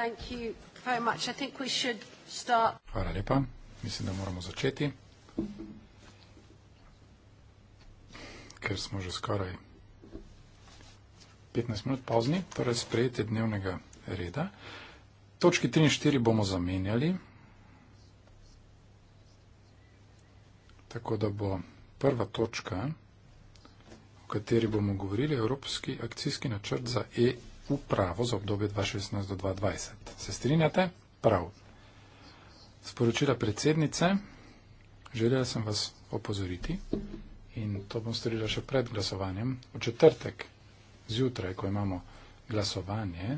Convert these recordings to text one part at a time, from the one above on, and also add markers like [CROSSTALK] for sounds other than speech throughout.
Thank you very much. I think we should start. Hvala lepa. Mislim, da moramo začeti. Ker smo že skoraj 15 minut pozni, torej sprejete dnevnega reda. Točki 3 in 4 bomo zamenjali. Tako da bo prva točka, o kateri bomo govorili, Evropski akcijski načrt za E upravo za obdobje 2016 do 2020. Se strinjate? Prav. Sporočila predsednice, želela sem vas opozoriti in to bom storila še pred glasovanjem. V četrtek zjutraj, ko imamo glasovanje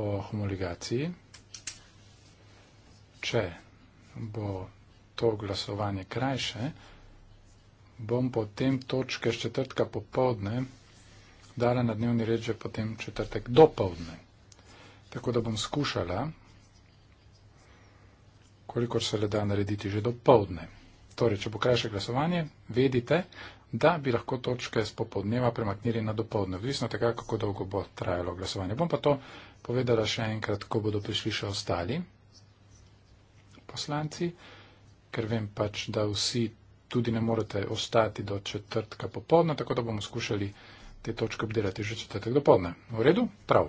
o homologaciji, če bo to glasovanje krajše, bom potem točke z četrtka popovdne dala na dnevni red že potem četrtek do povdne. Tako da bom skušala, kolikor se le da narediti že do povdne. Torej, če bo krajše glasovanje, vedite, da bi lahko točke z popodneva premaknili na dopolne. Odvisno tega, kako dolgo bo trajalo glasovanje. Bom pa to povedala še enkrat, ko bodo prišli še ostali poslanci, ker vem pač, da vsi tudi ne morete ostati do četrtka popodne, tako da bomo skušali te točke obdelati že četrtek do povdne. V redu? Prav.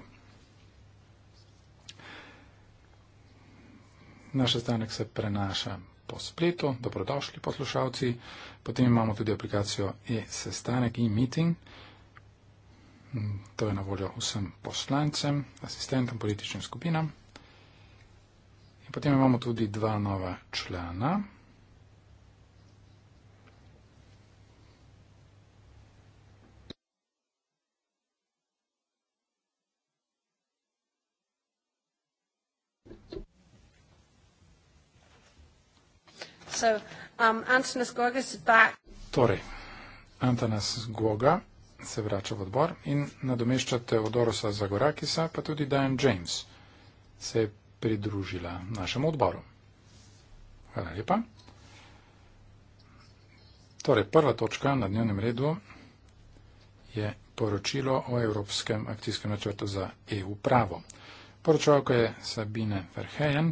Naš sestanek se prenaša po spletu, dobrodošli poslušalci. Potem imamo tudi aplikacijo e-sestanek in meeting. To je na voljo vsem poslancem, asistentom, političnim skupinam. In potem imamo tudi dva nova člana. So, um, Antanas Goga is back. Torej, Antanas Goga se vrača v odbor in nadomešča Teodorosa Zagorakisa, pa tudi Diane James se je pridružila našemu odboru. Hvala lepa. Torej, prva točka na dnevnem redu je poročilo o Evropskem akcijskem načrtu za EU pravo. Poročalka je Sabine Verhejen,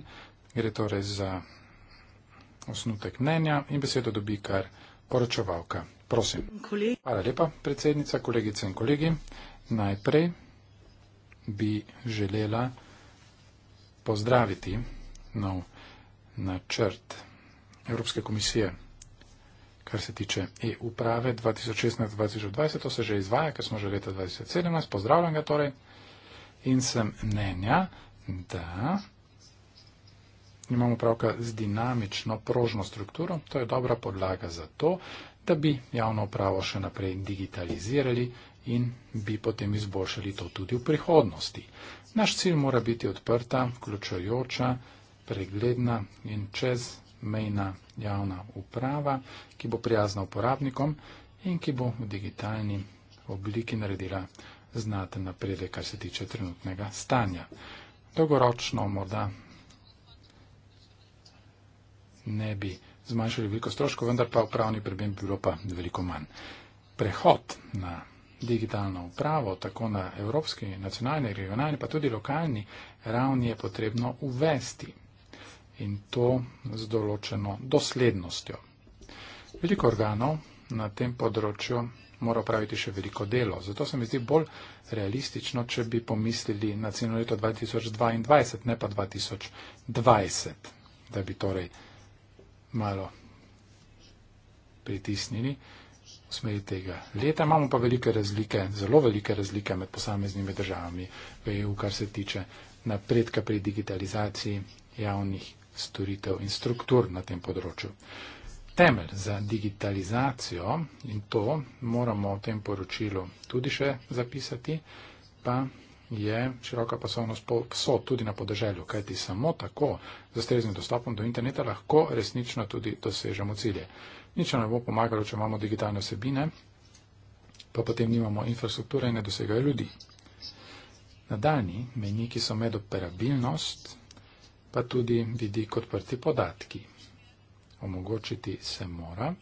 gre torej za osnutek mnenja in besedo dobi kar poročevalka. Prosim. Kolegi. Hvala lepa, predsednica, kolegice in kolegi. Najprej bi želela pozdraviti nov načrt Evropske komisije, kar se tiče EU prave 2016-2020. To se že izvaja, ker smo že leta 2017. Pozdravljam ga torej. In sem mnenja, da imamo pravka z dinamično prožno strukturo, to je dobra podlaga za to, da bi javno upravo še naprej digitalizirali in bi potem izboljšali to tudi v prihodnosti. Naš cilj mora biti odprta, vključujoča, pregledna in čezmejna javna uprava, ki bo prijazna uporabnikom in ki bo v digitalni obliki naredila znaten napredek, kar se tiče trenutnega stanja. Dolgoročno morda ne bi zmanjšali veliko stroškov, vendar pa upravni prebem bi bilo pa veliko manj. Prehod na digitalno upravo, tako na evropski, nacionalni, regionalni, pa tudi lokalni ravni je potrebno uvesti in to z določeno doslednostjo. Veliko organov na tem področju mora praviti še veliko delo. Zato se mi zdi bolj realistično, če bi pomislili na ceno leto 2022, ne pa 2020, da bi torej malo pritisnjeni v smeri tega leta. Imamo pa velike razlike, zelo velike razlike med posameznimi državami v EU, kar se tiče napredka pri digitalizaciji javnih storitev in struktur na tem področju. Temelj za digitalizacijo in to moramo v tem poročilu tudi še zapisati, pa je široka pasovna so tudi na podeželju, kajti samo tako z ustreznim dostopom do interneta lahko resnično tudi dosežemo cilje. Nič nam ne bo pomagalo, če imamo digitalne vsebine, pa potem nimamo infrastrukture in ne dosegajo ljudi. Nadaljni mejniki so medoperabilnost, pa tudi vidik odprti podatki. Omogočiti se mora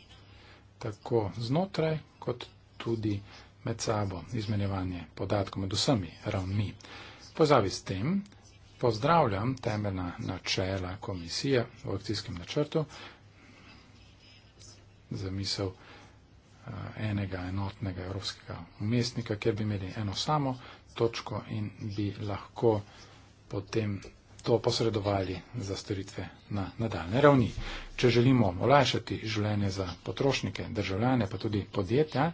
tako znotraj, kot tudi znotraj med sabo, izmenjevanje podatkov med vsemi ravnmi. Pozavi s tem, pozdravljam temeljna načela komisije v akcijskem načrtu za misel eh, enega enotnega evropskega umestnika, kjer bi imeli eno samo točko in bi lahko potem to posredovali za storitve na nadaljne ravni. Če želimo olajšati življenje za potrošnike, državljane, pa tudi podjetja,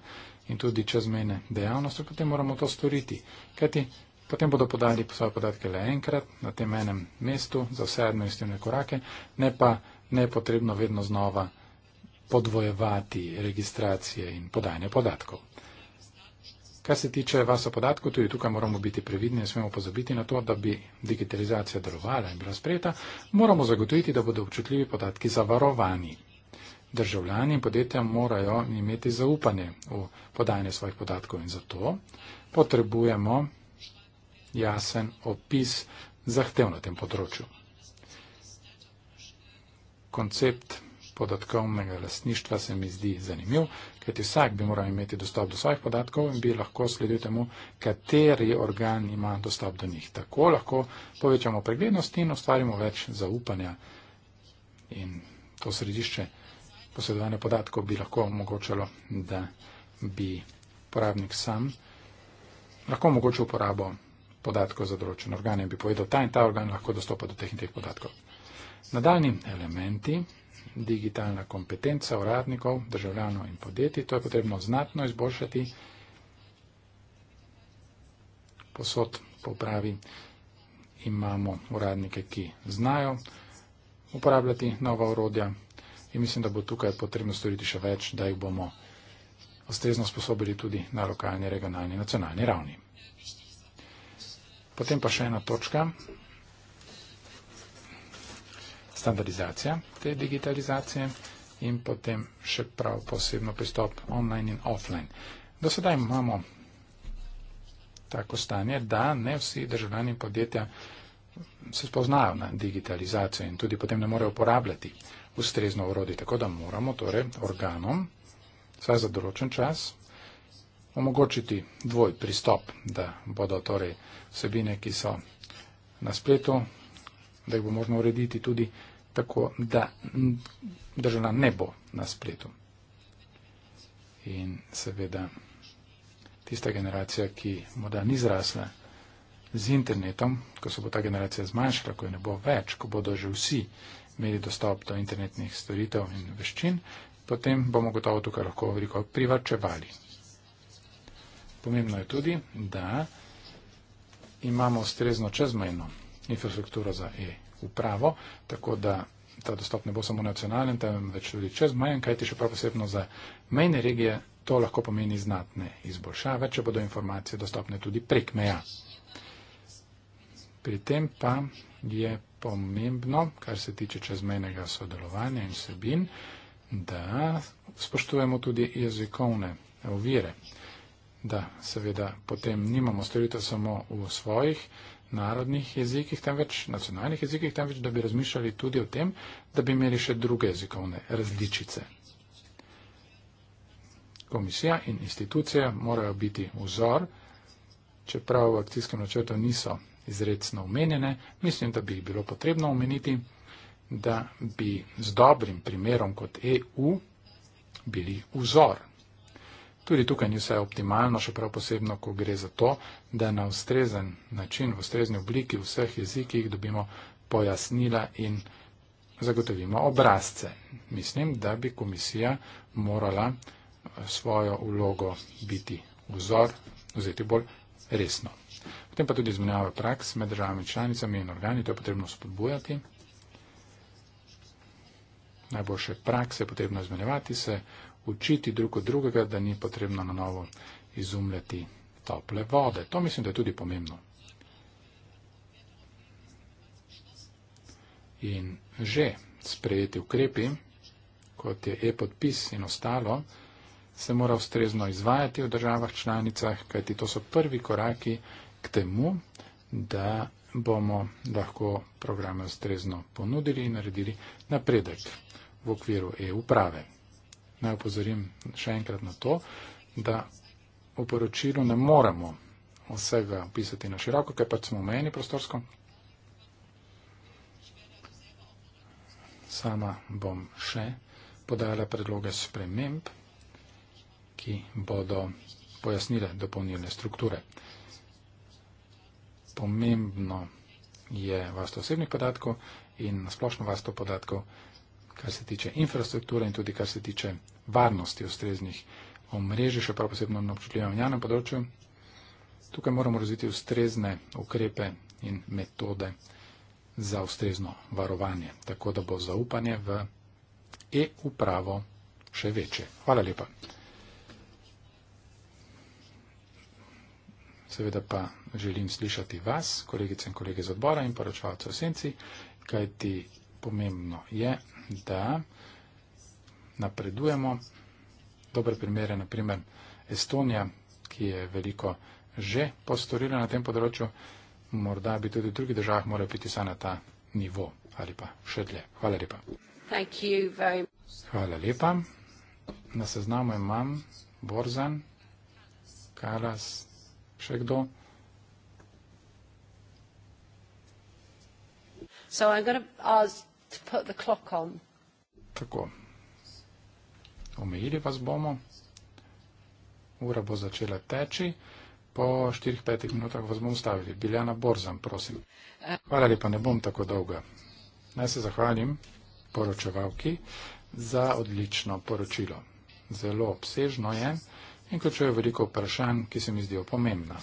in tudi čezmejne dejavnosti, potem moramo to storiti. Kajti potem bodo podali svoje podatke le enkrat na tem enem mestu za vse administrativne korake, ne pa ne je potrebno vedno znova podvojevati registracije in podajanje podatkov. Kar se tiče vas o podatku, tudi tukaj moramo biti previdni, ne smemo pozabiti na to, da bi digitalizacija delovala in bila sprejeta, moramo zagotoviti, da bodo občutljivi podatki zavarovani državljani in podjetja morajo imeti zaupanje v podajanje svojih podatkov in zato potrebujemo jasen opis zahtev na tem področju. Koncept podatkovnega lastništva se mi zdi zanimiv, kajti vsak bi moral imeti dostop do svojih podatkov in bi lahko sledil temu, kateri organ ima dostop do njih. Tako lahko povečamo preglednost in ustvarimo več zaupanja in to središče posredovanje podatkov bi lahko omogočalo, da bi uporabnik sam lahko omogočil uporabo podatkov za določen organ in bi povedal, ta in ta organ lahko dostopa do teh in teh podatkov. Nadaljni elementi, digitalna kompetenca uradnikov, državljanov in podjetij, to je potrebno znatno izboljšati, posod popravi. Imamo uradnike, ki znajo uporabljati nova urodja, in mislim, da bo tukaj potrebno storiti še več, da jih bomo ustrezno sposobili tudi na lokalni, regionalni, nacionalni ravni. Potem pa še ena točka, standardizacija te digitalizacije in potem še prav posebno pristop online in offline. Do sedaj imamo tako stanje, da ne vsi državljani podjetja se spoznajo na digitalizacijo in tudi potem ne morejo uporabljati ustrezno urodi. Tako da moramo torej organom, vsaj za določen čas, omogočiti dvoj pristop, da bodo torej vsebine, ki so na spletu, da jih bo možno urediti tudi tako, da državna ne bo na spletu. In seveda tista generacija, ki morda ni zrasla z internetom, ko se bo ta generacija zmanjšala, ko je ne bo več, ko bodo že vsi uh, imeli dostop do internetnih storitev in veščin, potem bomo gotovo tukaj lahko veliko privarčevali. Pomembno je tudi, da imamo ustrezno čezmejno infrastrukturo za e-upravo, tako da ta dostop ne bo samo nacionalen, temveč tudi čezmejen, kajti še prav posebno za mejne regije to lahko pomeni znatne izboljšave, če bodo informacije dostopne tudi prek meja. Pri tem pa je pomembno, kar se tiče čezmejnega sodelovanja in sebin, da spoštujemo tudi jezikovne ovire. Da seveda potem nimamo storitev samo v svojih narodnih jezikih, temveč nacionalnih jezikih, temveč da bi razmišljali tudi o tem, da bi imeli še druge jezikovne različice. Komisija in institucije morajo biti vzor, čeprav v akcijskem načrtu niso izredno omenjene, mislim, da bi jih bilo potrebno omeniti, da bi z dobrim primerom kot EU bili vzor. Tudi tukaj ni vse optimalno, še prav posebno, ko gre za to, da na ustrezen način, v ustrezni obliki vseh jezikih dobimo pojasnila in zagotovimo obrazce. Mislim, da bi komisija morala svojo vlogo biti vzor, vzeti bolj resno potem pa tudi izmenjava praks med državami članicami in organi, to je potrebno spodbujati. Najboljše prakse je potrebno izmenjevati se, učiti drug od drugega, da ni potrebno na novo izumljati tople vode. To mislim, da je tudi pomembno. In že sprejeti ukrepi, kot je e-podpis in ostalo, se mora ustrezno izvajati v državah članicah, kajti to so prvi koraki, temu, da bomo lahko programe ustrezno ponudili in naredili napredek v okviru e-uprave. Naj upozorim še enkrat na to, da v poročilu ne moremo vsega opisati na široko, ker pač smo omejeni prostorsko. Sama bom še podala predloge sprememb, ki bodo pojasnile dopolnilne strukture pomembno je varstvo osebnih podatkov in splošno varstvo podatkov, kar se tiče infrastrukture in tudi kar se tiče varnosti ustreznih omrežij, še prav posebno na občutljivem javnem področju. Tukaj moramo razviti ustrezne ukrepe in metode za ustrezno varovanje, tako da bo zaupanje v e-upravo še večje. Hvala lepa. Seveda pa želim slišati vas, kolegice in kolege z odbora in poročevalce v senci, kajti pomembno je, da napredujemo. Dober primer je naprimer Estonija, ki je veliko že postorila na tem področju. Morda bi tudi v drugih državah morali biti sa na ta nivo ali pa še dlje. Hvala lepa. Hvala lepa. Na seznamu imam Borzan, Kalas, še kdo. So I'm going to ask to put the clock on. Tako. Omejili vas bomo. Ura bo začela teči. Po 4-5 minutah vas bom stavili. Biljana Borzan, prosim. Hvala lepa, ne bom tako dolga. Naj se zahvalim poročevalki za odlično poročilo. Zelo obsežno je in ključuje veliko vprašanj, ki se mi zdijo pomembna.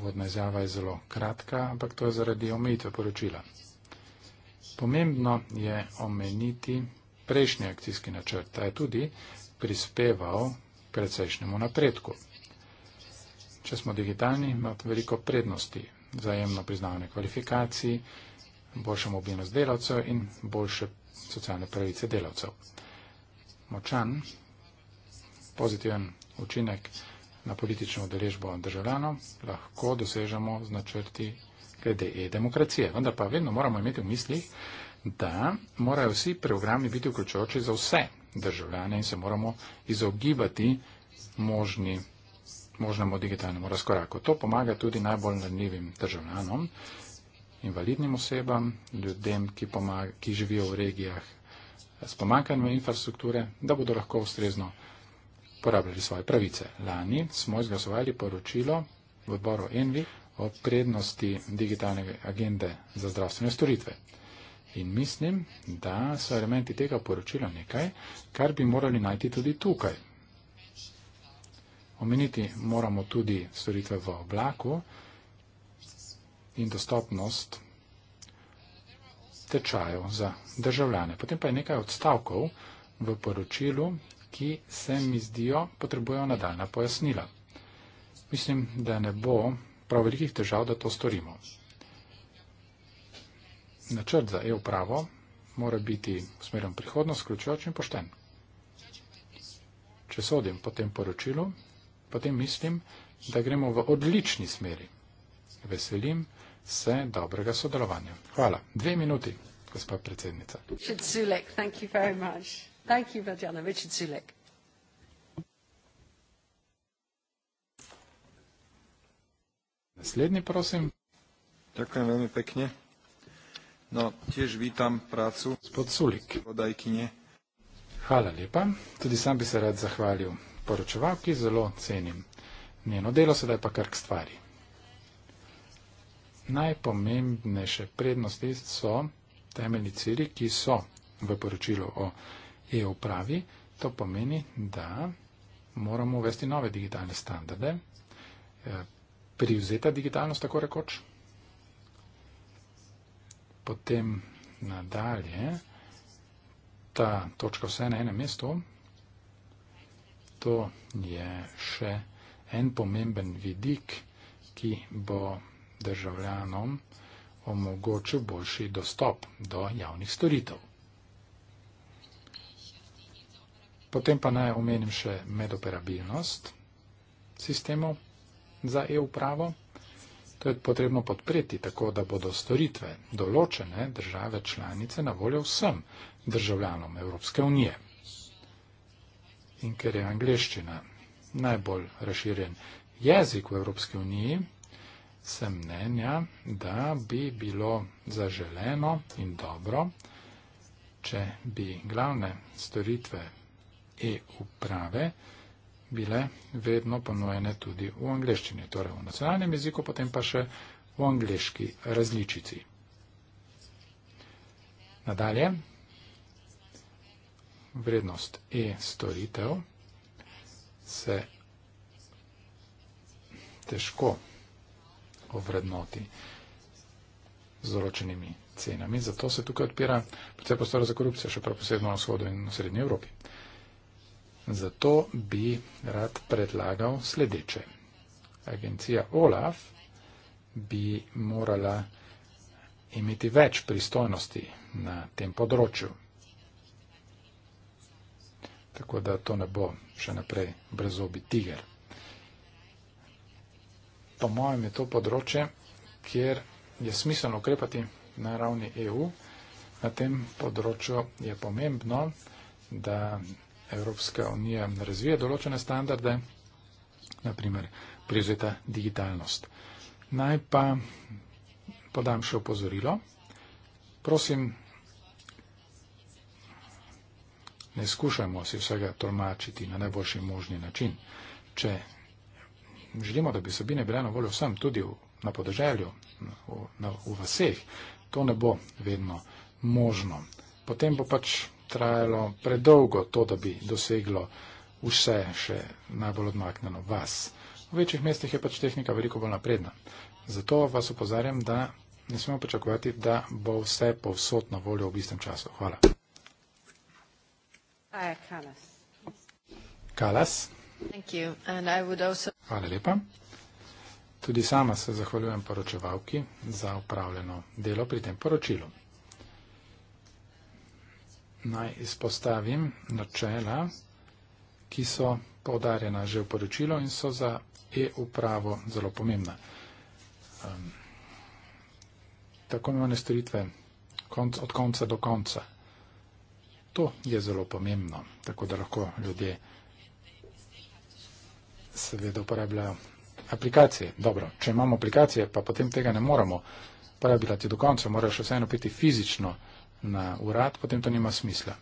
Vodna izjava je zelo kratka, ampak to je zaradi omejitve poročila. Pomembno je omeniti prejšnji akcijski načrt, ta je tudi prispeval precejšnjemu napredku. Če smo digitalni, ima veliko prednosti, zajemno priznavanje kvalifikacij, boljša mobilnost delavcev in boljše socialne pravice delavcev. Močan pozitiven učinek na politično udeležbo državljanov lahko dosežemo z načrti glede e-demokracije. Vendar pa vedno moramo imeti v mislih, da morajo vsi programi biti vključujoči za vse državljane in se moramo izogibati možni, možnemu digitalnemu razkoraku. To pomaga tudi najbolj ranljivim državljanom, invalidnim osebam, ljudem, ki, pomaga, ki živijo v regijah s pomankanjem infrastrukture, da bodo lahko ustrezno uporabljali svoje pravice. Lani smo izglasovali poročilo v odboru Envi o prednosti digitalne agende za zdravstvene storitve. In mislim, da so elementi tega poročila nekaj, kar bi morali najti tudi tukaj. Omeniti moramo tudi storitve v oblaku in dostopnost tečajev za državljane. Potem pa je nekaj odstavkov v poročilu, ki se mi zdijo potrebujejo nadaljna pojasnila. Mislim, da ne bo prav velikih težav, da to storimo. Načrt za e-upravo mora biti v smerem prihodnost vključujoč in pošten. Če sodim po tem poročilu, potem mislim, da gremo v odlični smeri. Veselim se dobrega sodelovanja. Hvala. Dve minuti, gospod predsednica. Thank you very much. Thank you, Bertiana. Richard Sulik. Naslednji, prosim. Ďakujem veľmi pekne. No, tiež vítam prácu. Spod Sulik. Podajkine. Hvala lepa. Tudi sam bi se rad zahvalil poročevalki, zelo cenim njeno delo, sedaj pa kar k stvari. Najpomembnejše prednosti so temeljni cilji, ki so v poročilu o e-upravi, to pomeni, da moramo uvesti nove digitalne standarde, e, privzeta digitalnost, tako rekoč. Potem nadalje, ta točka vse na enem mestu, to je še en pomemben vidik, ki bo državljanom omogočil boljši dostop do javnih storitev. Potem pa naj omenim še medoperabilnost sistemov za e-upravo. To je potrebno podpreti tako, da bodo storitve določene države članice na voljo vsem državljanom Evropske unije. In ker je angliščina najbolj razširjen jezik v Evropski uniji, sem mnenja, da bi bilo zaželeno in dobro, če bi glavne storitve e-uprave bile vedno ponujene tudi v angliščini, torej v nacionalnem jeziku, potem pa še v angliški različici. Nadalje, vrednost e-storitev se težko ovrednoti z določenimi cenami, zato se tukaj odpira predvsej prostor za korupcijo, še prav posebno na vzhodu in v srednji Evropi. Zato bi rad predlagal sledeče. Agencija OLAF bi morala imeti več pristojnosti na tem področju. Tako da to ne bo še naprej brezobi tiger. Po mojem je to področje, kjer je smiselno ukrepati na ravni EU. Na tem področju je pomembno, da Evropska unija razvija določene standarde, naprimer prizveta digitalnost. Naj pa podam še opozorilo. Prosim, ne skušajmo si vsega tolmačiti na najboljši možni način. Če želimo, da bi sobine bile na voljo vsem, tudi v, na podeželju, v, v vseh, to ne bo vedno možno. Potem bo pač trajalo predolgo to, da bi doseglo vse še najbolj odmaknjeno vas. V večjih mestih je pač tehnika veliko bolj napredna. Zato vas upozarjam, da ne smemo pričakovati, da bo vse povsod na voljo v istem času. Hvala. Kalas. Hvala lepa. Tudi sama se zahvaljujem poročevalki za upravljeno delo pri tem poročilu naj izpostavim načela, ki so podarjena že v poročilu in so za e-upravo zelo pomembna. Um, tako imenovane storitve konc, od konca do konca. To je zelo pomembno, tako da lahko ljudje seveda uporabljajo aplikacije. Dobro, če imamo aplikacije, pa potem tega ne moramo uporabljati do konca, moraš vseeno biti fizično na urad, potem to nima smisla.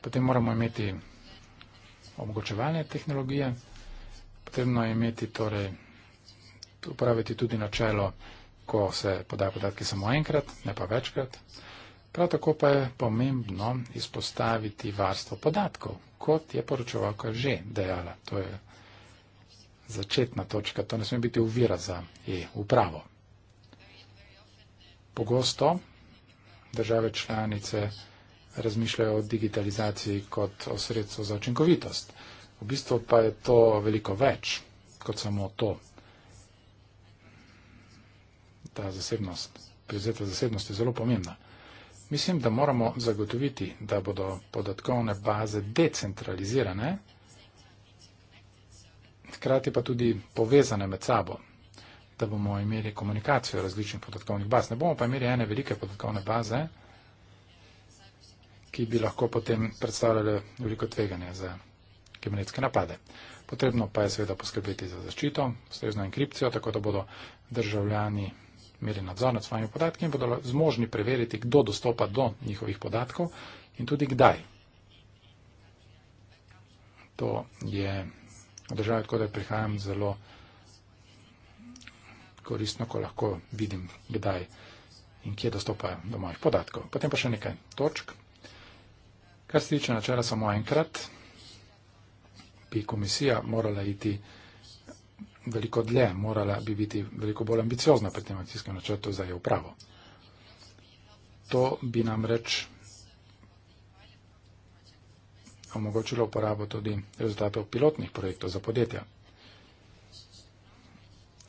Potem moramo imeti omogočevalne tehnologije, potrebno je imeti torej, upraviti tudi načelo, ko se podajo podatki samo enkrat, ne pa večkrat. Prav tako pa je pomembno izpostaviti varstvo podatkov, kot je poročevalka že dejala. To je začetna točka, to ne sme biti uvira za e-upravo. Pogosto države članice razmišljajo o digitalizaciji kot o sredstvu za učinkovitost. V bistvu pa je to veliko več kot samo to. Ta zasebnost, prizeta zasebnost je zelo pomembna. Mislim, da moramo zagotoviti, da bodo podatkovne baze decentralizirane, hkrati pa tudi povezane med sabo da bomo imeli komunikacijo različnih podatkovnih baz. Ne bomo pa imeli ene velike podatkovne baze, ki bi lahko potem predstavljale veliko tveganje za kibernetske napade. Potrebno pa je seveda poskrbeti za zaščito, ustrezno enkripcijo, tako da bodo državljani imeli nadzor nad svojimi podatki in bodo zmožni preveriti, kdo dostopa do njihovih podatkov in tudi kdaj. To je v državi, tako da prihajam zelo zelo koristno, ko lahko vidim, kdaj in kje dostopajo do mojih podatkov. Potem pa še nekaj točk. Kar se tiče načela samo enkrat, bi komisija morala iti veliko dlje, morala bi biti veliko bolj ambiciozna pri tem akcijskem načrtu za je upravo. To bi nam reč omogočilo uporabo tudi rezultatov pilotnih projektov za podjetja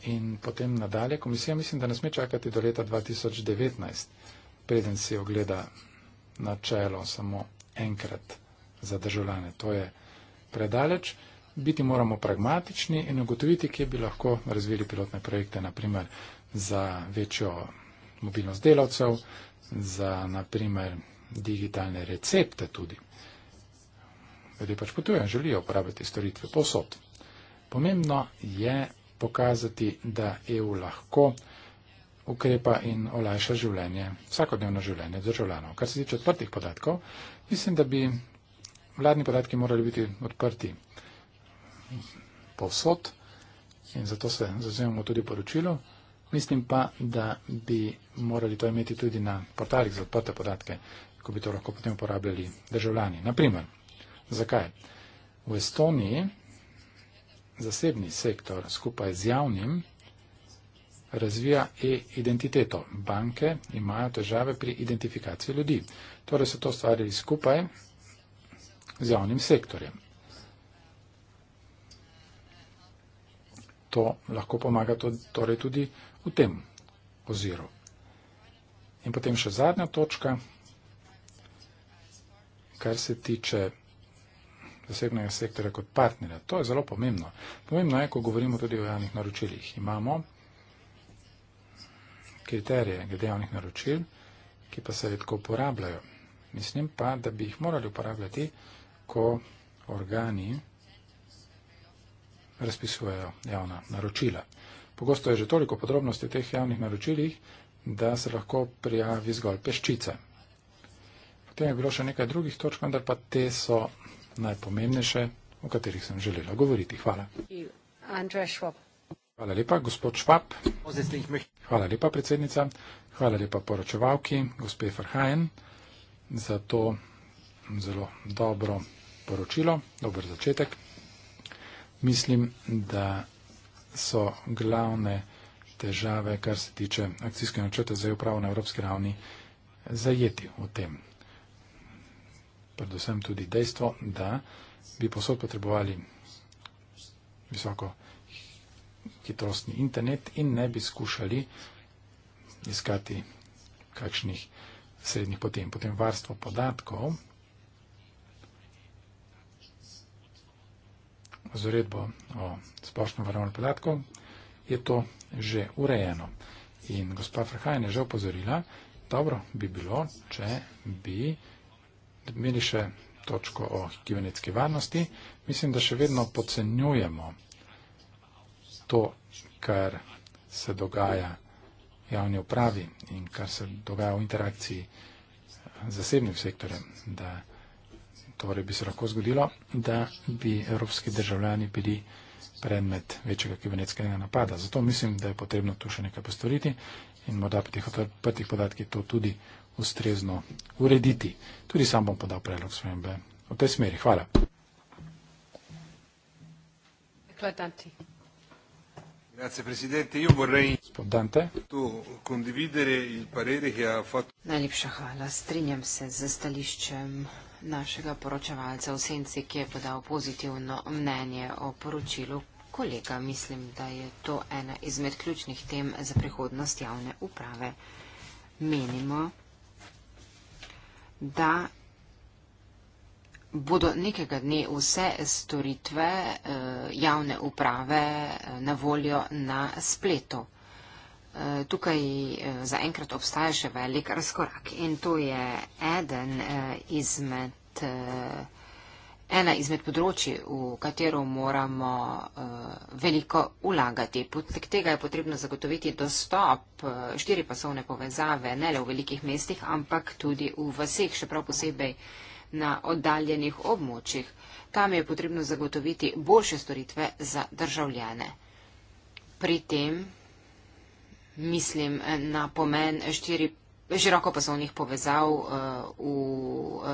in potem nadalje. Komisija mislim, da ne sme čakati do leta 2019, preden si ogleda načelo samo enkrat za državljane. To je predaleč. Biti moramo pragmatični in ugotoviti, kje bi lahko razvili pilotne projekte, naprimer za večjo mobilnost delavcev, za naprimer digitalne recepte tudi. Ljudje pač potujejo in želijo uporabiti storitve posod. Pomembno je pokazati, da EU lahko ukrepa in olajša življenje, vsakodnevno življenje državljanov. Kar se tiče odprtih podatkov, mislim, da bi vladni podatki morali biti odprti povsod in zato se zazemamo tudi poročilo. Mislim pa, da bi morali to imeti tudi na portalih za odprte podatke, ko bi to lahko potem uporabljali državljani. Naprimer, zakaj? V Estoniji zasebni sektor skupaj z javnim razvija e-identiteto. Banke imajo težave pri identifikaciji ljudi. Torej so to stvarili skupaj z javnim sektorjem. To lahko pomaga torej tudi v tem oziru. In potem še zadnja točka, kar se tiče vsega, zasebnega sektorja kot partnerja. To je zelo pomembno. Pomembno je, ko govorimo tudi o javnih naročilih. Imamo kriterije glede javnih naročil, ki pa se redko uporabljajo. Mislim pa, da bi jih morali uporabljati, ko organi razpisujejo javna naročila. Pogosto je že toliko podrobnosti v teh javnih naročilih, da se lahko prijavi zgolj peščice. Potem je bilo še nekaj drugih točk, vendar pa te so najpomembnejše, o katerih sem želela govoriti. Hvala. Hvala lepa, gospod Švab. Hvala lepa, predsednica. Hvala lepa poročevalki, gospe Farhajen, za to zelo dobro poročilo, dober začetek. Mislim, da so glavne težave, kar se tiče akcijske načrte za upravo na evropski ravni, zajeti v tem predvsem tudi dejstvo, da bi posod potrebovali visoko hitrostni internet in ne bi skušali iskati kakšnih srednjih potem. Potem varstvo podatkov z uredbo o splošnem varovanju podatkov je to že urejeno. In gospa Frhajn je že opozorila, dobro bi bilo, če bi meni še točko o kibernetski varnosti. Mislim, da še vedno podcenjujemo to, kar se dogaja javni upravi in kar se dogaja v interakciji z zasebnim sektorjem, da torej bi se lahko zgodilo, da bi evropski državljani bili predmet večjega kibernetskega napada. Zato mislim, da je potrebno tu še nekaj postoriti in morda po teh odprtih podatkih to tudi ustrezno urediti. Tudi sam bom podal predlog spremembe v tej smeri. Hvala. Eklatanti. Najlepša hvala. Strinjam se z stališčem našega poročevalca v senci, ki je podal pozitivno mnenje o poročilu kolega. Mislim, da je to ena izmed ključnih tem za prihodnost javne uprave. Menimo, da bodo nekega dne vse storitve eh, javne uprave eh, na voljo na spletu. Eh, tukaj zaenkrat obstaja še velik razkorak in to je eden izmed Ena izmed področji, v katero moramo uh, veliko ulagati. Potek tega je potrebno zagotoviti dostop uh, eh, štiri pasovne povezave, ne le v velikih mestih, ampak tudi v vseh, še prav posebej na oddaljenih območjih. Tam je potrebno zagotoviti boljše storitve za državljane. Pri tem mislim na pomen štiri Široko poslovnih povezav uh, v, uh,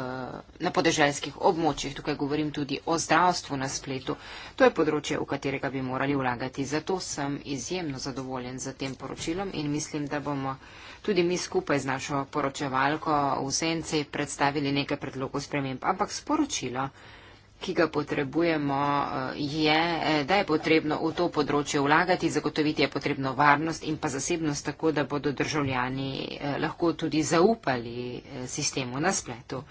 na podeželskih območjih. Tukaj govorim tudi o zdravstvu na spletu. To je področje, v katerega bi morali vlagati. Zato sem izjemno zadovoljen z tem poročilom in mislim, da bomo tudi mi skupaj z našo poročevalko v Senci predstavili nekaj predlogov sprememb. Ampak sporočilo ki ga potrebujemo, eh, je, eh, da je potrebno v to področje vlagati, zagotoviti je potrebno varnost in pa zasebnost tako, da bodo državljani eh, lahko tudi zaupali sistemu na spletu.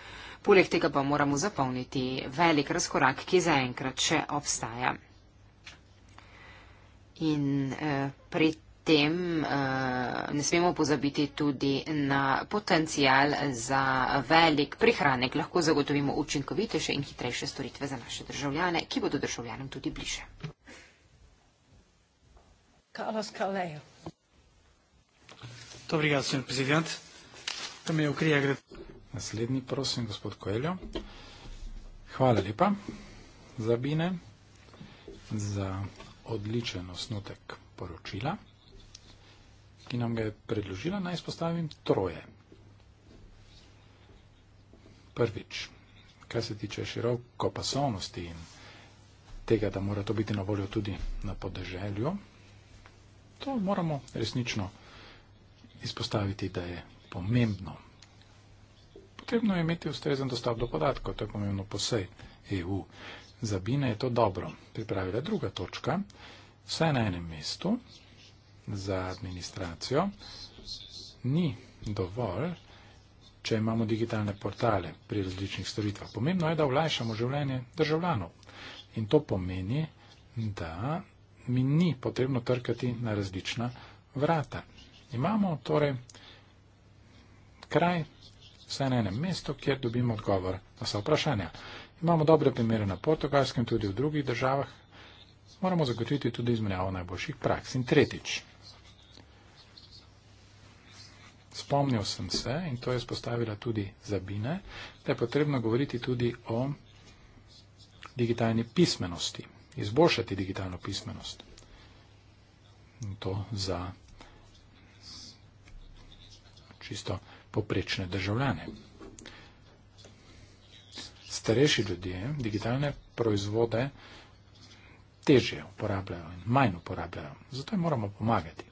Poleg tega pa moramo zapolniti velik razkorak, ki zaenkrat še obstaja. In eh, pri tem uh, ne smemo pozabiti tudi na potencijal za velik prihranek. Lahko zagotovimo učinkovitejše in hitrejše storitve za naše državljane, ki bodo državljanom tudi bliže. Carlos Calejo. Dobrigado, senhor presidente. Também eu queria agradecer. Coelho. Hvala lepa za Bine, za odličen osnutek poročila ki nam ga je predložila, naj spostavim troje. Prvič, kar se tiče široko pasovnosti in tega, da mora to biti na voljo tudi na podeželju, to moramo resnično izpostaviti, da je pomembno. Potrebno je imeti ustrezen dostop do podatkov, to je pomembno posej EU. Za Bine je to dobro. Pripravila druga točka, vse na enem mestu, za administracijo, ni dovolj, če imamo digitalne portale pri različnih storitvah. Pomembno je, da vlajšamo življenje državljanov. In to pomeni, da mi ni potrebno trkati na različna vrata. Imamo torej kraj, vse na enem mestu, kjer dobimo odgovor na vsa vprašanja. Imamo dobre primere na portugalskem, tudi v drugih državah. Moramo zagotoviti tudi izmenjavo najboljših praks. In tretjič. Spomnil sem se in to je spostavila tudi Zabine, da je potrebno govoriti tudi o digitalni pismenosti, izboljšati digitalno pismenost. In to za čisto poprečne državljane. Starejši ljudje digitalne proizvode težje uporabljajo in manj uporabljajo. Zato jim moramo pomagati.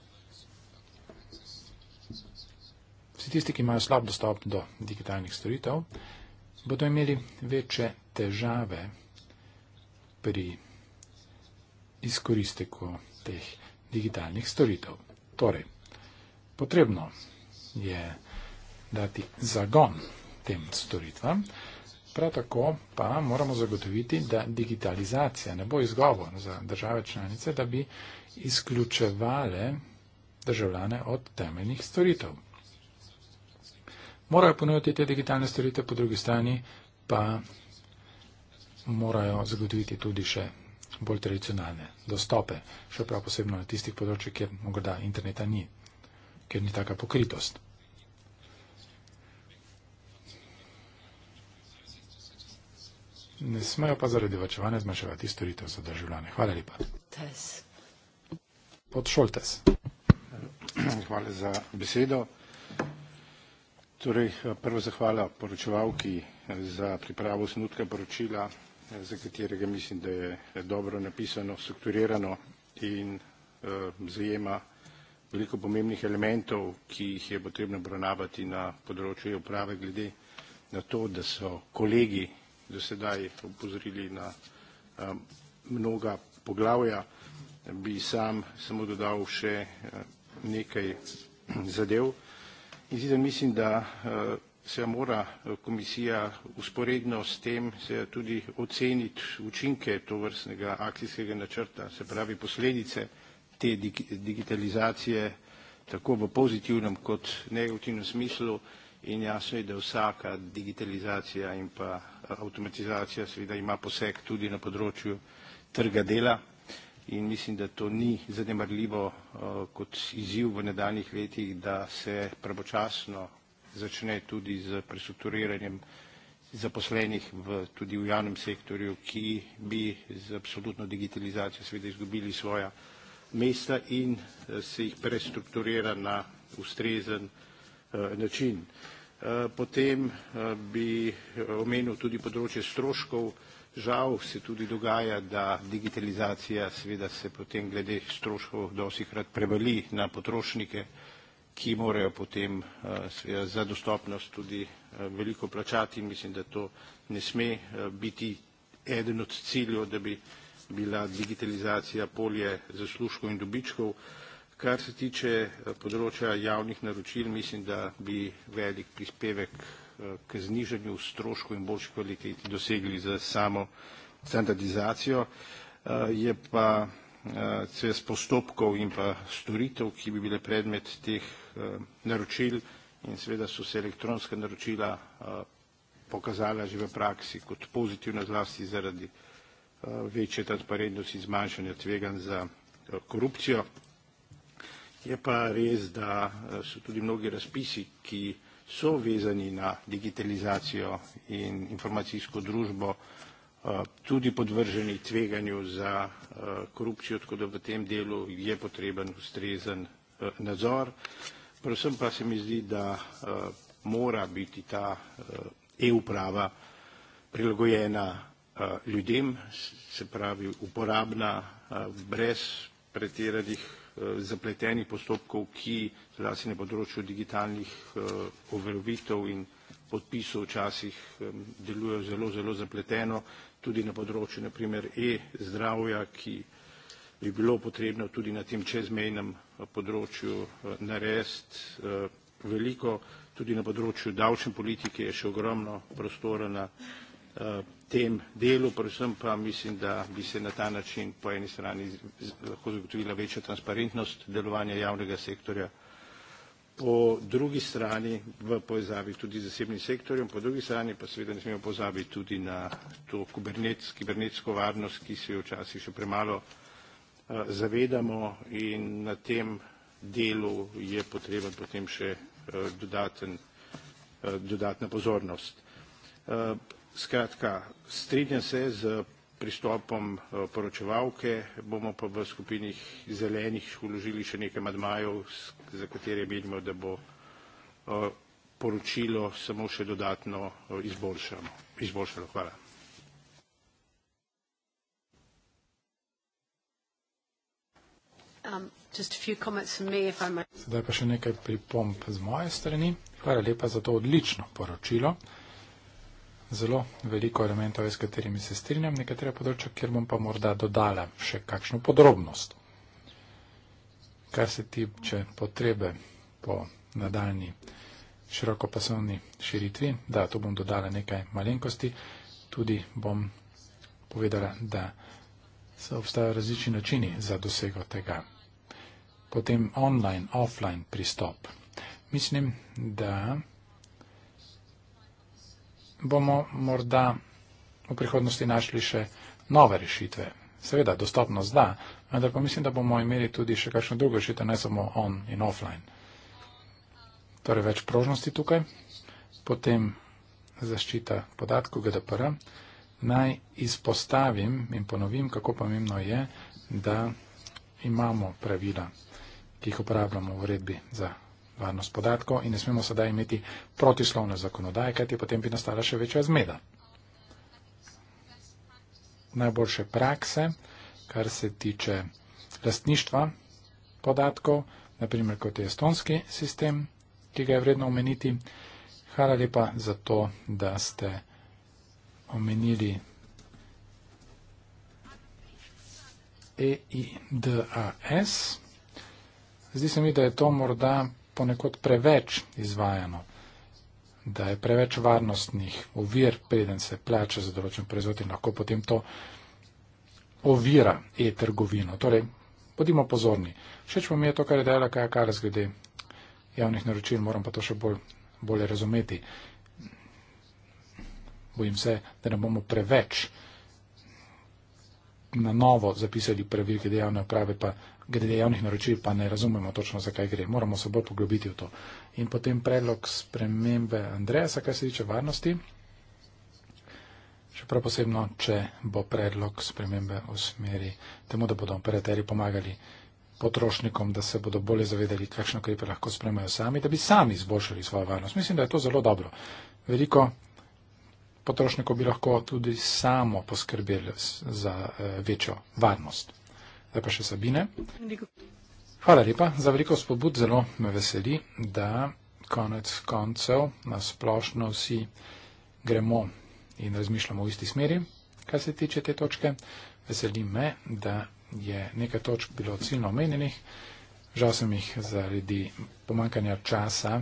Vsi tisti, ki imajo slab dostop do digitalnih storitev, bodo imeli večje težave pri izkoristeku teh digitalnih storitev. Torej, potrebno je dati zagon tem storitvam, prav tako pa moramo zagotoviti, da digitalizacija ne bo izgovor za države članice, da bi izključevale državljane od temeljnih storitev morajo ponuditi te digitalne storitve, po drugi strani pa morajo zagotoviti tudi še bolj tradicionalne dostope, še prav posebno na tistih področjih, kjer morda interneta ni, kjer ni taka pokritost. Ne smejo pa zaradi vačevanja zmanjševati storitev za državljane. Hvala lepa. Pod Šoltes. Hvala za besedo. Torej, eh, prvo zahvala poročevalki eh, za pripravo osnutka poročila, eh, za katerega mislim, da je dobro napisano, strukturirano in eh, zajema veliko pomembnih elementov, ki jih je potrebno obravnavati na področju uprave glede na to, da so kolegi do sedaj opozorili na eh, mnoga poglavja. Bi sam samo dodal še eh, nekaj zadev. In sicer mislim, da eh, se mora eh, komisija usporedno s tem se tudi oceniti učinke tovrstnega akcijskega načrta, se pravi posledice te digitalizacije tako v pozitivnem kot negativnem smislu in jasno je, da vsaka digitalizacija in pa eh, avtomatizacija seveda ima poseg tudi na področju trga dela in mislim, da to ni zanemarljivo eh, kot izziv v nedaljnih letih, da se pravočasno začne tudi z prestrukturiranjem zaposlenih tudi v javnem sektorju, ki bi z absolutno digitalizacijo seveda izgubili svoja mesta in eh, se jih prestrukturira na ustrezen eh, način. Potem bi omenil tudi področje stroškov. Žal se tudi dogaja, da digitalizacija seveda se potem glede stroškov dosikrat prevali na potrošnike, ki morajo potem eh, seveda za dostopnost tudi eh, veliko plačati. Mislim, da to ne sme eh, biti eden od ciljev, da bi bila digitalizacija polje zaslužkov in dobičkov. Kar se tiče področja javnih naročil, mislim, da bi velik prispevek Eh, k znižanju stroškov in boljši kvaliteti dosegli za samo standardizacijo. Eh, je pa eh, cez postopkov in pa storitev, ki bi bile predmet teh naročil in seveda so se elektronska naročila pokazala že v praksi kot pozitivna zlasti zaradi večje transparentnosti in zmanjšanja tvegan za korupcijo. Je pa res, da so tudi mnogi razpisi, ki so vezani na digitalizacijo in informacijsko družbo, eh, tudi podvrženi tveganju za eh, korupcijo, tako da v tem delu je potreben ustrezen eh, nadzor. Predvsem pa se mi zdi, da mora biti ta e-uprava prilagojena ljudem, se pravi uporabna, brez pretiranih Eh, zapletenih postopkov, ki zlasti na področju digitalnih eh, overovitev in podpisov včasih eh, delujejo zelo, zelo zapleteno, tudi na področju naprimer e-zdravja, ki bi bilo potrebno tudi na tem čezmejnem področju narediti veliko, tudi na področju davčne politike je še ogromno prostora na tem delu, predvsem pa mislim, da bi se na ta način po eni strani lahko zagotovila večja transparentnost delovanja javnega sektorja, po drugi strani v povezavi tudi z zasebnim sektorjem, po drugi strani pa seveda ne smemo pozabiti tudi na to kibernetsko varnost, ki se jo včasih še premalo eh, zavedamo in na tem delu je potreben potem še eh, dodaten, eh, dodatna pozornost. Skratka, strinjam se z pristopom eh, poročevalke, bomo pa v skupinih zelenih uložili še nekaj madmajev, za katere menimo, da bo eh, poročilo samo še dodatno eh, izboljšalo. Hvala. Zdaj um, pa še nekaj pripomp z moje strani. Hvala lepa za to odlično poročilo zelo veliko elementov, s katerimi se strinjam, nekatera področja, kjer bom pa morda dodala še kakšno podrobnost. Kar se tiče potrebe po nadaljni širokopasovni širitvi, da tu bom dodala nekaj malenkosti, tudi bom povedala, da se obstajajo različni načini za dosego tega. Potem online, offline pristop. Mislim, da bomo morda v prihodnosti našli še nove rešitve. Seveda, dostopnost da, vendar pa mislim, da bomo imeli tudi še kakšno drugo rešitev, ne samo on in offline. Torej, več prožnosti tukaj, potem zaščita podatkov GDPR. Naj izpostavim in ponovim, kako pomembno je, da imamo pravila, ki jih uporabljamo v uredbi za varnost podatkov in ne smemo sedaj imeti protislovne zakonodaje, kajti potem bi nastala še večja zmeda. Najboljše prakse, kar se tiče lastništva podatkov, naprimer kot je estonski sistem, ki ga je vredno omeniti. Hvala lepa za to, da ste omenili EIDAS. Zdi se mi, da je to morda ponekod preveč izvajano, da je preveč varnostnih ovir, preden se plače za določen proizvod in lahko potem to ovira e-trgovino. Torej, bodimo pozorni. Všeč pa mi je to, kar je dejala Kaja Karas glede javnih naročil, moram pa to še bolj, bolje razumeti. Bojim se, da ne bomo preveč na novo zapisali pravil glede javne uprave, pa glede javnih naročil, pa ne razumemo točno, zakaj gre. Moramo se bolj poglobiti v to. In potem predlog spremembe Andreja, kar se tiče varnosti, še prav posebno, če bo predlog spremembe v smeri temu, da bodo operateri pomagali potrošnikom, da se bodo bolje zavedali, kakšne ukrepe lahko spremajo sami, da bi sami izboljšali svojo varnost. Mislim, da je to zelo dobro. Veliko potrošnikov bi lahko tudi samo poskrbeli za eh, večjo varnost. Zdaj e, pa še Sabine. Hvala lepa za veliko spobud, zelo me veseli, da konec koncev nasplošno vsi gremo in razmišljamo v isti smeri, kar se tiče te točke. Veseli me, da je nekaj točk bilo ciljno omenjenih. Žal sem jih zaradi pomankanja časa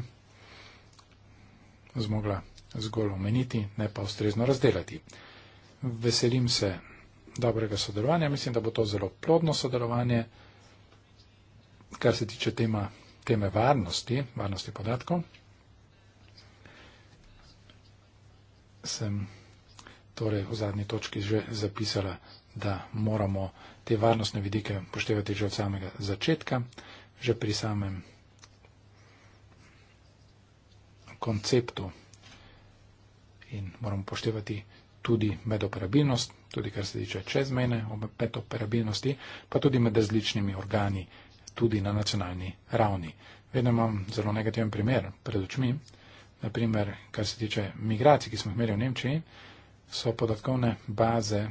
zmogla zgolj omeniti, ne pa ustrezno razdelati. Veselim se dobrega sodelovanja. Mislim, da bo to zelo plodno sodelovanje, kar se tiče tema, teme varnosti, varnosti podatkov. Sem torej v zadnji točki že zapisala, da moramo te varnostne vidike poštevati že od samega začetka, že pri samem konceptu in moramo poštevati tudi medoperabilnost, tudi kar se tiče čezmejne petoperabilnosti, pa tudi med različnimi organi, tudi na nacionalni ravni. Vedno imam zelo negativen primer pred očmi, naprimer, kar se tiče migracij, ki smo jih imeli v Nemčiji, so podatkovne baze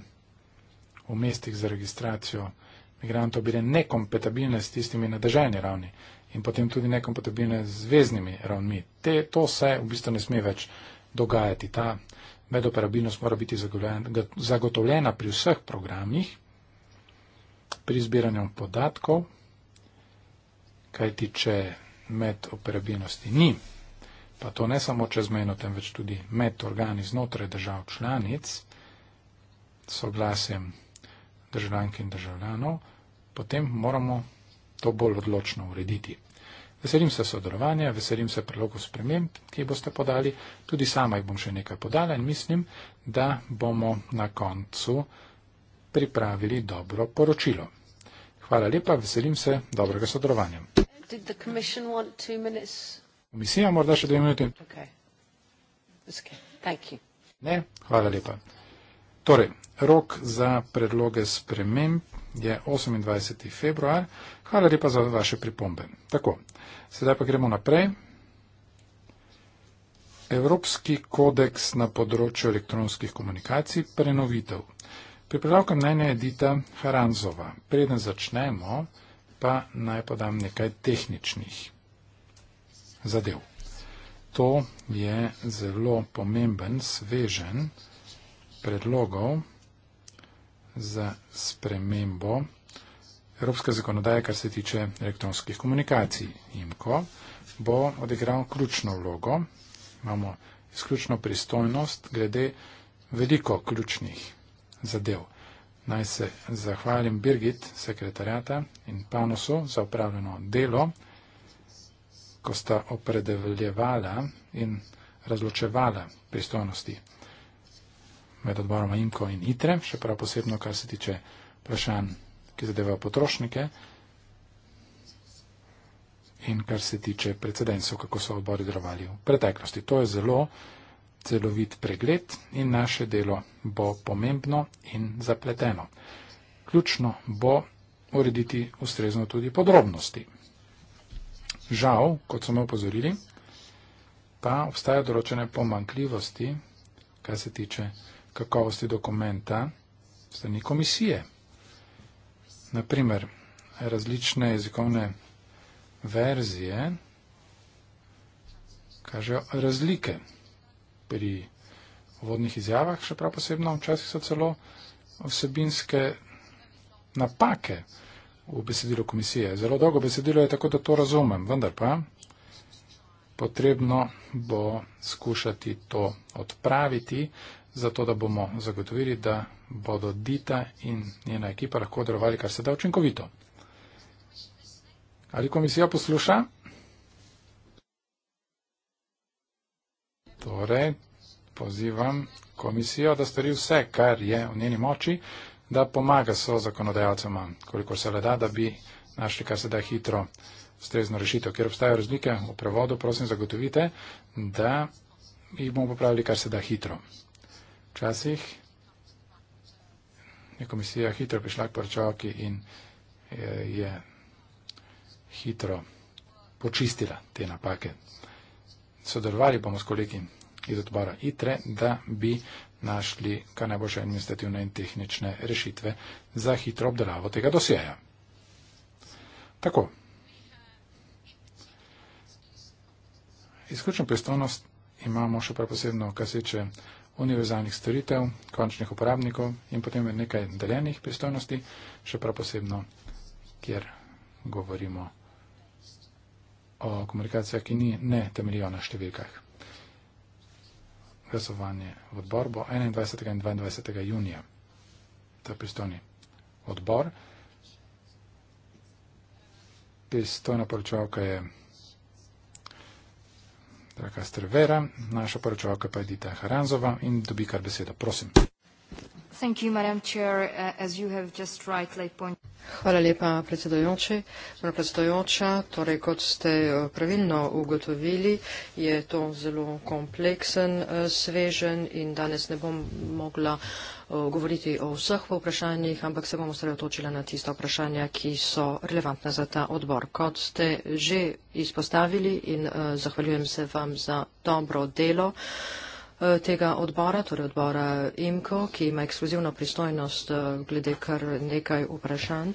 v mestih za registracijo migrantov bile nekompatibilne s tistimi na državni ravni in potem tudi nekompatibilne z zvezdnimi ravni. Te, to se v bistvu ne sme več dogajati. Ta medoperabilnost mora biti zagotovljena pri vseh programih, pri zbiranju podatkov, kajti če medoperabilnosti ni, pa to ne samo čezmejno, temveč tudi med organi znotraj držav članic, soglasjem državljank in državljanov, potem moramo to bolj odločno urediti. Veselim se sodelovanja, veselim se prilogov sprememb, ki jih boste podali. Tudi sama jih bom še nekaj podala in mislim, da bomo na koncu pripravili dobro poročilo. Hvala lepa, veselim se dobrega sodelovanja. Komisija morda še dve minuti. Okay. Ne, hvala lepa. Torej, rok za predloge sprememb je 28. februar. Hvala lepa za vaše pripombe. Tako. Sedaj pa gremo naprej. Evropski kodeks na področju elektronskih komunikacij prenovitev. Pripravka mnenja Edita Haranzova. Preden začnemo, pa naj podam nekaj tehničnih zadev. To je zelo pomemben sveženj predlogov za spremembo Evropska zakonodaja, kar se tiče elektronskih komunikacij, IMCO, bo odigral ključno vlogo. Imamo izključno pristojnost glede veliko ključnih zadev. Naj se zahvalim Birgit, sekretarjata in Panosu za upravljeno delo, ko sta opredeljevala in razločevala pristojnosti med odboroma IMCO in ITRE, še prav posebno, kar se tiče vprašanj ki zadeva potrošnike in kar se tiče precedensov, kako so odbori delovali v preteklosti. To je zelo celovit pregled in naše delo bo pomembno in zapleteno. Ključno bo urediti ustrezno tudi podrobnosti. Žal, kot smo opozorili, pa obstaja določene pomankljivosti, kar se tiče kakovosti dokumenta strani komisije, naprimer, različne jezikovne verzije kažejo razlike pri vodnih izjavah, še prav posebno, včasih so celo vsebinske napake v besedilu komisije. Zelo dolgo besedilo je tako, da to razumem, vendar pa potrebno bo skušati to odpraviti, zato da bomo zagotovili, da bodo Dita in njena ekipa lahko delovali kar se da učinkovito. Ali komisija posluša? Torej, pozivam komisijo, da stori vse, kar je v njeni moči, da pomaga so zakonodajalcema, koliko se le da, da bi našli kar se da hitro ustrezno rešitev. Ker obstajajo razlike v prevodu, prosim zagotovite, da jih bomo popravili kar se da hitro časih je komisija hitro prišla k poročavki in eh, je hitro počistila te napake. Sodelovali bomo s kolegi iz odbora ITRE, da bi našli kar najboljše administrativne in tehnične rešitve za hitro obdelavo tega dosjeja. Tako. Izključno pristojnost imamo še preposebno, kar se tiče univerzalnih storitev, končnih uporabnikov in potem med nekaj deljenih pristojnosti, še prav posebno, kjer govorimo o komunikacijah, ki ni ne temeljijo na številkah. Glasovanje v odbor bo 21. in 22. junija. To je pristojni odbor. Pristojna poročevalka je Draka Strvera, naša poročevalka pa je Dita Haranzova in dobi kar besedo. Prosim. Uh, Hvala lepa, predsedojoči. predsedojoča. Torej, kot ste uh, pravilno ugotovili, je to zelo kompleksen uh, svežen in danes ne bom mogla govoriti o vseh vprašanjih, ampak se bom osredotočila na tista vprašanja, ki so relevantna za ta odbor. Kot ste že izpostavili in zahvaljujem se vam za dobro delo, Eh, tega odbora, torej odbora IMKO, ki ima ekskluzivno pristojnost eh, glede kar nekaj vprašanj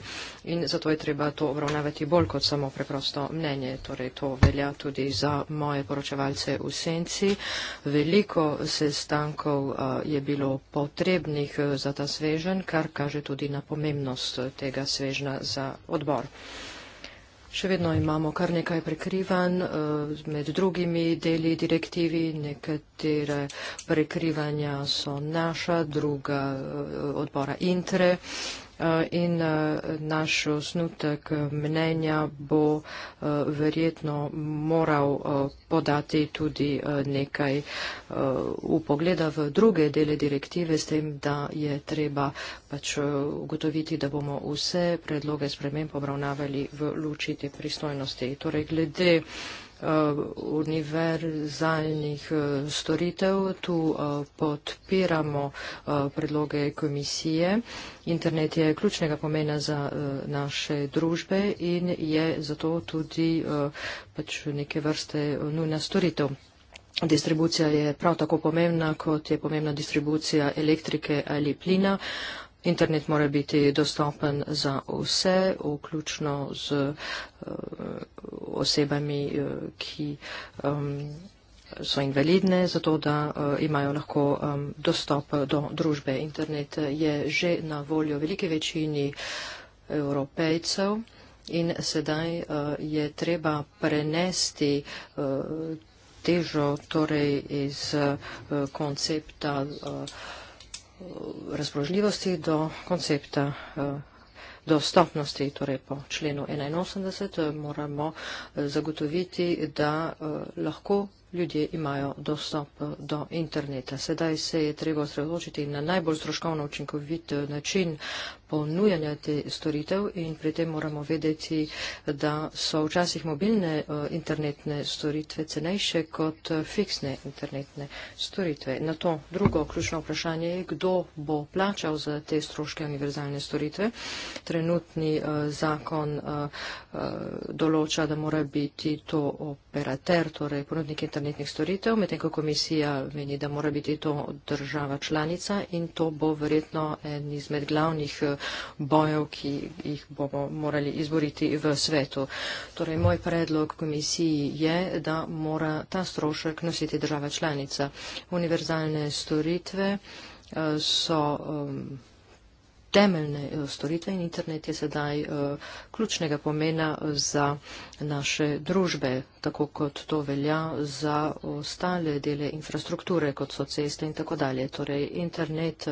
in zato je treba to obravnavati bolj kot samo preprosto mnenje. Torej to velja tudi za moje poročevalce v senci. Veliko sestankov eh, je bilo potrebnih za ta svežen, kar kaže tudi na pomembnost tega svežna za odbor. Še vedno imamo kar nekaj prekrivanj, eh, med drugimi deli direktivi, nekatere prekrivanja so naša, druga eh, odbora Intre. Eh, in eh, naš osnutek eh, mnenja bo verjetno moral podati tudi nekaj upogleda v druge dele direktive, s tem, da je treba pač ugotoviti, da bomo vse predloge spremem obravnavali v luči te pristojnosti. Torej, glede Eh, univerzalnih eh, storitev. Tu eh, podpiramo predloge komisije. Internet je ključnega pomena za naše družbe in je zato tudi pač neke vrste nujna storitev. Distribucija je prav tako pomembna, kot je pomembna distribucija elektrike ali plina. Internet mora biti dostopen za vse, vključno z eh, osebami, eh, ki so invalidne, zato da eh, imajo lahko dostop do družbe. Internet je že na voljo velike večini evropejcev in sedaj je treba prenesti težo torej iz koncepta razpoložljivosti do koncepta eh, dostopnosti, torej po členu 81, eh, moramo eh, zagotoviti, da lahko ljudje imajo dostop do interneta. Sedaj se je treba osredočiti na najbolj stroškovno učinkovit način ponujanja te storitev in pri tem moramo vedeti, da so včasih mobilne eh, internetne storitve cenejše kot eh, fiksne internetne storitve. Na to drugo ključno vprašanje je, kdo bo plačal za te stroške univerzalne storitve. Trenutni eh, zakon določa, da mora biti to operater, torej ponudnik internetnih storitev, medtem ko komisija meni, da mora biti to država članica in to bo verjetno en izmed glavnih bojev, ki jih bomo morali izboriti v svetu. Torej, moj predlog komisiji je, da mora ta strošek nositi država članica. Univerzalne storitve eh, so temeljne eh, storitve in internet je sedaj eh, ključnega pomena za naše družbe, tako kot to velja za ostale dele infrastrukture, kot so ceste in tako dalje. Torej, internet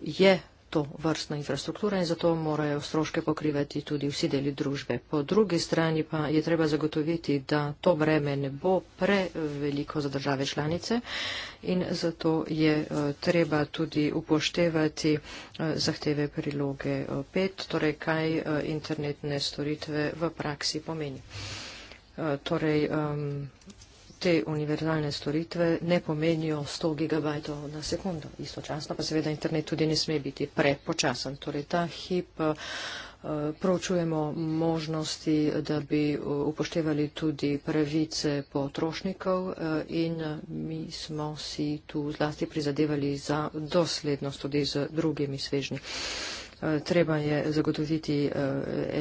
je to vrstna infrastruktura in zato morajo stroške pokrivati tudi vsi deli družbe. Po drugi strani pa je treba zagotoviti, da to breme ne bo preveliko za države članice in zato je eh, treba tudi upoštevati eh, zahteve priloge 5, eh, torej kaj internetne storitve v praksi pomeni. Torej, te univerzalne storitve ne pomenijo 100 gigabajtov na sekundo. Istočasno pa seveda internet tudi ne sme biti prepočasen. Torej ta hip eh, proučujemo možnosti, da bi eh, upoštevali tudi pravice potrošnikov eh, in mi smo si tu zlasti prizadevali za doslednost tudi z drugimi svežnji treba je zagotoviti eh,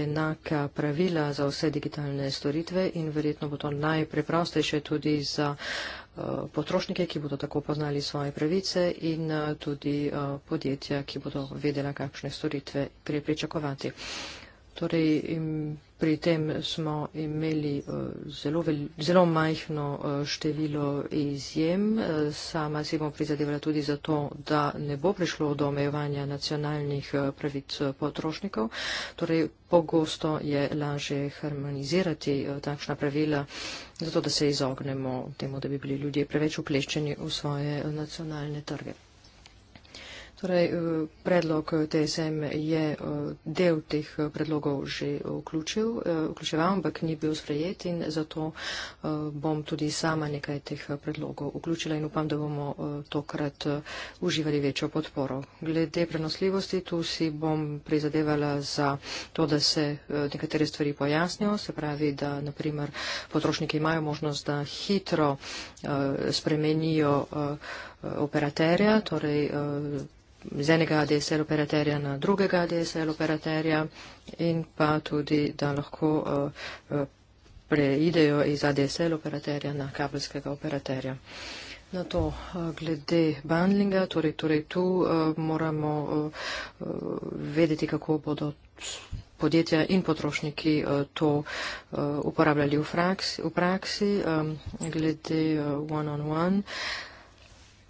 enaka pravila za vse digitalne storitve in verjetno bo to najpreprostejše tudi za eh, potrošnike, ki bodo tako poznali svoje pravice in eh, tudi podjetja, ki bodo vedela, kakšne storitve pričakovati. Torej, Pri tem smo imeli eh, zelo, vel, zelo majhno eh, število izjem. Eh, sama si bom prizadevala tudi za to, da ne bo prišlo do omejevanja nacionalnih pravic potrošnikov. Torej, pogosto je lažje harmonizirati takšna pravila, zato da se izognemo temu, da bi bili ljudje preveč upleščeni v svoje nacionalne trge. Torej, eh, predlog TSM je eh, del teh eh, predlogov že vključil, vključeval, ampak ni bil sprejet in zato bom tudi sama nekaj teh predlogov vključila in upam, da bomo tokrat uživali večjo podporo. Glede prenosljivosti, tu si bom prizadevala za to, da se nekatere stvari pojasnijo, se pravi, da naprimer potrošniki imajo možnost, da hitro spremenijo operaterja, torej z enega ADSL operaterja na drugega ADSL operaterja in pa tudi, da lahko eh, eh, preidejo iz ADSL operaterja na kabelskega operaterja. Na to eh, glede bundlinga, torej, torej tu moramo vedeti, kako bodo podjetja in potrošniki to uporabljali v praksi, v praksi glede one-on-one. -on -one.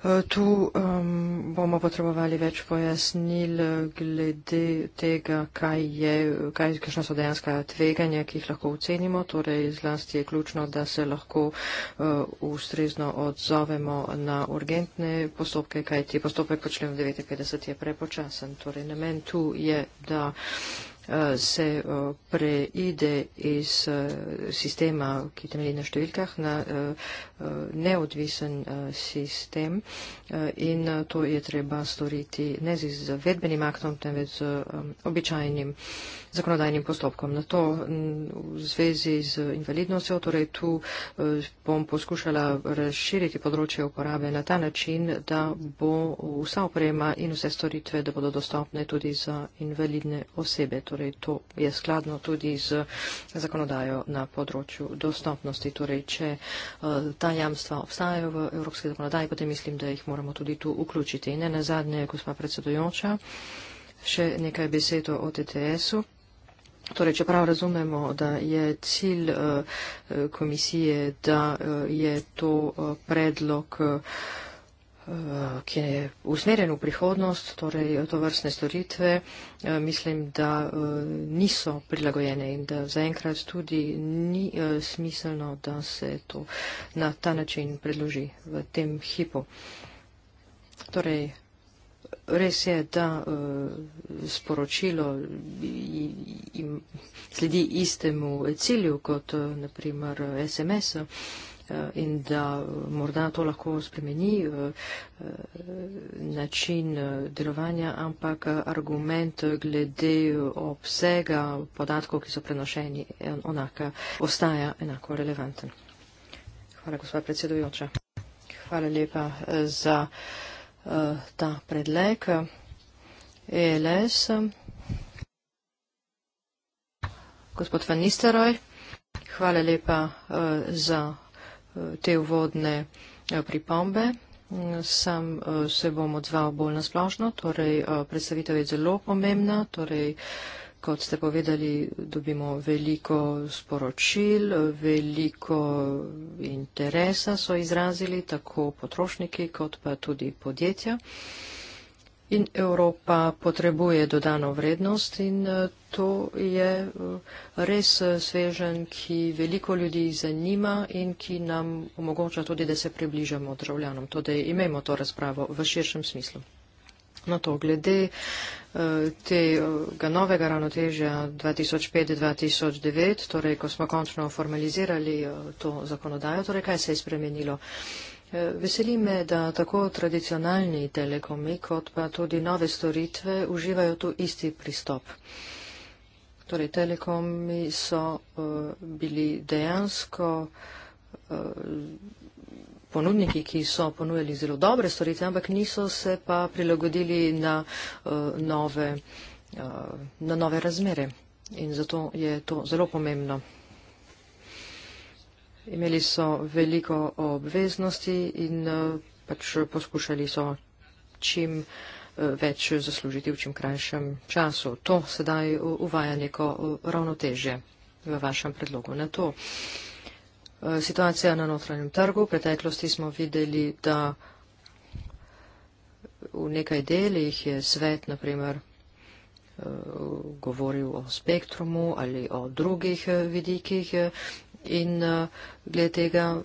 Eh, tu um, bomo potrebovali več pojasnil eh, glede tega, kaj je, kaj, kakšna so dejanska tveganja, ki jih lahko ocenimo. Torej, zlasti je ključno, da se lahko uh, ustrezno odzovemo na urgentne postopke, kaj ti postopek po členu 59 je prepočasen. Torej, namen tu je, da uh, se eh, preide iz eh, sistema, ki temelji na številkah, na eh, neodvisen sistem in to je treba storiti ne z izvedbenim aktom, temveč z običajnim zakonodajnim postopkom. Na to v zvezi z invalidnostjo, torej tu eh, bom poskušala razširiti področje uporabe na ta način, da bo vsa oprema in vse storitve, da bodo dostopne tudi za invalidne osebe. Torej, to je skladno tudi z zakonodajo na področju dostopnosti. Torej, če eh, ta jamstva obstajajo v evropski zakonodaji, potem mislim, da jih moramo tudi tu vključiti. In ne nazadnje, gospa predsedujoča, še nekaj besed o TTS-u. Torej, čeprav razumemo, da je cilj eh, eh, komisije, da eh, je to predlog, ki je usmerjen v prihodnost, torej to vrstne storitve, mislim, da niso prilagojene in da zaenkrat tudi ni smiselno, da se to na ta način predloži v tem hipu. Torej, Res je, da uh, sporočilo im, sledi istemu cilju kot uh, eh, naprimer SMS uh, eh, in da uh, morda to lahko spremeni uh, način delovanja, ampak argument glede obsega podatkov, ki so prenošeni, en, onaka, ostaja enako relevanten. Hvala, gospod predsedujoča. Hvala lepa za. Eh, ta predlek ELS. Eh, e Gospod Van Nisteroj, hvala lepa eh, za te uvodne pripombe. Sam se bom odzval bolj na splošno, torej predstavitev je zelo pomembna, torej kot ste povedali, dobimo veliko sporočil, veliko interesa so izrazili tako potrošniki kot pa tudi podjetja. In Evropa potrebuje dodano vrednost in eh, to je eh, res eh, svežen, ki veliko ljudi zanima in ki nam omogoča tudi, da se približamo državljanom, tudi torej, imamo to razpravo v širšem smislu na to glede eh, tega novega ravnotežja 2005-2009, torej ko smo končno formalizirali eh, to zakonodajo, torej kaj se je spremenilo. Eh, veseli me, da tako tradicionalni telekomi kot pa tudi nove storitve uživajo tu isti pristop. Torej, telekomi so uh, bili dejansko uh, ponudniki, ki so ponujali zelo dobre storitve, ampak niso se pa prilagodili na, uh, nove, uh, na nove razmere. In zato je to zelo pomembno. Imeli so veliko obveznosti in uh, pač poskušali so čim več zaslužiti v čim krajšem času. To sedaj uvaja neko ravnotežje v vašem predlogu. Na to uh, Eh, situacija na notranjem trgu. V preteklosti smo videli, da v nekaj delih je svet, na primer, eh, govoril o spektrumu ali o drugih eh, vidikih In uh, glede tega uh,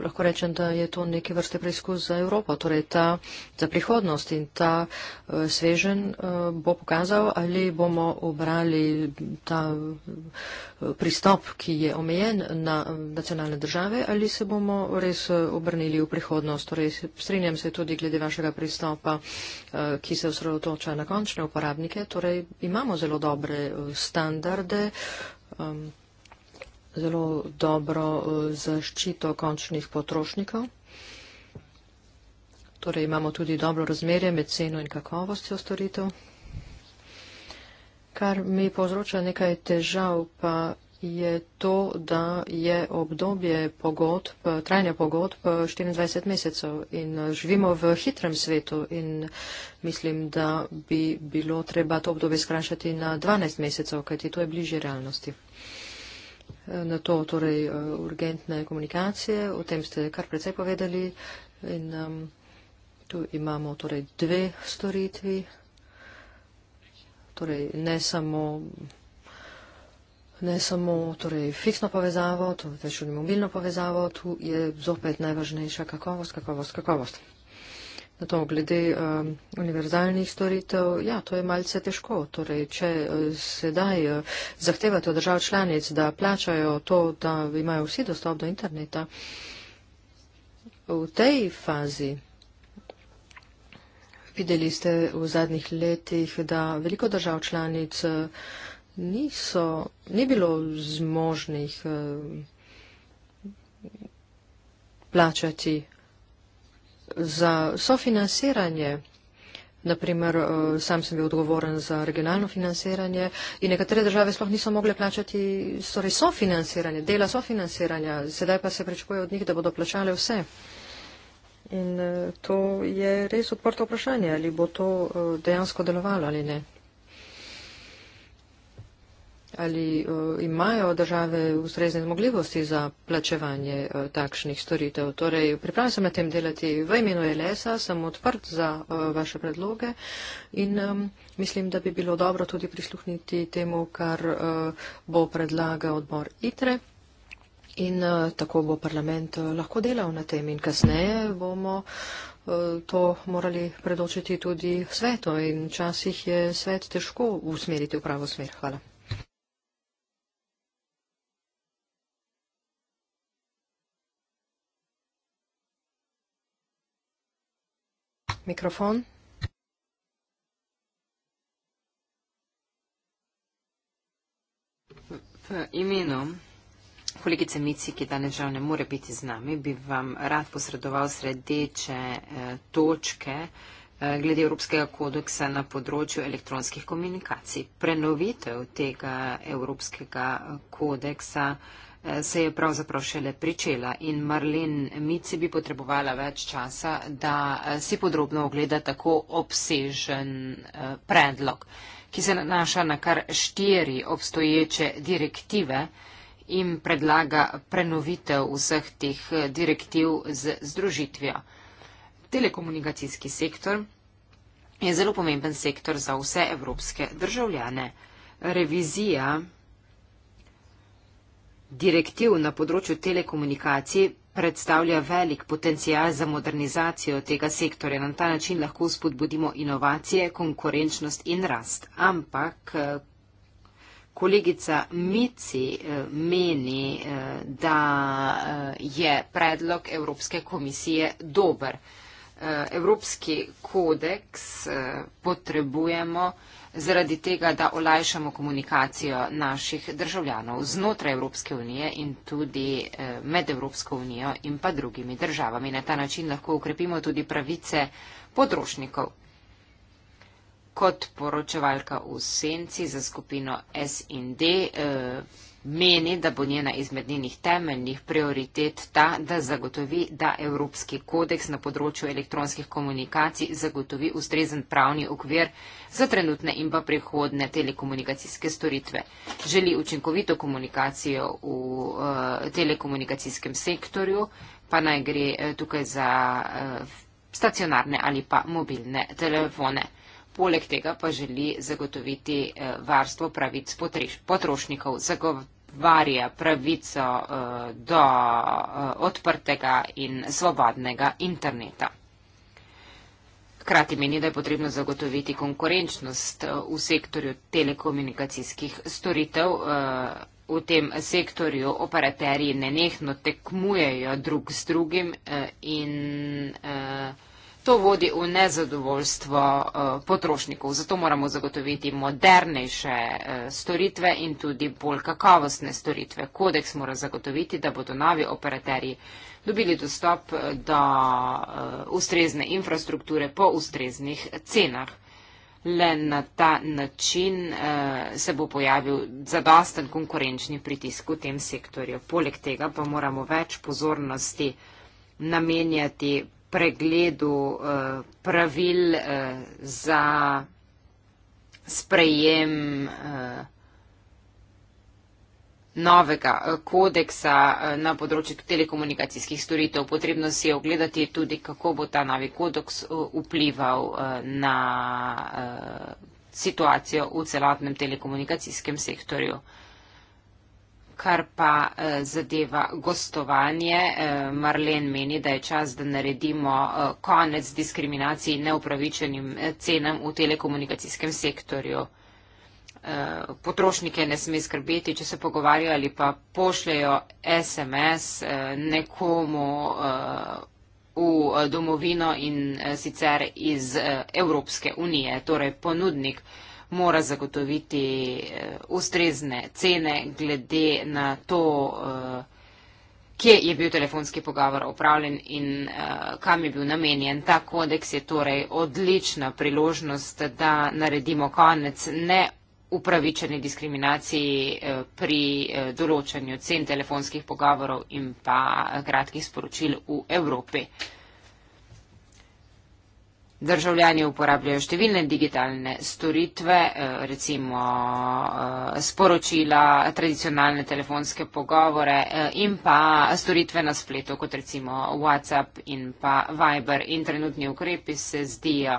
lahko rečem, da je to neke vrste preizkus za Evropo, torej ta za prihodnost in ta uh, svežen uh, bo pokazal, ali bomo obrali ta uh, pristop, ki je omejen na uh, nacionalne države, ali se bomo res uh, obrnili v prihodnost. Torej, strinjam se tudi glede vašega pristopa, uh, ki se osredotoča na končne uporabnike. Torej, imamo zelo dobre uh, standarde. Um, zelo dobro eh, zaščito končnih potrošnikov. Torej imamo tudi dobro razmerje med ceno in kakovostjo storitev. Kar mi povzroča nekaj težav, pa je to, da je obdobje pogodb, trajanja pogodb 24 eh, mesecev in eh, živimo v hitrem svetu in mislim, da bi bilo treba to obdobje skrajšati na 12 mesecev, kajti to je bližje realnosti na to, torej eh, urgentne komunikacije, o tem ste kar precej povedali in um, tu imamo torej dve storitvi, torej ne samo, ne samo torej fiksno povezavo, to več tudi mobilno povezavo, tu je zopet najvažnejša kakovost, kakovost, kakovost. To glede um, univerzalnih storitev, ja, to je malce težko. Torej, če uh, sedaj uh, zahtevate od držav članic, da plačajo to, da imajo vsi dostop do interneta, v tej fazi videli ste v zadnjih letih, da veliko držav članic uh, niso, ni bilo zmožnih. Uh, plačati za sofinansiranje, naprimer, eh, sam sem bil odgovoren za regionalno financiranje in nekatere države sploh niso mogle plačati torej sofinansiranje, dela sofinansiranja, sedaj pa se prečakuje od njih, da bodo plačale vse. In eh, to je res odprto vprašanje, ali bo to eh, dejansko delovalo ali ne. Ali uh, imajo države ustrezne zmogljivosti za plačevanje uh, takšnih storitev? Torej, pripravljam se na tem delati v imenu LSA, sem odprt za uh, vaše predloge in um, mislim, da bi bilo dobro tudi prisluhniti temu, kar uh, bo predlagal odbor ITRE. In uh, tako bo parlament uh, lahko delal na tem in kasneje bomo to morali predočiti tudi svetu in včasih je svet težko usmeriti v pravo smer. Hvala. mikrofon. V imenu kolegice Mici, ki danes žal ne more biti z nami, bi vam rad posredoval sredeče eh, točke eh, glede Evropskega kodeksa na področju elektronskih komunikacij. Prenovitev tega Evropskega kodeksa se je pravzaprav šele pričela in Marlen Mici bi potrebovala več časa, da eh, si podrobno ogleda tako obsežen eh, predlog, ki se nanaša na kar štiri obstoječe direktive in predlaga prenovitev vseh teh eh, direktiv z združitvijo. Telekomunikacijski sektor je zelo pomemben sektor za vse evropske državljane. Revizija Direktiv na področju telekomunikacij predstavlja velik potencial za modernizacijo tega sektorja. Na ta način lahko spodbudimo inovacije, konkurenčnost in rast. Ampak eh, kolegica Mici eh, meni, eh, da je predlog Evropske komisije dober. Evropski kodeks potrebujemo zaradi tega, da olajšamo komunikacijo naših državljanov znotraj Evropske unije in tudi eh, med Evropsko unijo in pa drugimi državami. Na ta način lahko ukrepimo tudi pravice potrošnikov. Kot poročevalka v senci za skupino S&D, eh, meni, da bo njena izmed njenih temeljnih prioritet ta, da zagotovi, da Evropski kodeks na področju elektronskih komunikacij zagotovi ustrezen pravni okvir za trenutne in pa prihodne telekomunikacijske storitve. Želi učinkovito komunikacijo v uh, telekomunikacijskem sektorju, pa naj gre uh, tukaj za uh, stacionarne ali pa mobilne telefone poleg tega pa želi zagotoviti eh, varstvo pravic potrošnikov, zagovarja pravico eh, do eh, odprtega in svobodnega interneta. Hkrati meni, da je potrebno zagotoviti konkurenčnost v sektorju telekomunikacijskih storitev. V tem sektorju operaterji nenehno tekmujejo drug s drugim in To vodi v nezadovoljstvo eh, potrošnikov. Zato moramo zagotoviti modernejše eh, storitve in tudi bolj kakovostne storitve. Kodeks mora zagotoviti, da bodo novi operaterji dobili dostop eh, do ustrezne infrastrukture po ustreznih cenah. Le na ta način eh, se bo pojavil zadosten konkurenčni pritisk v tem sektorju. Poleg tega pa moramo več pozornosti namenjati pregledu eh, pravil eh, za sprejem eh, novega kodeksa na področju telekomunikacijskih storitev. Potrebno si je ogledati tudi, kako bo ta novi kodeks vplival na situacijo v celotnem telekomunikacijskem sektorju kar pa eh, zadeva gostovanje, eh, Marlen meni, da je čas, da naredimo eh, konec diskriminaciji in neupravičenim cenam v telekomunikacijskem sektorju. Potrošnike ne sme skrbeti, če se pogovarjajo ali pa pošljajo SMS nekomu v domovino in sicer iz Evropske unije, torej ponudnik mora zagotoviti eh, ustrezne cene glede na to, eh, kje je bil telefonski pogovor opravljen in eh, kam je bil namenjen. Ta kodeks je torej odlična priložnost, da naredimo konec ne upravičeni diskriminaciji pri določanju cen telefonskih pogovorov in pa kratkih sporočil v Evropi. Državljani uporabljajo številne digitalne storitve, eh, recimo eh, sporočila, tradicionalne telefonske pogovore eh, in pa storitve na spletu, kot recimo WhatsApp in pa Viber. In trenutni ukrepi se zdijo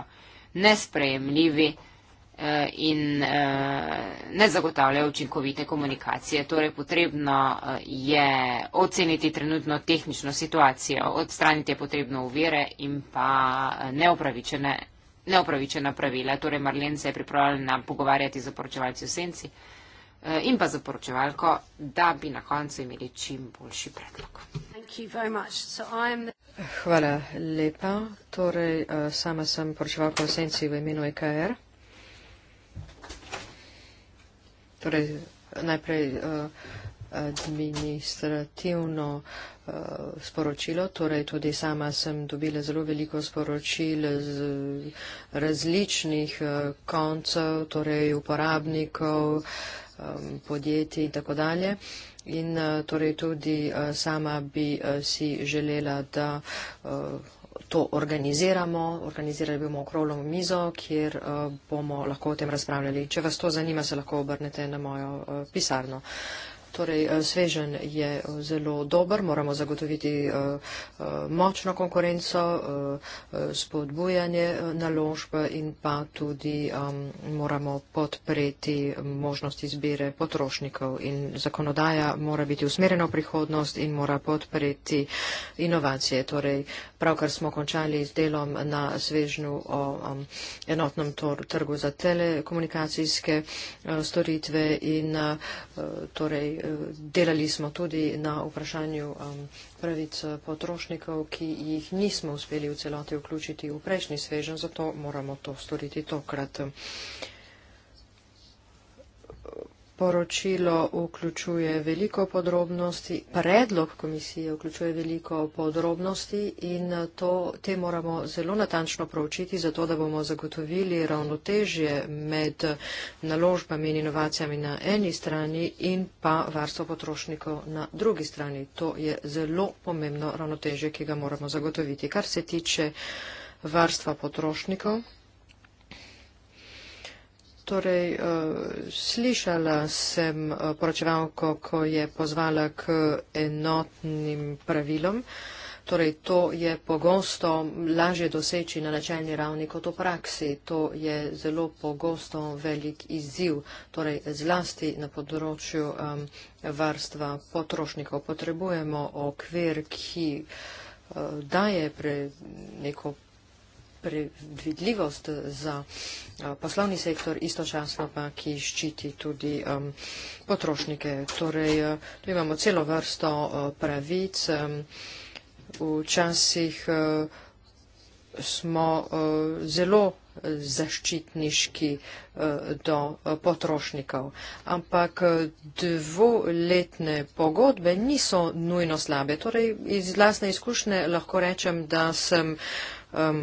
nesprejemljivi. Eh, in eh, ne zagotavljajo učinkovite komunikacije. Torej, potrebno eh, je oceniti trenutno tehnično situacijo, odstraniti je potrebno uvire in pa neupravičene. Neopravičena pravila, torej Marlen se je pripravljena pogovarjati z oporočevalci v senci in pa z oporočevalko, da bi na koncu imeli čim boljši predlog. Hvala lepa. Torej, sama sem poročevalka v senci v imenu EKR. torej najprej eh, administrativno eh, sporočilo, torej tudi sama sem dobila zelo veliko sporočil z različnih eh, koncev, torej uporabnikov, podjetij in tako dalje. In torej tudi sama bi si želela, da to organiziramo. Organizirali bomo okrolo mizo, kjer eh, bomo lahko o tem razpravljali. Če vas to zanima, se lahko obrnete na mojo eh, pisarno. Torej, eh, svežen je eh, zelo dober, moramo zagotoviti eh, močno konkurenco, spodbujanje naložb in pa tudi moramo podpreti možnosti izbire potrošnikov. In zakonodaja mora biti usmerjena v prihodnost in mora podpreti inovacije. Torej, pravkar smo končali z delom na svežnu o enotnem trgu za telekomunikacijske storitve in torej, delali smo tudi na vprašanju um, pravic eh, potrošnikov, ki jih nismo uspeli v celoti vključiti v prejšnji svežen, zato moramo to storiti tokrat. Poročilo vključuje veliko podrobnosti, predlog komisije vključuje veliko podrobnosti in to, te moramo zelo natančno proučiti, zato da bomo zagotovili ravnotežje med naložbami in inovacijami na eni strani in pa varstvo potrošnikov na drugi strani. To je zelo pomembno ravnotežje, ki ga moramo zagotoviti. Kar se tiče varstva potrošnikov, Torej, eh, slišala sem eh, poročevalko, ko je pozvala k enotnim pravilom. Torej, to je pogosto lažje doseči na načelni ravni kot v praksi. To je zelo pogosto velik izziv, torej zlasti na področju um, varstva potrošnikov. Potrebujemo okvir, ki uh, daje pre, neko predvidljivost za poslovni sektor, istočasno pa, ki ščiti tudi um, potrošnike. Torej, tu imamo celo vrsto uh, pravic. Um, včasih uh, smo uh, zelo zaščitniški do potrošnikov. Ampak dvoletne pogodbe niso nujno slabe. Torej, iz vlastne izkušnje lahko rečem, da sem um,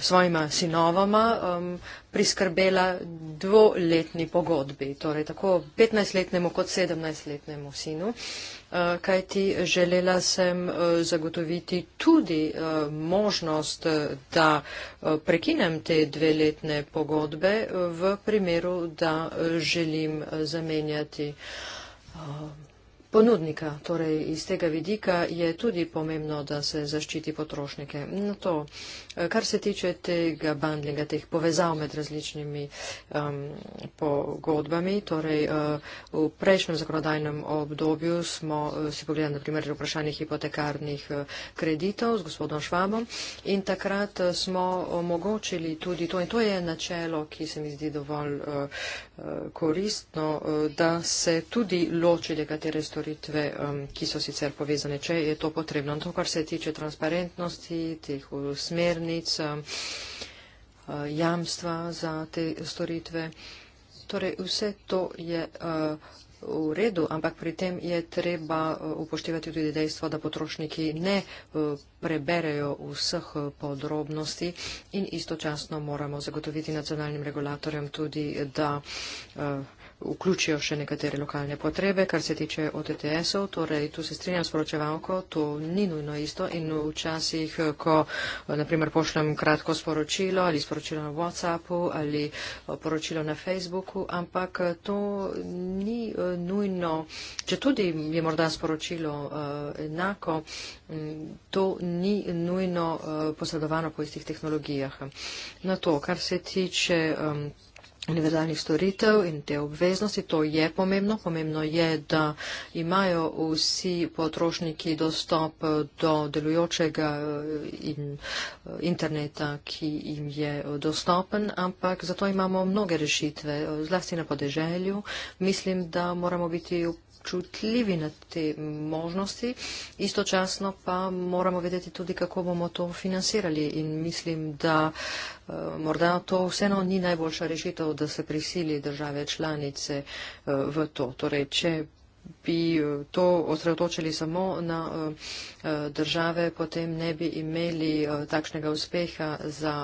svojima sinovama um, priskrbela dvoletni pogodbi, torej tako 15-letnemu kot 17-letnemu sinu, uh, kajti želela sem uh, zagotoviti tudi uh, možnost, uh, da uh, prekinem te dveletne pogodbe v primeru, da uh, želim uh, zamenjati uh, Ponudnika, torej iz tega vidika, je tudi pomembno, da se zaščiti potrošnike. Na to, eh, kar se tiče tega bandlinga, teh povezav med različnimi um, pogodbami, torej uh, v prejšnjem zakonodajnem obdobju smo uh, si pogledali, na primer, vprašanje hipotekarnih uh, kreditov z gospodom Švabom in takrat uh, smo omogočili tudi to in to je načelo, ki se mi zdi dovolj uh, uh, koristno, uh, da se tudi loči nekatere storitve storitve, um, ki so sicer povezane, če je to potrebno. No, to, kar se tiče transparentnosti, teh smernic, um, uh, eh, jamstva za te storitve. Torej, vse to je uh, v redu, ampak pri tem je treba uh, upoštevati tudi dejstvo, da potrošniki ne uh, preberejo vseh uh, podrobnosti in istočasno moramo zagotoviti nacionalnim regulatorjem tudi, da. Uh, vključijo še nekatere lokalne potrebe, kar se tiče OTTS-ov, torej tu se strinjam s poročevalko, to ni nujno isto in včasih, ko eh, naprimer pošljem kratko sporočilo ali sporočilo na WhatsAppu ali eh, poročilo na Facebooku, ampak eh, to ni nujno, če tudi je morda sporočilo enako, mm, to ni nujno posredovano po istih tehnologijah. Na to, kar se tiče univerzalnih storitev in te obveznosti. To je pomembno. Pomembno je, da imajo vsi potrošniki dostop do delujočega eh, in eh, interneta, ki jim je eh, dostopen, ampak zato imamo mnoge rešitve, zlasti na podeželju. Mislim, da moramo biti občutljivi na te možnosti, istočasno pa moramo vedeti tudi, kako bomo to financirali in mislim, da eh, morda to vseeno ni najboljša rešitev, da se prisili države članice eh, v to. Torej, če bi eh, to osredotočili samo na države, potem ne bi imeli takšnega uspeha za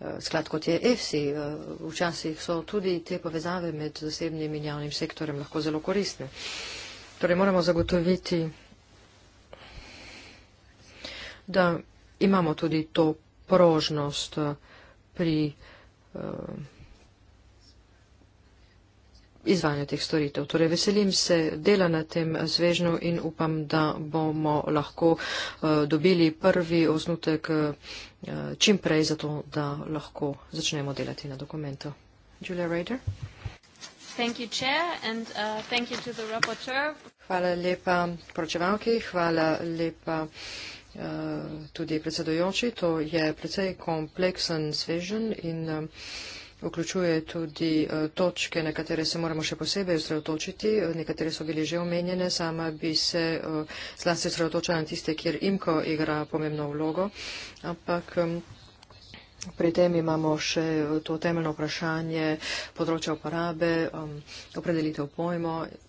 Eh, sklad kot je EFSI, eh, včasih so tudi te povezave med zasebnim in javnim sektorem lahko zelo koristne. Torej moramo zagotoviti, da imamo tudi to prožnost eh, pri izvajanja teh storitev. Torej, veselim se dela na tem zvežnju in upam, da bomo lahko eh, dobili prvi osnutek eh, čim prej, zato da lahko začnemo delati na dokumentu. Julia Rader. Thank you, chair, and, uh, thank you to the hvala lepa poročevalki, hvala lepa uh, tudi predsedojoči. To je precej kompleksen svežen in uh, vključuje tudi eh, točke, na katere se moramo še posebej osredotočiti. Nekatere so bile že omenjene, sama bi se eh, zlasti osredotočila na tiste, kjer IMKO igra pomembno vlogo. Ampak pri tem imamo še eh, to temeljno vprašanje področja uporabe, opredelitev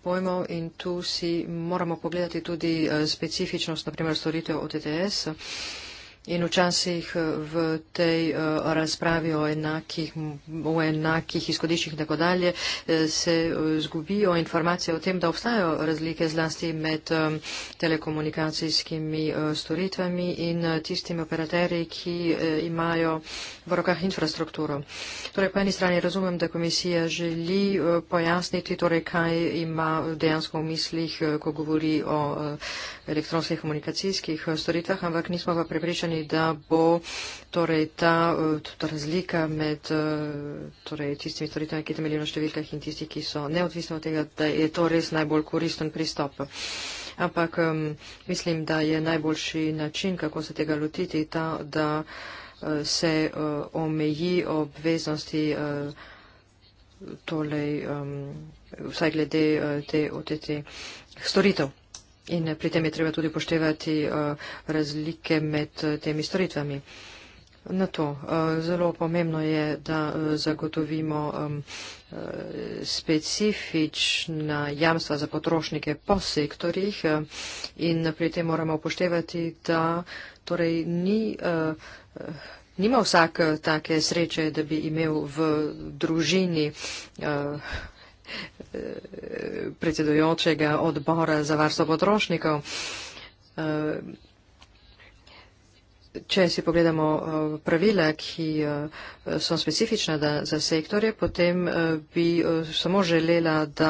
pojmov in tu si moramo pogledati tudi specifičnost, naprimer, storitev OTTS. In včasih eh, v tej eh, razpravi o enakih, o enakih izhodiščih in tako dalje eh, se zgubijo informacije o tem, da obstajajo razlike zlasti med telekomunikacijskimi storitvami in tistimi operaterji, ki imajo v rokah infrastrukturo. Torej, po eni strani razumem, da komisija želi pojasniti, torej, kaj ima dejansko v mislih, ko govori o elektronskih komunikacijskih storitvah, ampak nismo pa prepričani, da bo torej, ta, eh, ta razlika med eh, torej, tistimi storitvami, ki temeljijo na številkah in tisti, ki so neodvisni od tega, da je to res najbolj koristen pristop. Ampak um, mislim, da je najboljši način, kako se tega lotiti, ta, da uh, se uh, omeji obveznosti uh, tolej, um, vsaj glede uh, te OTT storitev. In pri tem je treba tudi upoštevati eh, razlike med eh, temi storitvami. Na to eh, zelo pomembno je, da zagotovimo specifična jamstva za potrošnike po sektorjih in pri tem moramo upoštevati, da torej ni, nima vsak take sreče, da bi imel v družini predsedujočega odbora za varstvo potrošnikov. Eh, Če si pogledamo eh, pravila, ki eh, so specifična za sektorje, potem eh, bi samo želela, da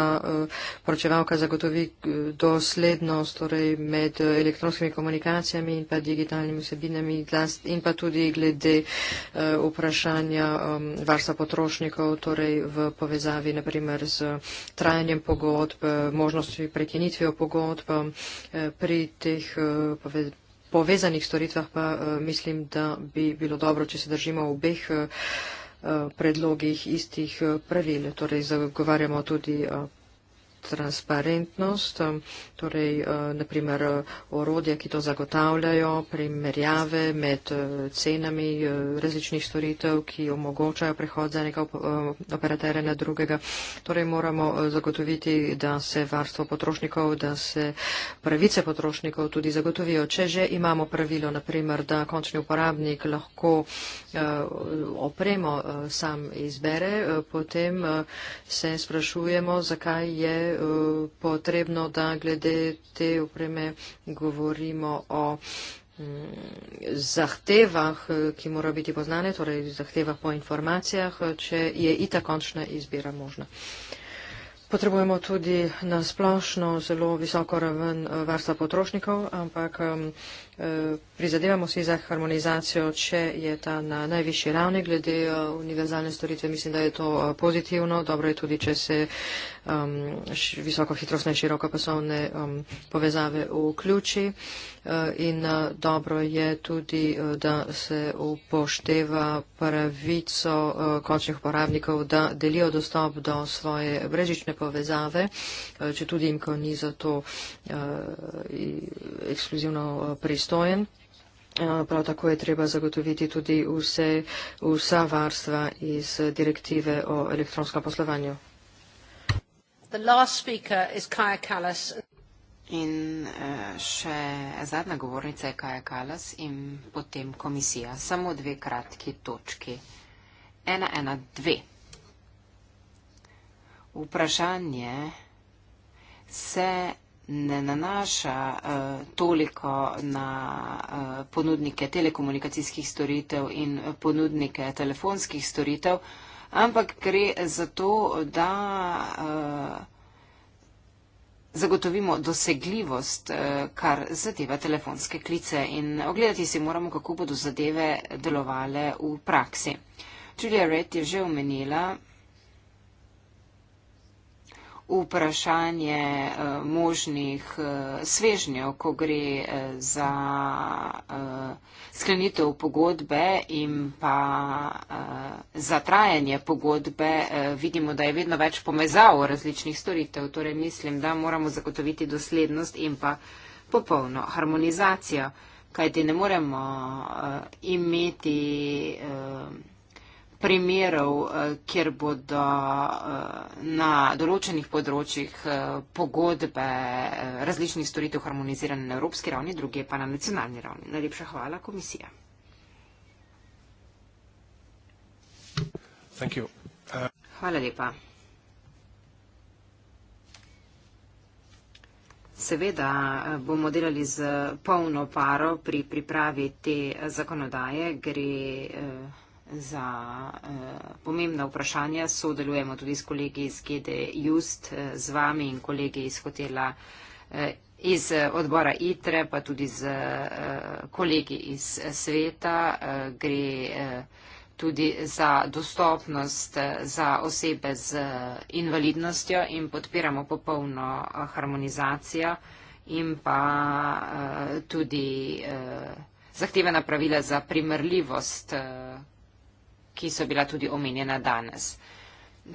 poročevalka zagotovi doslednost torej med elektronskimi komunikacijami in pa digitalnimi vsebinami in pa tudi glede vprašanja um, varstva potrošnikov torej v povezavi naprimer z trajanjem pogodb, možnosti prekinitve pogodb pri teh povezavah povezanih storitvah pa eh, mislim, da bi bilo dobro, če se držimo v obeh eh, eh, predlogih istih pravil. Torej, zagovarjamo tudi transparentnost, um, torej uh, naprimer uh, orodja, ki to zagotavljajo, primerjave med uh, cenami različnih storitev, ki omogočajo prehod za enega operatera na drugega. Torej moramo zagotoviti, da se varstvo potrošnikov, da se pravice potrošnikov tudi zagotovijo. Če že imamo pravilo, naprimer, da končni uporabnik lahko opremo sam izbere, potem se sprašujemo, zakaj je Eh, potrebno, da glede te opreme govorimo o mm, zahtevah, eh, ki morajo biti poznane, torej zahtevah po informacijah, če je ita končna izbira možna. Potrebujemo tudi na splošno zelo visoko raven eh, varstva potrošnikov, ampak um, Eh, prizadevamo si za harmonizacijo, če je ta na najvišji ravni glede eh, univerzalne storitve. Mislim, da je to eh, pozitivno. Dobro je tudi, če se um, ehm, visoko hitrostne široko pasovne um, povezave vključi. In dobro je tudi, da se upošteva pravico končnih uporabnikov, da delijo dostop do svoje brežične povezave, če tudi jim, ko ni za to ekskluzivno pristop dostojen. Eh, prav tako je treba zagotoviti tudi vse, vsa varstva iz direktive o elektronskem poslovanju. In eh, še zadnja govornica je Kaja Kalas in potem komisija. Samo dve kratki točki. 112. Vprašanje se ne nanaša uh, toliko na uh, ponudnike telekomunikacijskih storitev in ponudnike telefonskih storitev, ampak gre za to, da uh, zagotovimo dosegljivost, uh, kar zadeva telefonske klice in ogledati si moramo, kako bodo zadeve delovale v praksi. Julia Red je že omenila, vprašanje eh, možnih eh, svežnjev, ko gre eh, za sklenitev pogodbe in pa za trajanje pogodbe. Vidimo, da je vedno več pomezav različnih storitev, torej mislim, da moramo zagotoviti doslednost in pa popolno harmonizacijo, kajti ne moremo imeti primerov, eh, kjer bodo eh, na določenih področjih eh, pogodbe različnih storitev harmonizirane na evropski ravni, druge pa na nacionalni ravni. Najlepša hvala, komisija. Thank you. Uh... Hvala lepa. Seveda bomo delali z polno paro pri pripravi te zakonodaje. Gre, uh za eh, pomembna vprašanja. Sodelujemo tudi s kolegi iz GD Just, eh, z vami in kolegi iz hotela eh, iz eh, odbora ITRE, pa tudi z eh, kolegi iz eh, sveta. Eh, gre eh, tudi za dostopnost eh, za osebe z eh, invalidnostjo in podpiramo popolno eh, harmonizacijo in pa eh, tudi eh, zahtevena pravila za primerljivost. Eh, ki so bila tudi omenjena danes.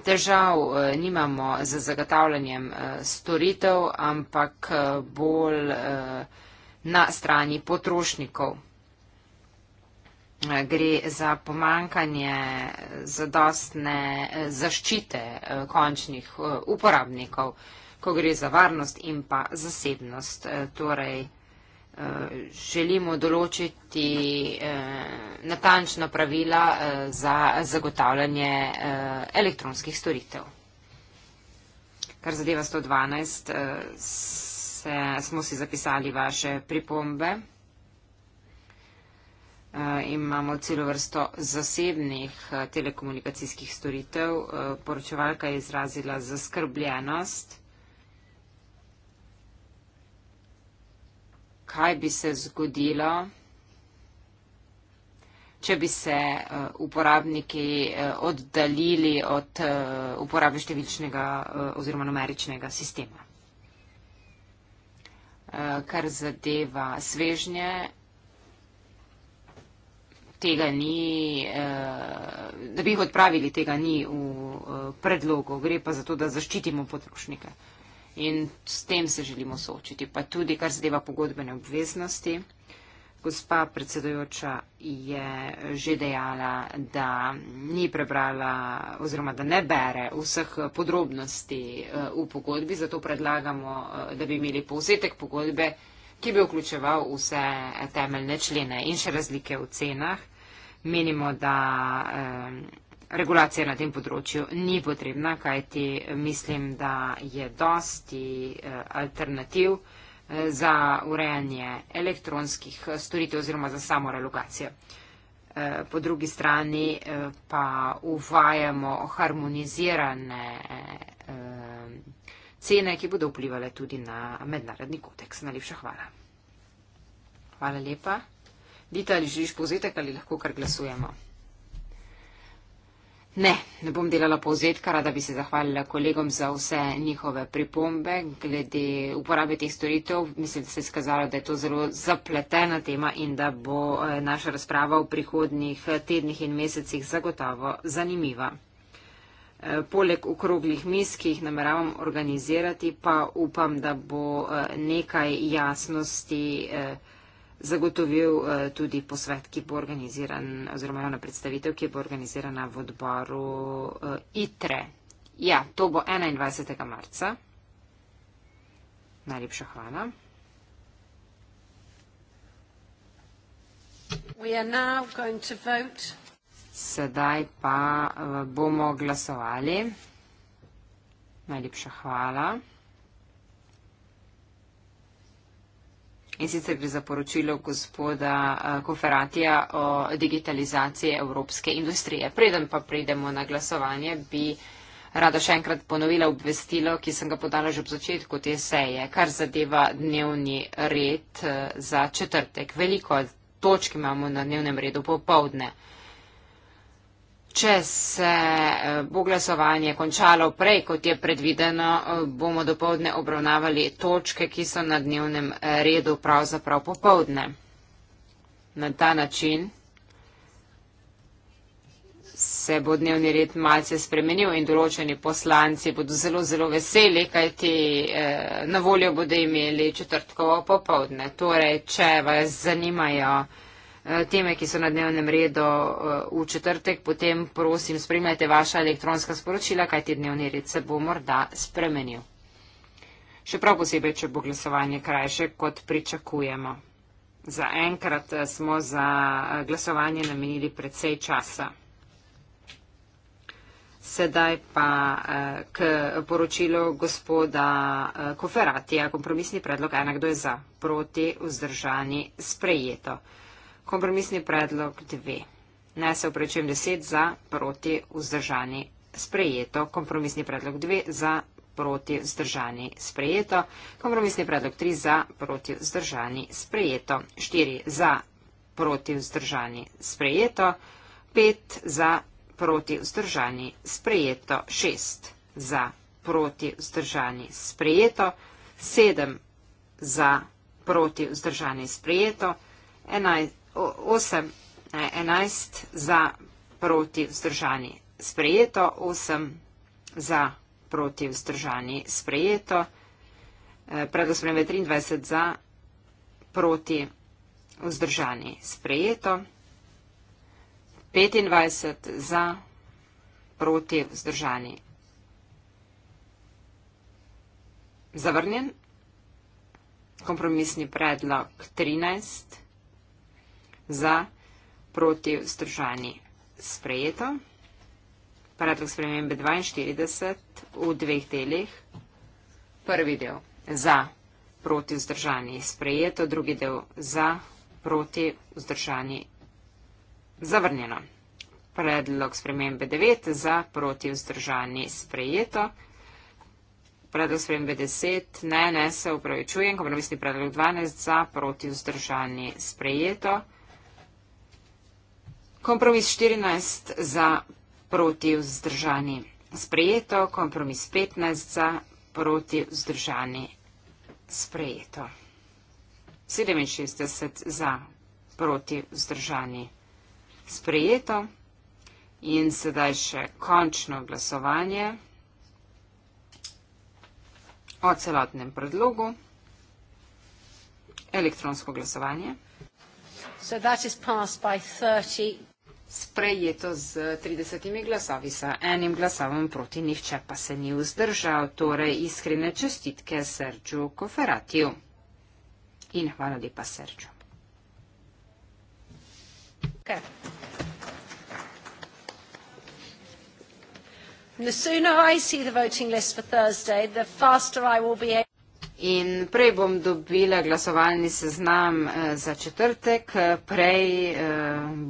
Težav eh, nimamo z zagotavljanjem eh, storitev, ampak eh, bolj na strani potrošnikov. Gre za pomankanje zadostne zaščite končnih uporabnikov, ko gre za varnost in pa zasebnost. Torej, želimo določiti eh, natančna pravila eh, za zagotavljanje eh, elektronskih storitev. Kar zadeva 112, eh, se, smo si zapisali vaše pripombe. Eh, imamo celo vrsto zasebnih eh, telekomunikacijskih storitev. Eh, poročevalka je izrazila zaskrbljenost. kaj bi se zgodilo, če bi se eh, uporabniki eh, oddaljili od eh, uporabe številčnega oziroma numeričnega sistema. Kar zadeva svežnje, tega ni, da bi jih odpravili, tega ni v predlogu. Gre pa za to, da zaščitimo potrošnike in s tem se želimo soočiti, pa tudi kar zadeva pogodbene obveznosti. Gospa predsedojoča je že dejala, da ni prebrala oziroma da ne bere vseh podrobnosti eh, v pogodbi, zato predlagamo, eh, da bi imeli povzetek pogodbe, ki bi vključeval vse temeljne člene in še razlike v cenah. Menimo, da. Eh, regulacija na tem področju ni potrebna, kajti mislim, da je dosti eh, alternativ eh, za urejanje elektronskih eh, storitev oziroma za samo relokacijo. Po drugi strani pa uvajamo harmonizirane cene, ki bodo vplivali tudi na mednarodni kodeks. Najlepša hvala. Hvala lepa. Dita, ali želiš povzetek ali lahko kar glasujemo? Ne, ne bom delala povzetka, rada bi se zahvalila kolegom za vse njihove pripombe glede uporabe teh storitev. Mislim, da se je skazalo, da je to zelo zapletena tema in da bo eh, naša razprava v prihodnjih eh, tednih in mesecih zagotovo zanimiva. Eh, poleg okroglih mis, ki jih nameravam organizirati, pa upam, da bo nekaj jasnosti. Eh, zagotovil eh, tudi posvet, ki bo organiziran, oziroma javna predstavitev, ki bo organizirana v odboru eh, ITRE. Ja, to bo 21. marca. Najlepša hvala. Sedaj pa eh, bomo glasovali. Najlepša hvala. In sicer gre za poročilo gospoda Koferatija o digitalizaciji evropske industrije. Preden pa pridemo na glasovanje, bi rada še enkrat ponovila obvestilo, ki sem ga podala že ob začetku te seje, kar zadeva dnevni red za četrtek. Veliko točk imamo na dnevnem redu popovdne. Če se eh, bo glasovanje končalo prej, kot je predvideno, eh, bomo dopovdne obravnavali točke, ki so na dnevnem eh, redu pravzaprav popovdne. Na ta način se bo dnevni red malce spremenil in določeni poslanci bodo zelo, zelo veseli, kaj ti na voljo bodo imeli četrtkovo popovdne. Torej, če vas zanimajo. Eh, teme, ki so na dnevnem redu eh, v četrtek, potem prosim spremljajte vaša elektronska sporočila, kaj ti dnevni red se bo morda spremenil. Še prav posebej, če bo glasovanje krajše, kot pričakujemo. Za enkrat eh, smo za glasovanje namenili predvsej časa. Sedaj pa k poročilu gospoda Koferatija, kompromisni predlog, enakdo je za, proti, vzdržani, sprejeto. Kompromisni predlog 2. Naj se uprečujem 10 za, proti, vzdržani, sprejeto. Kompromisni predlog 2 za, proti, vzdržani, sprejeto. Kompromisni predlog 3 za, proti, vzdržani, sprejeto. 4 za, proti, vzdržani, sprejeto. 5 za, proti, vzdržani, sprejeto. 6 za, proti, vzdržani, sprejeto. 7 za, proti, vzdržani, sprejeto. 11 8, ne, 11 za proti vzdržani sprejeto, 8 za proti vzdržani sprejeto, e, predlog spremembe 23 za proti vzdržani sprejeto, 25 za proti vzdržani zavrnjen, kompromisni predlog 13 za za, proti, vzdržani. Sprejeto. Predlog spremembe 42 v dveh delih. Prvi del za, proti, vzdržani. Sprejeto. Drugi del za, proti, vzdržani. Zavrnjeno. Predlog spremembe 9 za, proti, vzdržani. Sprejeto. Predlog spremembe 10, ne, ne, se upravičujem, kompromisni predlog 12 za, proti, vzdržani, sprejeto kompromis 14 za proti vzdržani sprejeto, kompromis 15 za proti vzdržani sprejeto. 67 za proti vzdržani sprejeto in sedaj še končno glasovanje o celotnem predlogu, elektronsko glasovanje. So that is passed by 30 sprejeto z 30 glasovi za enim glasovom proti nihče pa se ni vzdržal. Torej, iskrene čestitke Sergiu Koferatiju. In hvala lepa Sergiu. Okay. In prej bom dobila glasovalni seznam eh, za četrtek, eh, prej. Uh,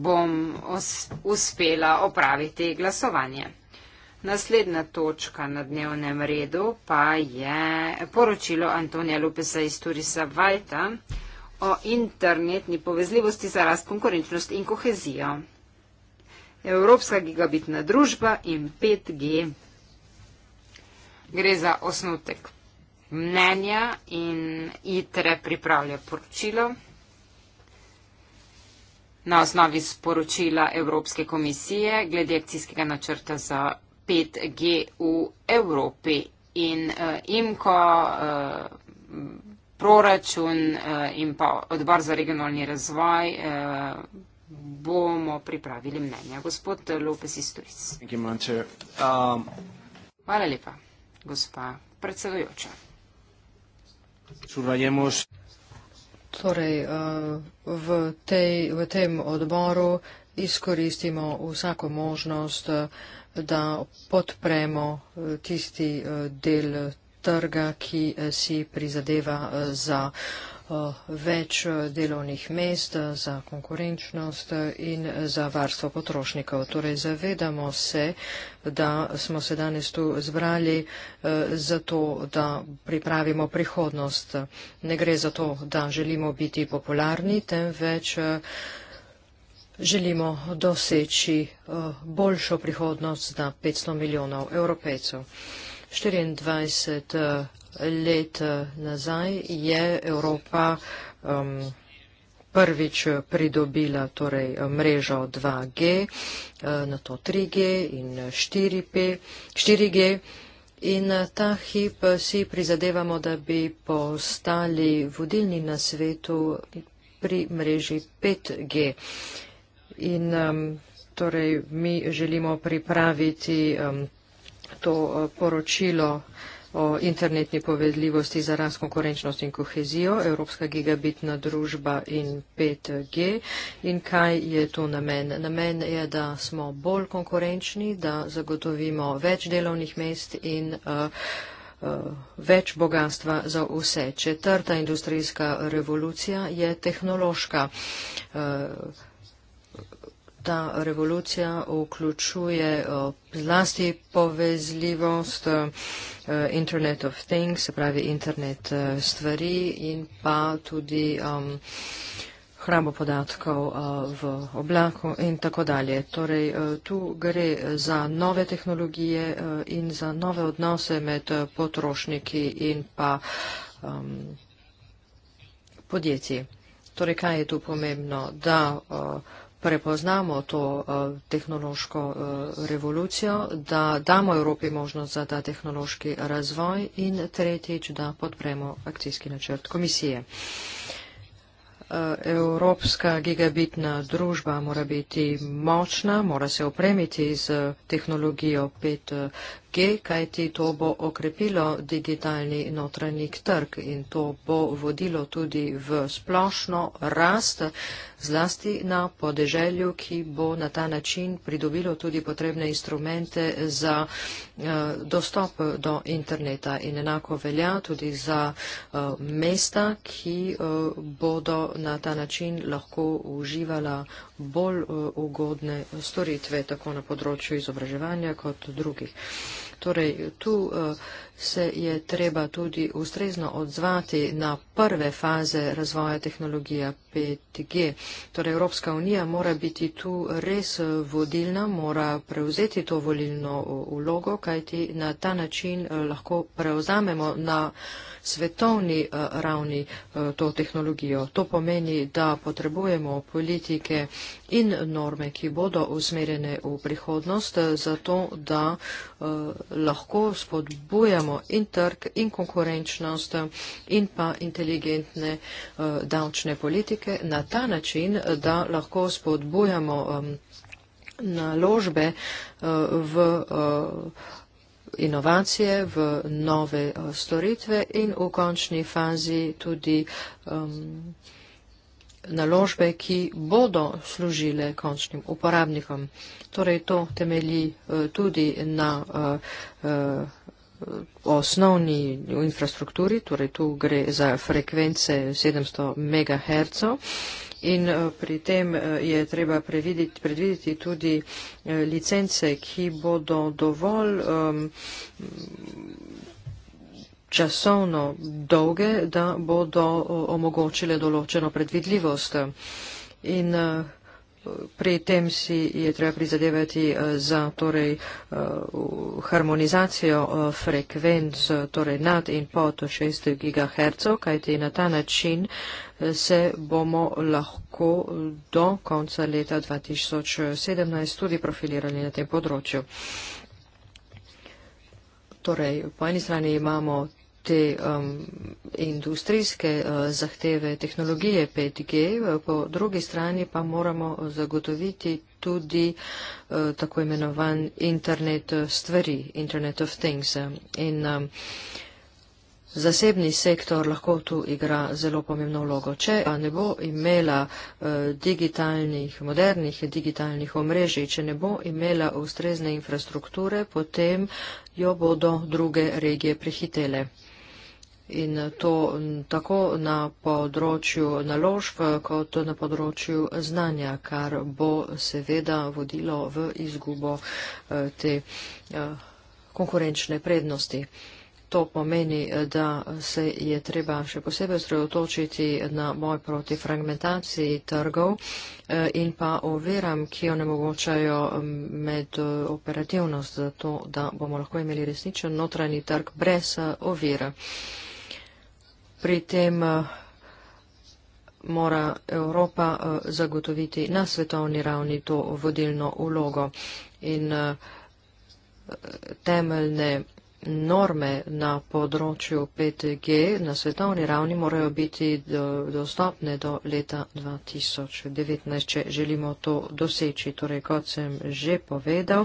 bom uspela opraviti glasovanje. Naslednja točka na dnevnem redu pa je poročilo Antonija Lupesa iz Turisa Valta o internetni povezljivosti za rast, konkurenčnost in kohezijo. Evropska gigabitna družba in 5G. Gre za osnutek mnenja in ITRE pripravlja poročilo na osnovi sporočila Evropske komisije glede akcijskega načrta za 5G v Evropi. In uh, IMKO, uh, proračun uh, in pa odbor za regionalni razvoj uh, bomo pripravili mnenja. Gospod Lopes iz Turic. Um... Hvala lepa, gospa predsedujoča. Surrayemos. Torej, eh, v, tej, v tem odboru izkoristimo vsako možnost, eh, da podpremo eh, tisti del trga, ki si prizadeva za. Eh, več eh, delovnih mest, eh, za konkurenčnost in za varstvo potrošnikov. Torej zavedamo se, da smo se danes tu zbrali zato, da pripravimo prihodnost. Ne gre za to, da želimo biti popularni, temveč želimo doseči boljšo prihodnost za 500 milijonov evropejcev. 24 let eh, nazaj je Evropa um, prvič pridobila torej, eh, mrežo 2G, eh, na to 3G in 4P, 4G. In ta hip si prizadevamo, da bi postali vodilni na svetu pri mreži 5G. In um, torej mi želimo pripraviti um, to uh, poročilo uh, o internetni povedljivosti za rast, konkurenčnost in kohezijo, Evropska gigabitna družba in 5G. In kaj je to namen? Namen je, da smo bolj konkurenčni, da zagotovimo več delovnih mest in uh, uh več bogatstva za vse. Četrta industrijska revolucija je tehnološka. Uh, ta revolucija vključuje zlasti povezljivost Internet of Things, se pravi internet stvari in pa tudi um, hrabo podatkov v oblaku in tako dalje. Torej, tu gre za nove tehnologije in za nove odnose med potrošniki in pa um, podjetji. Torej, kaj je tu pomembno? Da uh, prepoznamo to uh, tehnološko uh, revolucijo, da damo Evropi možnost za ta tehnološki razvoj in tretjič, da podpremo akcijski načrt komisije. Eh, Evropska gigabitna družba mora biti močna, mora se opremiti z tehnologijo 5G, kajti to bo okrepilo digitalni notranji trg in to bo vodilo tudi v splošno rast zlasti na podeželju, ki bo na ta način pridobilo tudi potrebne instrumente za eh, dostop do interneta. In enako velja tudi za eh, mesta, ki eh, bodo na ta način lahko uživala bolj ugodne storitve, tako na področju izobraževanja kot drugih. Torej, tu eh, se je treba tudi ustrezno odzvati na prve faze razvoja tehnologije 5G. Torej, Evropska unija mora biti tu res vodilna, mora prevzeti to volilno ulogo, kajti na ta način eh, lahko prevzamemo na svetovni eh, ravni eh, to tehnologijo. To pomeni, da potrebujemo politike in norme, ki bodo usmerjene v prihodnost, zato da lahko spodbujamo imamo in trg, in konkurenčnost, in pa inteligentne uh, davčne politike na ta način, eh, da lahko spodbujamo um, naložbe uh, v uh, inovacije, v nove uh, storitve in v končni fazi tudi um, naložbe, ki bodo služile končnim uporabnikom. Torej, to temelji uh, tudi na uh, uh, osnovni infrastrukturi, torej tu gre za frekvence 700 MHz. In eh, pri tem eh, je treba predvideti, predvideti tudi eh, licence, ki bodo dovolj um, časovno dolge, da bodo omogočile določeno predvidljivost. In uh, pri tem si je treba prizadevati eh, za torej, eh, harmonizacijo eh, frekvenc torej nad in pod 6 GHz, kajti na ta način se bomo lahko do konca leta 2017 tudi profilirali na tem področju. Torej, po eni strani imamo te um, industrijske uh, zahteve tehnologije 5G, uh, po drugi strani pa moramo zagotoviti tudi uh, tako imenovan internet uh, stvari, internet of things. In um, zasebni sektor lahko tu igra zelo pomembno vlogo. Če ne bo imela uh, digitalnih, modernih digitalnih omrežij, če ne bo imela ustrezne infrastrukture, potem jo bodo druge regije prehitele in eh, to mm, tako na področju naložb kot na področju znanja, kar bo seveda vodilo v izgubo eh, te eh, konkurenčne prednosti. To pomeni, da se je treba še posebej sredotočiti na boj proti fragmentaciji trgov in pa oviram, ki onemogočajo mm, med operativnost za to, da bomo lahko imeli resničen notranji trg brez ovira. Pri tem eh, mora Evropa eh, zagotoviti na svetovni ravni to vodilno ulogo in eh, temeljne norme na področju 5G na svetovni ravni morajo biti do, dostopne do leta 2019, če želimo to doseči. Torej, kot sem že povedal,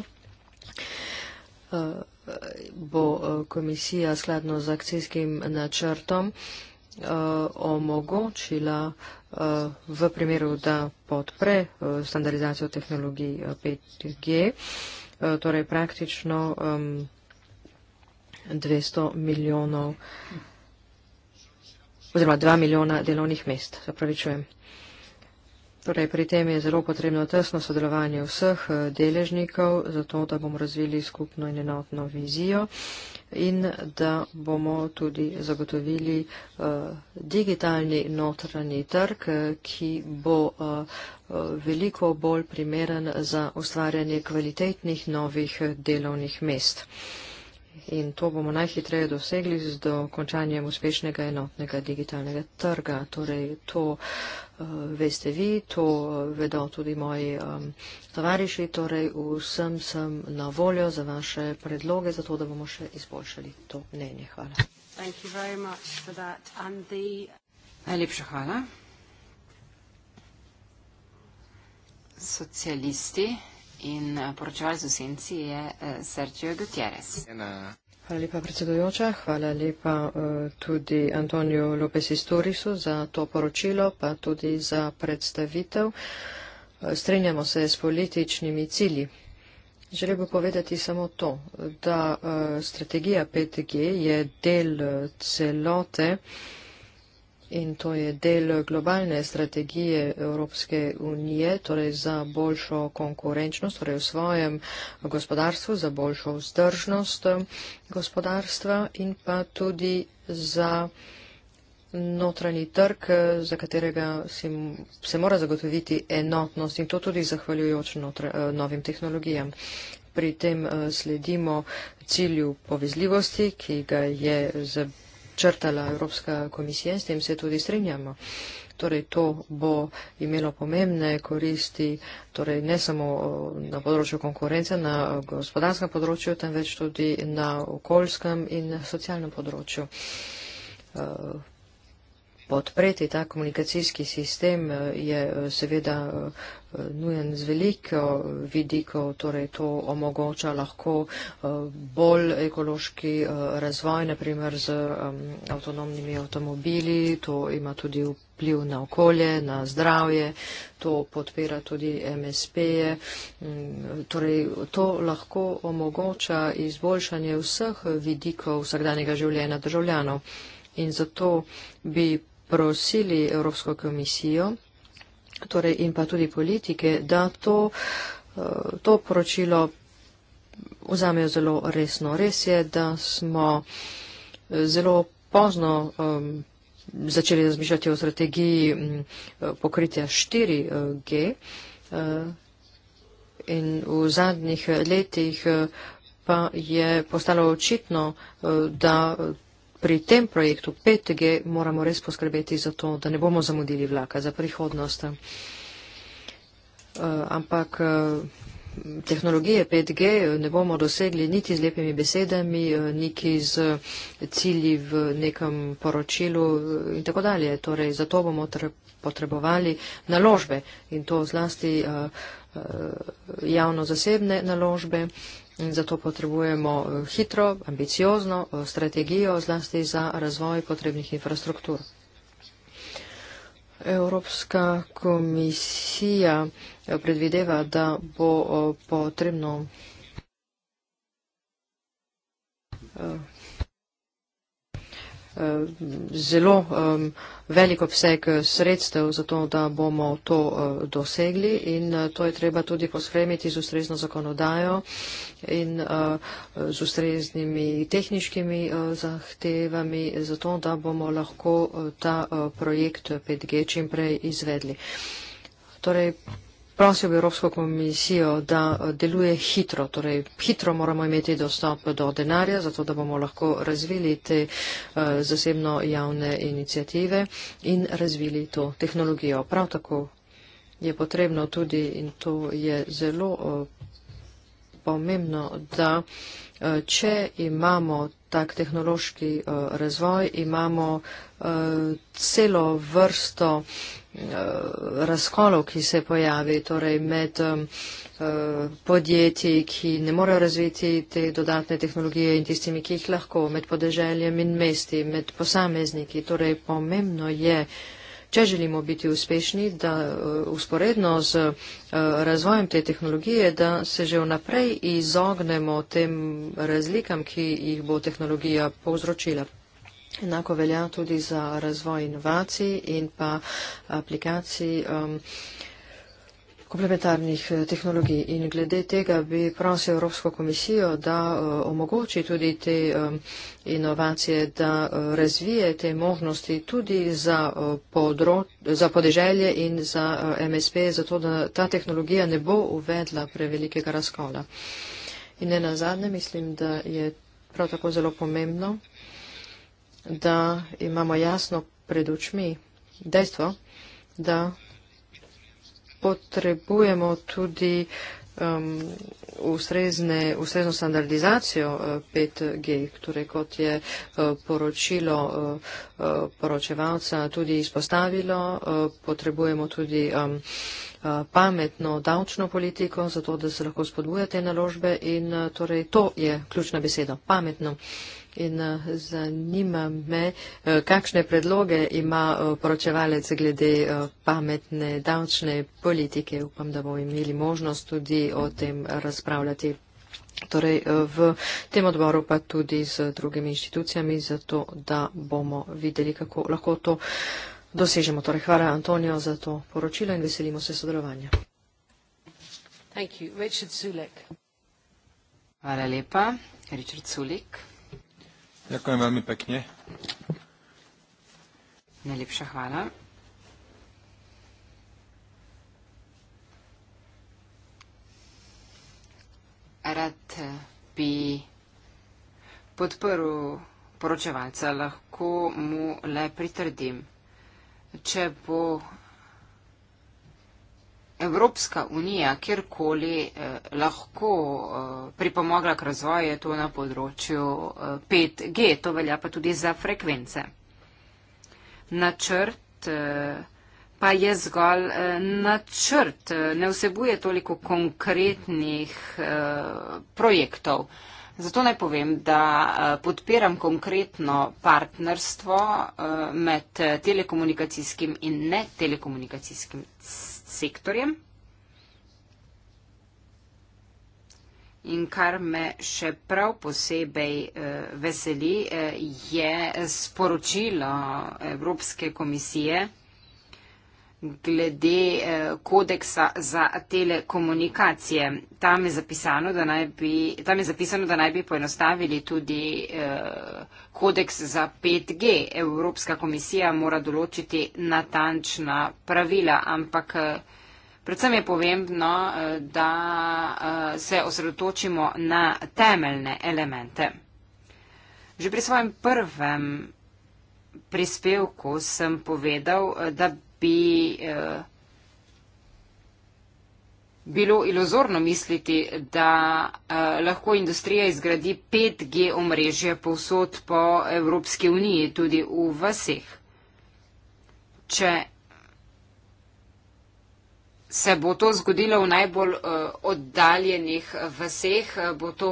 bo komisija skladno z akcijskim načrtom uh, omogočila uh, v primeru, da podpre uh, standardizacijo tehnologij uh, 5G, uh, torej praktično um, 200 milijonov oziroma 2 milijona delovnih mest, zapravičujem. Torej, pri tem je zelo potrebno tesno sodelovanje vseh eh, deležnikov, zato da bomo razvili skupno in enotno vizijo in da bomo tudi zagotovili uh, digitalni notranji trg, eh, ki bo uh, veliko bolj primeren za ustvarjanje kvalitetnih novih delovnih mest. In to bomo najhitreje dosegli z dokončanjem uspešnega enotnega digitalnega trga. Torej, to, uh, veste vi, to vedo tudi moji um, tovariši, torej vsem sem na voljo za vaše predloge, zato da bomo še izboljšali to mnenje. Hvala. Najlepša the... hvala. Socialisti in eh, poročevalci v senci je eh, Sergio Gutierrez. Ena. Hvala lepa, predsedojoča. Hvala lepa eh, tudi Antoniju Lopez-Istorisu za to poročilo, pa tudi za predstavitev. Eh, Strenjamo se s političnimi cilji. Želel bi povedati samo to, da eh, strategija 5G je del celote in to je del globalne strategije Evropske unije, torej za boljšo konkurenčnost, torej v svojem gospodarstvu, za boljšo vzdržnost eh, gospodarstva in pa tudi za notranji trg, eh, za katerega si, se mora zagotoviti enotnost in to tudi zahvaljujoč notr, eh, novim tehnologijam. Pri tem sledimo cilju povezljivosti, ki ga je za črtala Evropska komisija in s tem se tudi strinjamo. Torej, to bo imelo pomembne koristi, torej ne samo na področju konkurence, na gospodarskem področju, temveč tudi na okoljskem in socialnem področju. E, podpreti ta komunikacijski sistem eh, je eh, seveda eh, nujen z veliko vidikov, torej to omogoča lahko bolj ekološki razvoj, naprimer z avtonomnimi avtomobili, to ima tudi vpliv na okolje, na zdravje, to podpira tudi MSP-je. Torej to lahko omogoča izboljšanje vseh vidikov vsakdanjega življenja državljanov. In zato bi prosili Evropsko komisijo torej in pa tudi politike, da to, eh, to poročilo vzamejo zelo resno. Res je, da smo eh, zelo pozno začeli razmišljati o strategiji mm, eh, pokritja 4G in v zadnjih letih pa je postalo očitno, da pri tem projektu 5G moramo res poskrbeti za to, da ne bomo zamudili vlaka za prihodnost. Eh, ampak eh, tehnologije 5G ne bomo dosegli niti z lepimi besedami, eh, niti z cilji v nekem poročilu in tako dalje. Torej, zato bomo potrebovali naložbe in to zlasti javno-zasebne naložbe In zato potrebujemo eh, hitro, ambiciozno eh, strategijo zlasti za razvoj potrebnih infrastruktur. Evropska komisija eh, predvideva, da bo potrebno Eh, zelo um, velik obseg eh, sredstev za to, da bomo to uh, dosegli in uh, to je treba tudi pospremiti z ustrezno zakonodajo in uh, z ustreznimi tehničkimi uh, zahtevami za to, da bomo lahko uh, ta uh, projekt 5G čimprej izvedli. Torej, prosil v Evropsko komisijo, da eh, deluje hitro, torej hitro moramo imeti dostop do denarja, zato da bomo lahko razvili te eh, zasebno javne inicijative in razvili to tehnologijo. Prav tako je potrebno tudi, in to je zelo eh, pomembno, da če imamo tak tehnološki razvoj, imamo celo vrsto Eh, razkolov, ki se pojavi torej med eh, podjetji, ki ne morejo razviti te dodatne tehnologije in tistimi, ki jih lahko, med podeželjem in mesti, med posamezniki. Torej pomembno je, če želimo biti uspešni, da eh, usporedno z razvojem te tehnologije, da se že vnaprej izognemo tem razlikam, ki jih bo tehnologija povzročila. Enako velja tudi za razvoj inovacij in pa aplikacij um, komplementarnih eh, tehnologij. In glede tega bi prosil Evropsko komisijo, da uh, omogoči tudi te um, inovacije, da uh, razvije te možnosti tudi za, uh, podro, za podeželje in za uh, MSP, zato da ta tehnologija ne bo uvedla prevelikega razkola. In ne na zadnje, mislim, da je prav tako zelo pomembno da imamo jasno pred očmi dejstvo, da potrebujemo tudi um, ustrezne, ustrezno standardizacijo 5G, uh, torej kot je uh, poročilo uh, poročevalca tudi izpostavilo, potrebujemo tudi um, pametno davčno politiko, zato da se lahko spodbuja te naložbe in torej to je ključna beseda, pametno in eh, zanima me, eh, kakšne predloge ima eh, poročevalec glede pametne davčne politike. Upam, da bomo imeli možnost tudi o tem razpravljati. Torej v tem odboru pa tudi z drugimi inštitucijami, zato da bomo videli, kako lahko to dosežemo. Torej hvala Antonijo za to poročilo in veselimo se sodelovanja. Hvala lepa. Richard Sulik. Ďakujem veľmi pekne. Najlepšia chvála. Rad bi podporil poročevalca, lahko mu le pritrdim. Če bo Evropska unija kjerkoli eh, lahko eh, pripomogla k razvoju, je to na področju eh, 5G, to velja pa tudi za frekvence. Načrt eh, pa je zgolj eh, načrt, eh, ne vsebuje toliko konkretnih eh, projektov. Zato naj povem, da eh, podpiram konkretno partnerstvo eh, med eh, telekomunikacijskim in netelekomunikacijskim sektorjem. In kar me še prav posebej eh, veseli, eh, je sporočilo Evropske komisije, glede eh, kodeksa za telekomunikacije. Tam je zapisano, da naj bi, tam je zapisano, da naj bi poenostavili tudi eh, kodeks za 5G. Evropska komisija mora določiti natančna pravila, ampak eh, predvsem je pomembno, da se osredotočimo na temeljne elemente. Že pri svojem prvem prispevku sem povedal, da bi eh, bilo iluzorno misliti, da eh, lahko industrija izgradi 5G omrežje povsod po Evropski uniji, tudi v vseh. Če se bo to zgodilo v najbolj eh, oddaljenih vseh, bo to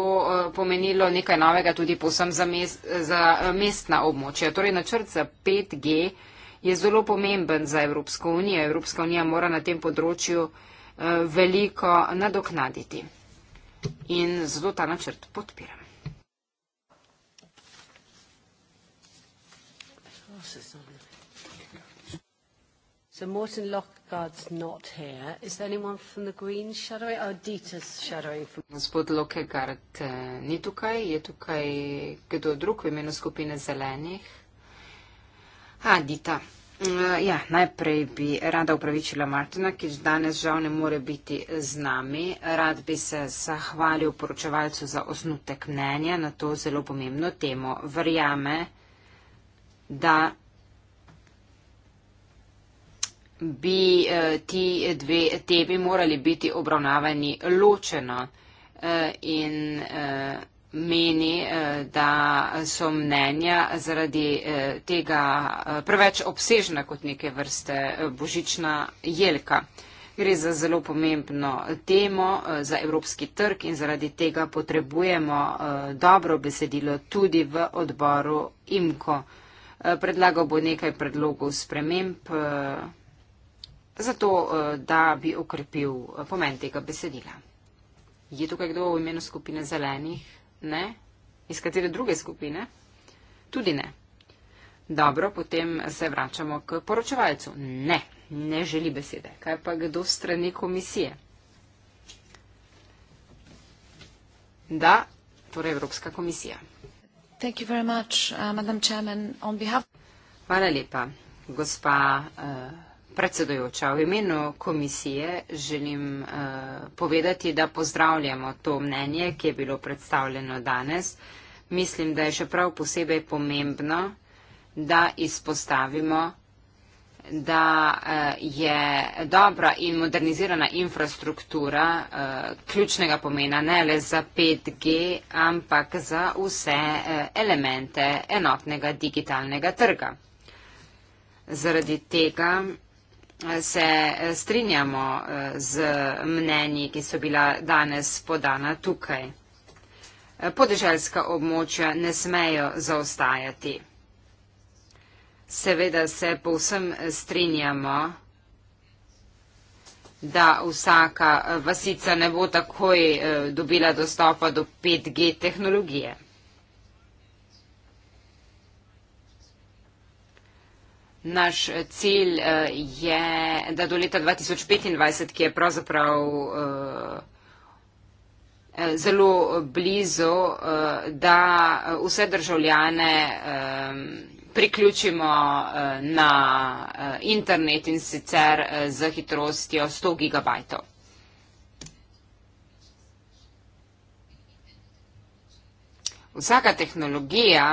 pomenilo nekaj novega tudi posem za, mest, za mestna območja. Torej načrt za 5G omrežje je zelo pomemben za Evropsko unijo. Evropska unija mora na tem področju eh, veliko nadoknaditi. In zato ta načrt podpiram. So Morton Lockhart's not here. Is there anyone from the Greens shadowing? Oh, Dieter's shadowing. From... Gospod Lockhart uh, eh, ni tukaj. Je tukaj kdo drug v imenu skupine zelenih? Adita. Uh, ja, najprej bi rada upravičila Martina, ki danes žal ne more biti z nami. Rad bi se zahvalil poročevalcu za osnutek mnenja na to zelo pomembno temo. Verjame, da bi uh, ti dve temi morali biti obravnavani ločeno uh, in uh, meni, eh, da so mnenja zaradi eh, tega eh, preveč obsežna kot neke vrste božična jelka. Gre za zelo pomembno temo za evropski trg in zaradi tega potrebujemo dobro besedilo tudi v odboru IMKO. Predlagal bo nekaj predlogov sprememb, zato da bi okrepil pomen tega besedila. Je tukaj kdo v imenu skupine zelenih? Ne? Iz katere druge skupine? Tudi ne. Dobro, potem se vračamo k poročevalcu. Ne, ne želi besede. Kaj pa kdo strani komisije? Da, torej Evropska komisija. Much, uh, Chairman, behalf... Hvala lepa, gospa. Uh, predsedojoča, v imenu komisije želim uh, povedati, da pozdravljamo to mnenje, ki je bilo predstavljeno danes. Mislim, da je še prav posebej pomembno, da izpostavimo, da uh, je dobra in modernizirana infrastruktura uh, ključnega pomena ne le za 5G, ampak za vse uh, elemente enotnega digitalnega trga. Zaradi tega se eh, strinjamo eh, z mnenji, ki so bila danes podana tukaj. Eh, podeželska območja ne smejo zaostajati. Seveda se povsem strinjamo, da vsaka vasica ne bo takoj dobila dostopa do 5G tehnologije. Naš eh, cilj uh, je, da do leta 2025, ki je pravzaprav uh, zelo blizu, uh, da vse državljane um, priključimo uh, na uh, internet in sicer uh, z hitrostjo 100 gigabajtov. Vsaka tehnologija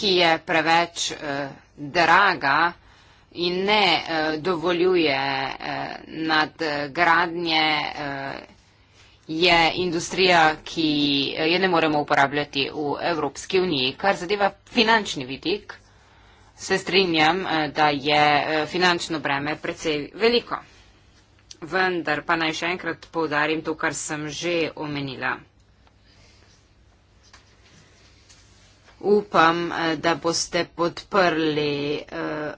ki je preveč eh, draga in ne eh, dovoljuje eh, nadgradnje, eh, je industrija, ki eh, je ne moremo uporabljati v Evropski uniji. Kar zadeva finančni vidik, se strinjam, eh, da je eh, finančno breme precej veliko. Vendar pa naj še enkrat povdarim to, kar sem že omenila. upam, eh, da boste podprli eh,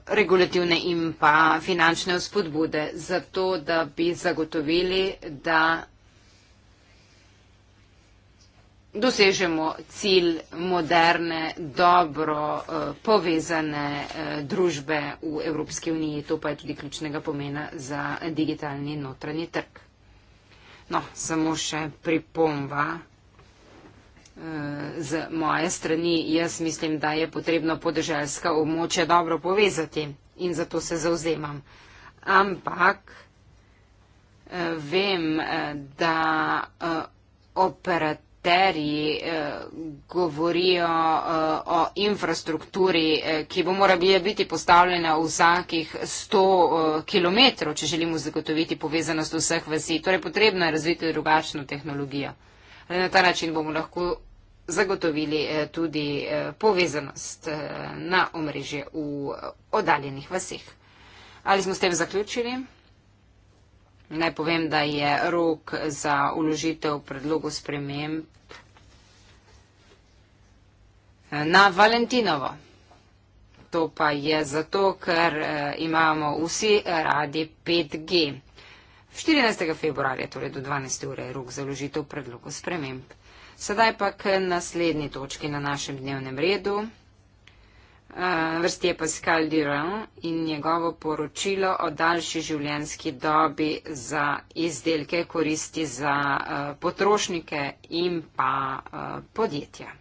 regulativne in pa finančne vzpodbude za to, da bi zagotovili, da dosežemo cilj moderne, dobro eh, povezane družbe v Evropski uniji. To pa je tudi ključnega pomena za digitalni notranji trg. No, samo še pripomba z moje strani, jaz mislim, da je potrebno podeželska območja dobro povezati in zato se zauzemam. Ampak eh, vem, eh, da eh, operaterji govorijo o infrastrukturi, ki bo morala biti postavljena v vsakih 100 km, če želimo zagotoviti povezanost vseh vasi. Torej potrebno je razviti drugačno tehnologijo. Torej, na ta način bomo lahko zagotovili eh, tudi eh, povezanost eh, na omrežje v oddaljenih vaseh. Ali smo s tem zaključili? Naj povem, da je rok za uložitev predlogu sprememb na Valentinovo. To pa je zato, ker imamo vsi radi 5G. 14. februarja, torej do 12. ure, je rok za uložitev predlogu sprememb. Sedaj pa k naslednji točki na našem dnevnem redu. Vrsti je Pascal Duran in njegovo poročilo o daljši življenski dobi za izdelke koristi za potrošnike in pa podjetja.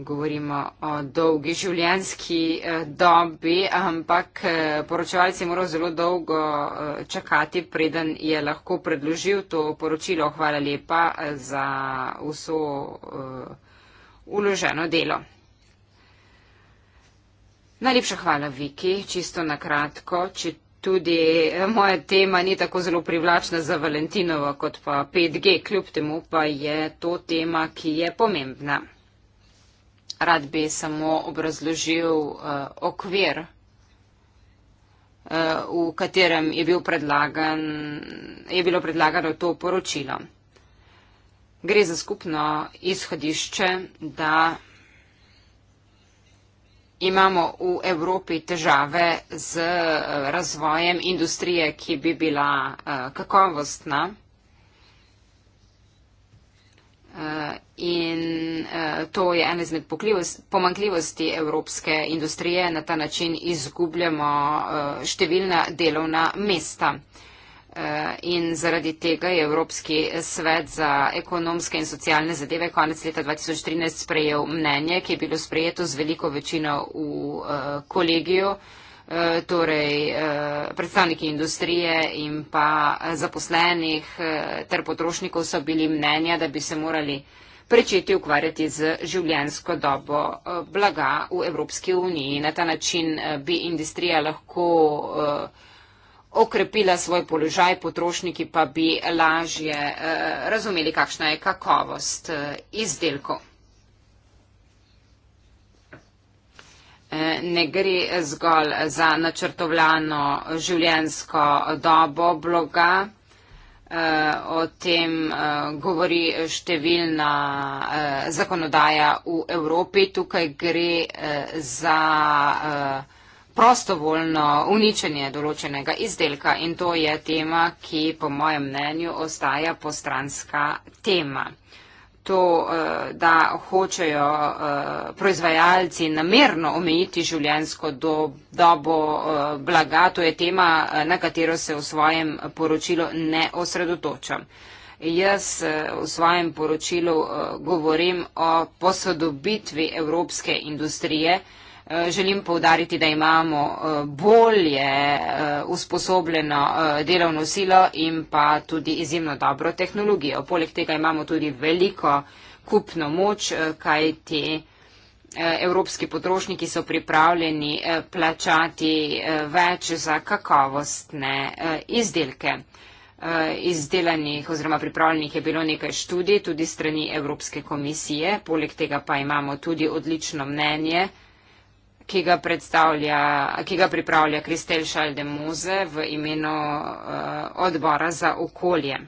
govorimo o dolgi življenski eh, dobi, ampak eh, poročevalci je moral zelo dolgo eh, čakati, preden je lahko predložil to poročilo. Hvala lepa za vso uloženo delo. Najlepša hvala, Viki, čisto na kratko. Če tudi moja tema ni tako zelo privlačna za Valentinovo kot pa 5G, kljub temu pa je to tema, ki je pomembna rad bi samo obrazložil uh, okvir, uh, v katerem je, bil predlagan, je bilo predlagano to poročilo. Gre za skupno izhodišče, da imamo v Evropi težave z eh, razvojem industrije, ki bi bila uh, kakovostna. Uh, in uh, to je ena izmed pomankljivosti evropske industrije, na ta način izgubljamo uh, številna delovna mesta. In zaradi tega je Evropski svet za ekonomske in socialne zadeve konec leta 2013 sprejel mnenje, ki je bilo sprejeto z veliko večino v uh, kolegiju, uh, Eh, torej eh, predstavniki industrije in pa zaposlenih eh, ter potrošnikov so bili mnenja, da bi se morali prečeti ukvarjati z življensko dobo blaga v Evropski uniji. Na ta način bi industrija lahko okrepila svoj položaj, potrošniki pa bi lažje razumeli, kakšna je kakovost izdelkov. ne gre zgolj za načrtovljano življensko dobo bloga. Eh, o tem eh, govori številna eh, zakonodaja v Evropi. Tukaj gre za prostovoljno uničenje določenega izdelka in to je tema, ki po mojem mnenju ostaja postranska tema to, eh, da hočejo eh, proizvajalci namerno omejiti življensko dobo eh, blaga, to je tema, na katero se v svojem poročilu ne osredotočam. Jaz v svojem poročilu govorim o posodobitvi evropske industrije, Eh, želim povdariti, da imamo eh, bolje eh, usposobljeno delovno silo in pa tudi izjemno dobro tehnologijo. Poleg tega imamo tudi veliko kupno moč, kaj ti evropski potrošniki so pripravljeni plačati več za kakovostne izdelke. Izdelanih oziroma pripravljenih je bilo nekaj študij tudi strani Evropske komisije, poleg tega pa imamo tudi odlično mnenje ki ga, ki ga pripravlja Kristel Šaldemuze v imenu uh, odbora za okolje.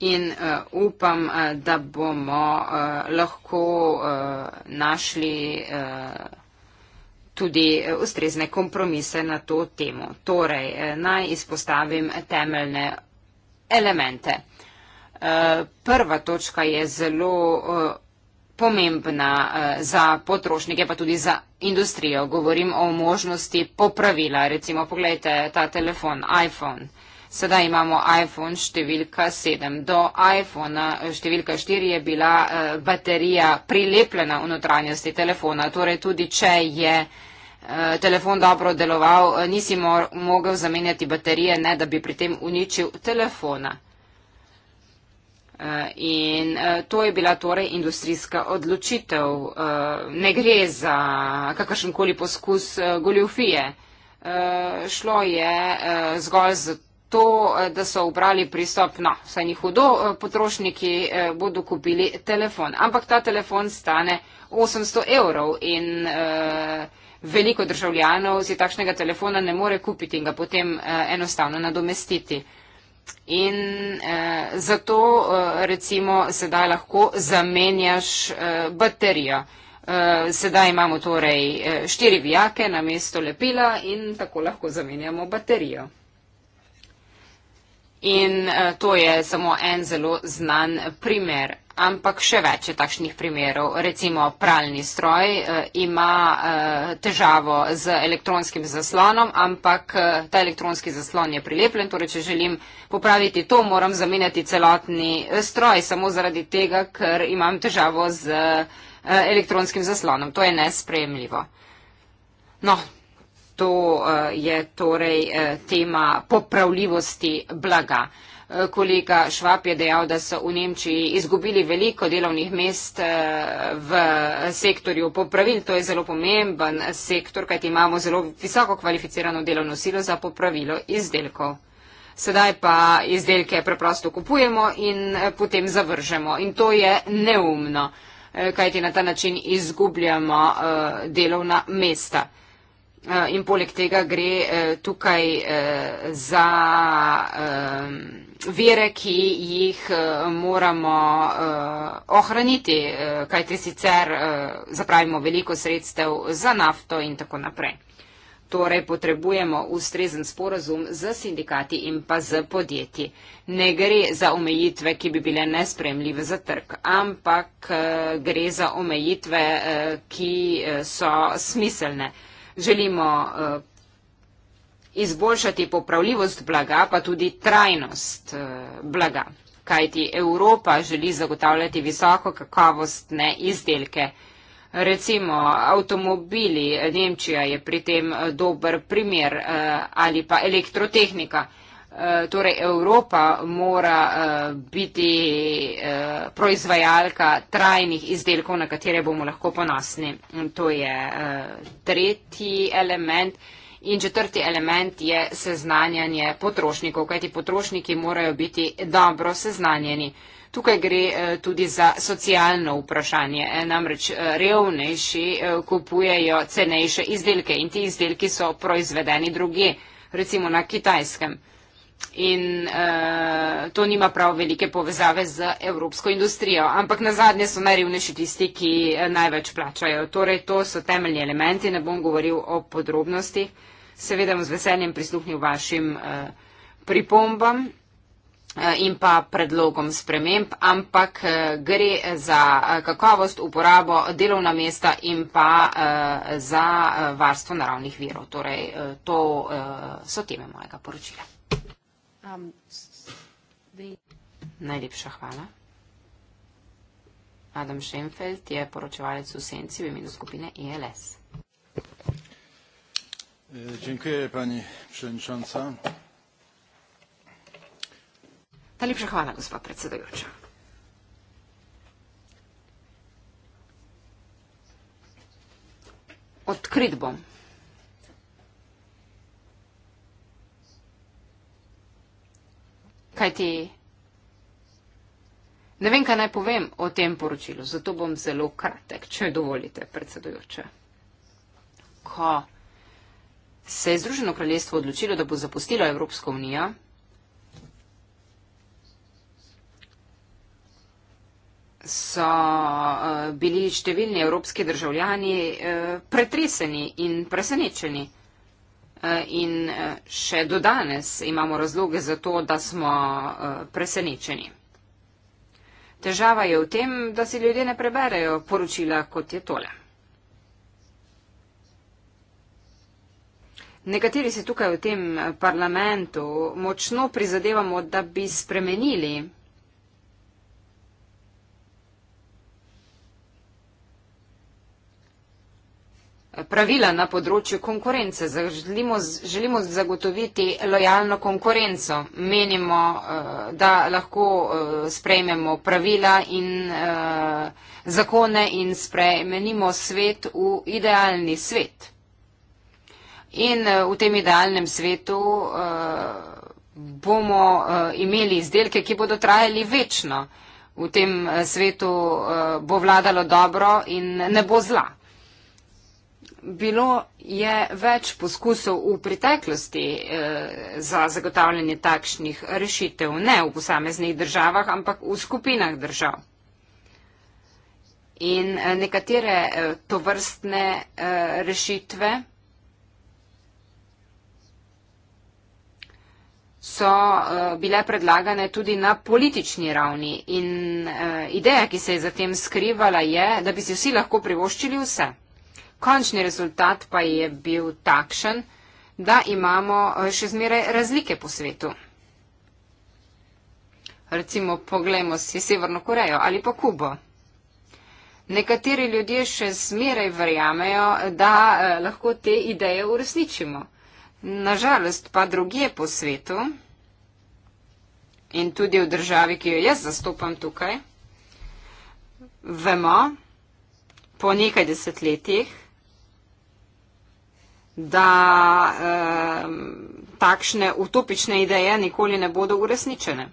In uh, upam, uh, da bomo uh, lahko uh, našli uh, tudi uh, ustrezne kompromise na to temo. Torej, uh, naj izpostavim temeljne elemente. Uh, prva točka je zelo. Uh, pomembna eh, za potrošnike, pa tudi za industrijo. Govorim o možnosti popravila. Recimo, pogledajte ta telefon, iPhone. Sedaj imamo iPhone številka 7. Do iPhona eh, številka 4 je bila eh, baterija prilepljena v notranjosti telefona. Torej, tudi če je telefon dobro deloval, nisi mogel zamenjati baterije, ne da bi pri tem uničil telefona. In uh, to je bila torej industrijska odločitev. Uh, ne gre za kakršenkoli poskus uh, eh, goljofije. Uh, šlo je uh, zgolj za to, uh, da so obrali pristop, no, saj ni hudo, uh, potrošniki uh, bodo kupili telefon. Ampak ta telefon stane 800 evrov in uh, veliko državljanov si takšnega telefona ne more kupiti in ga potem uh, enostavno nadomestiti. Uh, In eh, zato eh, recimo sedaj lahko zamenjaš eh, baterijo. Eh, sedaj imamo torej eh, štiri vijake na mesto lepila in tako lahko zamenjamo baterijo. In eh, to je samo en zelo znan primer ampak še več je takšnih primerov. Recimo pralni stroj uh, ima uh, težavo z elektronskim zaslonom, ampak uh, ta elektronski zaslon je prilepljen, torej če želim popraviti to, moram zamenjati celotni stroj samo zaradi tega, ker imam težavo z uh, elektronskim zaslonom. To je nespremljivo. No. To je torej tema popravljivosti blaga. Eh, kolega Švab je dejal, da so v Nemčiji izgubili veliko delovnih mest eh, v sektorju popravil. To je zelo pomemben sektor, kajti imamo zelo visoko kvalificirano delovno silo za popravilo izdelkov. Sedaj pa izdelke preprosto kupujemo in eh, potem zavržemo. In to je neumno, kajti na ta način izgubljamo delovna mesta. In poleg tega gre tukaj za vire, ki jih eh, moramo eh, ohraniti, eh, kajte sicer zapravimo veliko sredstev za nafto in tako naprej. Torej potrebujemo ustrezen sporazum z sindikati in pa z podjetji. Ne gre za omejitve, ki bi bile nespremljive za trg, ampak gre za omejitve, ki so smiselne. Želimo izboljšati popravljivost blaga, pa tudi trajnost eh, blaga. Kajti Evropa želi zagotavljati visoko kakovostne izdelke. Recimo avtomobili, Nemčija je pri tem eh, dober primer eh, ali pa elektrotehnika. Torej Evropa mora biti proizvajalka trajnih izdelkov, na katere bomo lahko ponosni. To je tretji element. In četrti element je seznanjanje potrošnikov, kajti potrošniki morajo biti dobro seznanjeni. Tukaj gre eh, tudi za socialno vprašanje. Eh, namreč eh, revnejši kupujejo cenejše izdelke in ti izdelki so proizvedeni druge, recimo na kitajskem. In uh, to nima prav velike povezave z evropsko industrijo, ampak na zadnje so najrevnejši tisti, ki največ plačajo. Torej, to so temeljni elementi, ne bom govoril o podrobnostih. Uh, seveda bom z veseljem prisluhnil vašim eh, pripombam eh, in pa predlogom sprememb, ampak eh, gre za kakovost, uporabo delovna mesta in pa za varstvo naravnih virov. Torej, to so teme mojega poročila. Um, Najlepša hvala. Adam Šenfeld je poročevalec v Senci v imenu skupine ILS. E E, Najlepša hvala, gospa predsedujoča. Odkrit bom. Kajti ne vem, kaj naj povem o tem poročilu, zato bom zelo kratek, če dovolite, predsedujoča. Ko se je Združeno kraljestvo odločilo, da bo zapustilo Evropsko unijo, so eh, bili številni evropski državljani eh, pretreseni in presenečeni. Eh, in še do danes imamo razloge za to, da smo presenečeni. Težava je v tem, da si ljudje ne preberejo poročila, kot je tole. Nekateri se tukaj v tem parlamentu močno prizadevamo, da bi spremenili. Pravila na področju konkurence. Želimo, želimo zagotoviti lojalno konkurenco. Menimo, eh, da lahko eh, sprejmemo pravila in eh, zakone in spremenimo svet v idealni svet. In eh, v tem idealnem svetu eh, bomo eh, imeli izdelke, ki bodo trajali večno. V tem svetu bo vladalo dobro in ne bo zla. Bilo je več poskusov v preteklosti za zagotavljanje takšnih rešitev, ne v posameznih državah, ampak v skupinah držav. In nekatere to vrstne rešitve. so eh, bile predlagane tudi na politični ravni. In eh, ideja, ki se je zatem skrivala, je, da bi si vsi lahko privoščili vse. Končni rezultat pa je bil takšen, da imamo eh, še zmeraj razlike po svetu. Recimo, poglejmo si Severno Korejo ali pa Kubo. Nekateri ljudje še zmeraj verjamejo, da lahko te ideje uresničimo. Nažalost pa druge po svetu in tudi v državi, ki jo jaz zastopam tukaj, vemo po nekaj desetletjih, da um, takšne utopične ideje nikoli ne bodo uresničene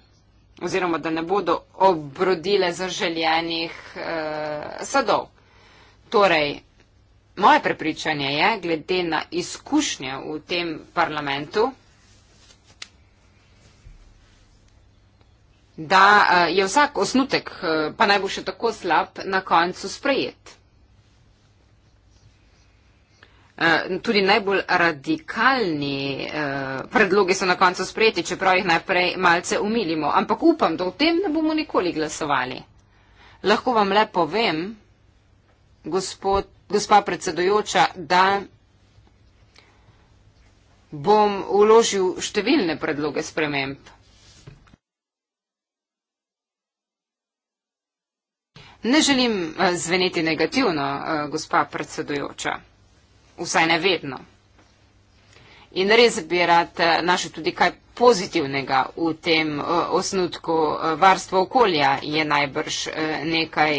oziroma da ne bodo obrodile zaželjenih uh, eh, sadov. Torej, Moje prepričanje je, glede na izkušnje v tem parlamentu, da eh, je vsak osnutek, eh, pa naj bo še tako slab, na koncu sprejet. Eh, tudi najbolj radikalni predlogi so na koncu sprejeti, čeprav jih najprej malce umilimo. Ampak upam, da o tem ne bomo nikoli glasovali. Lahko vam le povem, gospod gospa predsedujoča, da bom uložil številne predloge sprememb. Ne želim eh, zveneti negativno, eh, gospa predsedujoča, vsaj ne vedno. In res bi rad eh, našel tudi kaj pozitivnega v tem osnutku. Varstvo okolja je najbrž nekaj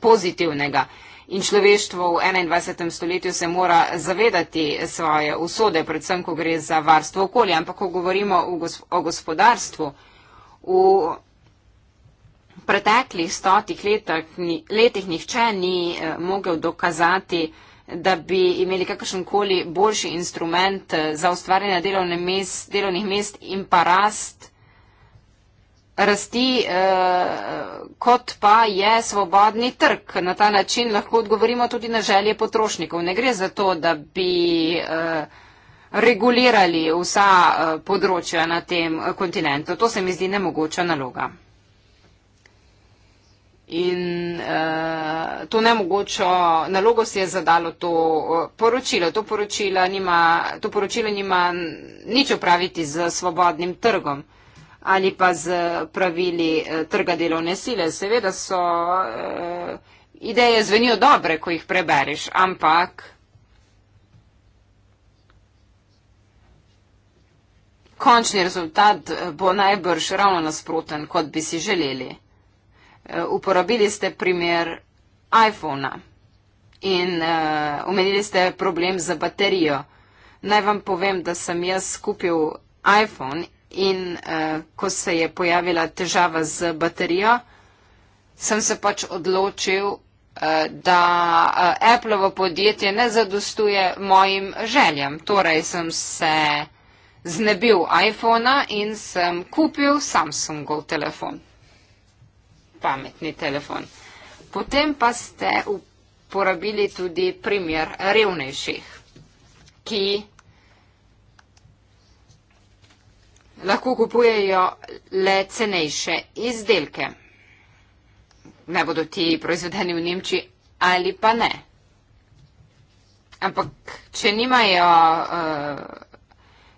pozitivnega. In človeštvo v 21. stoletju se mora zavedati svoje usode, predvsem, ko gre za varstvo okolja. Ampak, ko govorimo o gospodarstvu, v preteklih stotih letih, letih nihče ni eh, mogel dokazati, da bi imeli kakršenkoli boljši instrument eh, za ustvarjanje delovnih mest in pa rast rasti, eh, kot pa je svobodni trg. Na ta način lahko odgovorimo tudi na želje potrošnikov. Ne gre za to, da bi eh, regulirali vsa eh, področja na tem eh, kontinentu. To se mi zdi nemogoča naloga. In eh, to nemogočo nalogo si je zadalo to eh, poročilo. To poročilo nima, to poročilo nima nič opraviti z svobodnim trgom ali pa z pravili eh, trga delovne sile. Seveda so uh, ideje zvenijo dobre, ko jih prebereš, ampak končni rezultat eh, bo najbrž ravno nasproten, kot bi si želeli. Uh, uporabili ste primer iPhona in uh, omenili ste problem z baterijo. Naj vam povem, da sem jaz kupil iPhone in uh, ko se je pojavila težava z baterijo, sem se pač odločil, uh, da uh, Appleovo podjetje ne zadostuje mojim željam. Torej sem se znebil iPhona in sem kupil Samsungov telefon. Pametni telefon. Potem pa ste uporabili tudi primer revnejših, ki lahko kupujejo le cenejše izdelke. Ne bodo ti proizvedeni v Nemčiji ali pa ne. Ampak, če nimajo uh,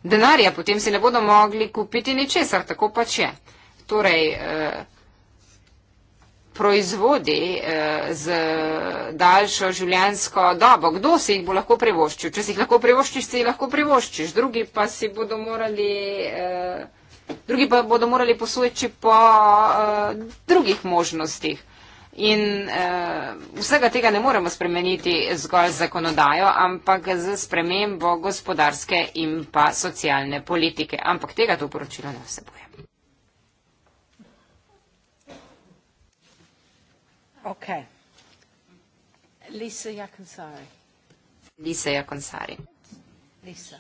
denarja, potem si ne bodo mogli kupiti ničesar, tako pač je. Torej, uh, proizvodi eh, z daljšo življenjsko dobo. Kdo si jih bo lahko privoščil? Če si jih lahko privoščiš, si jih lahko privoščiš. Drugi pa si bodo morali. Eh, Drugi pa bodo morali posvojiti po uh, drugih možnostih. In uh, vsega tega ne moremo spremeniti zgolj z zakonodajo, ampak z spremembo gospodarske in pa socialne politike. Ampak tega to poročilo ne vsebuje. Okay. Lisa Yakansari. Lisa Yakansari. Lisa.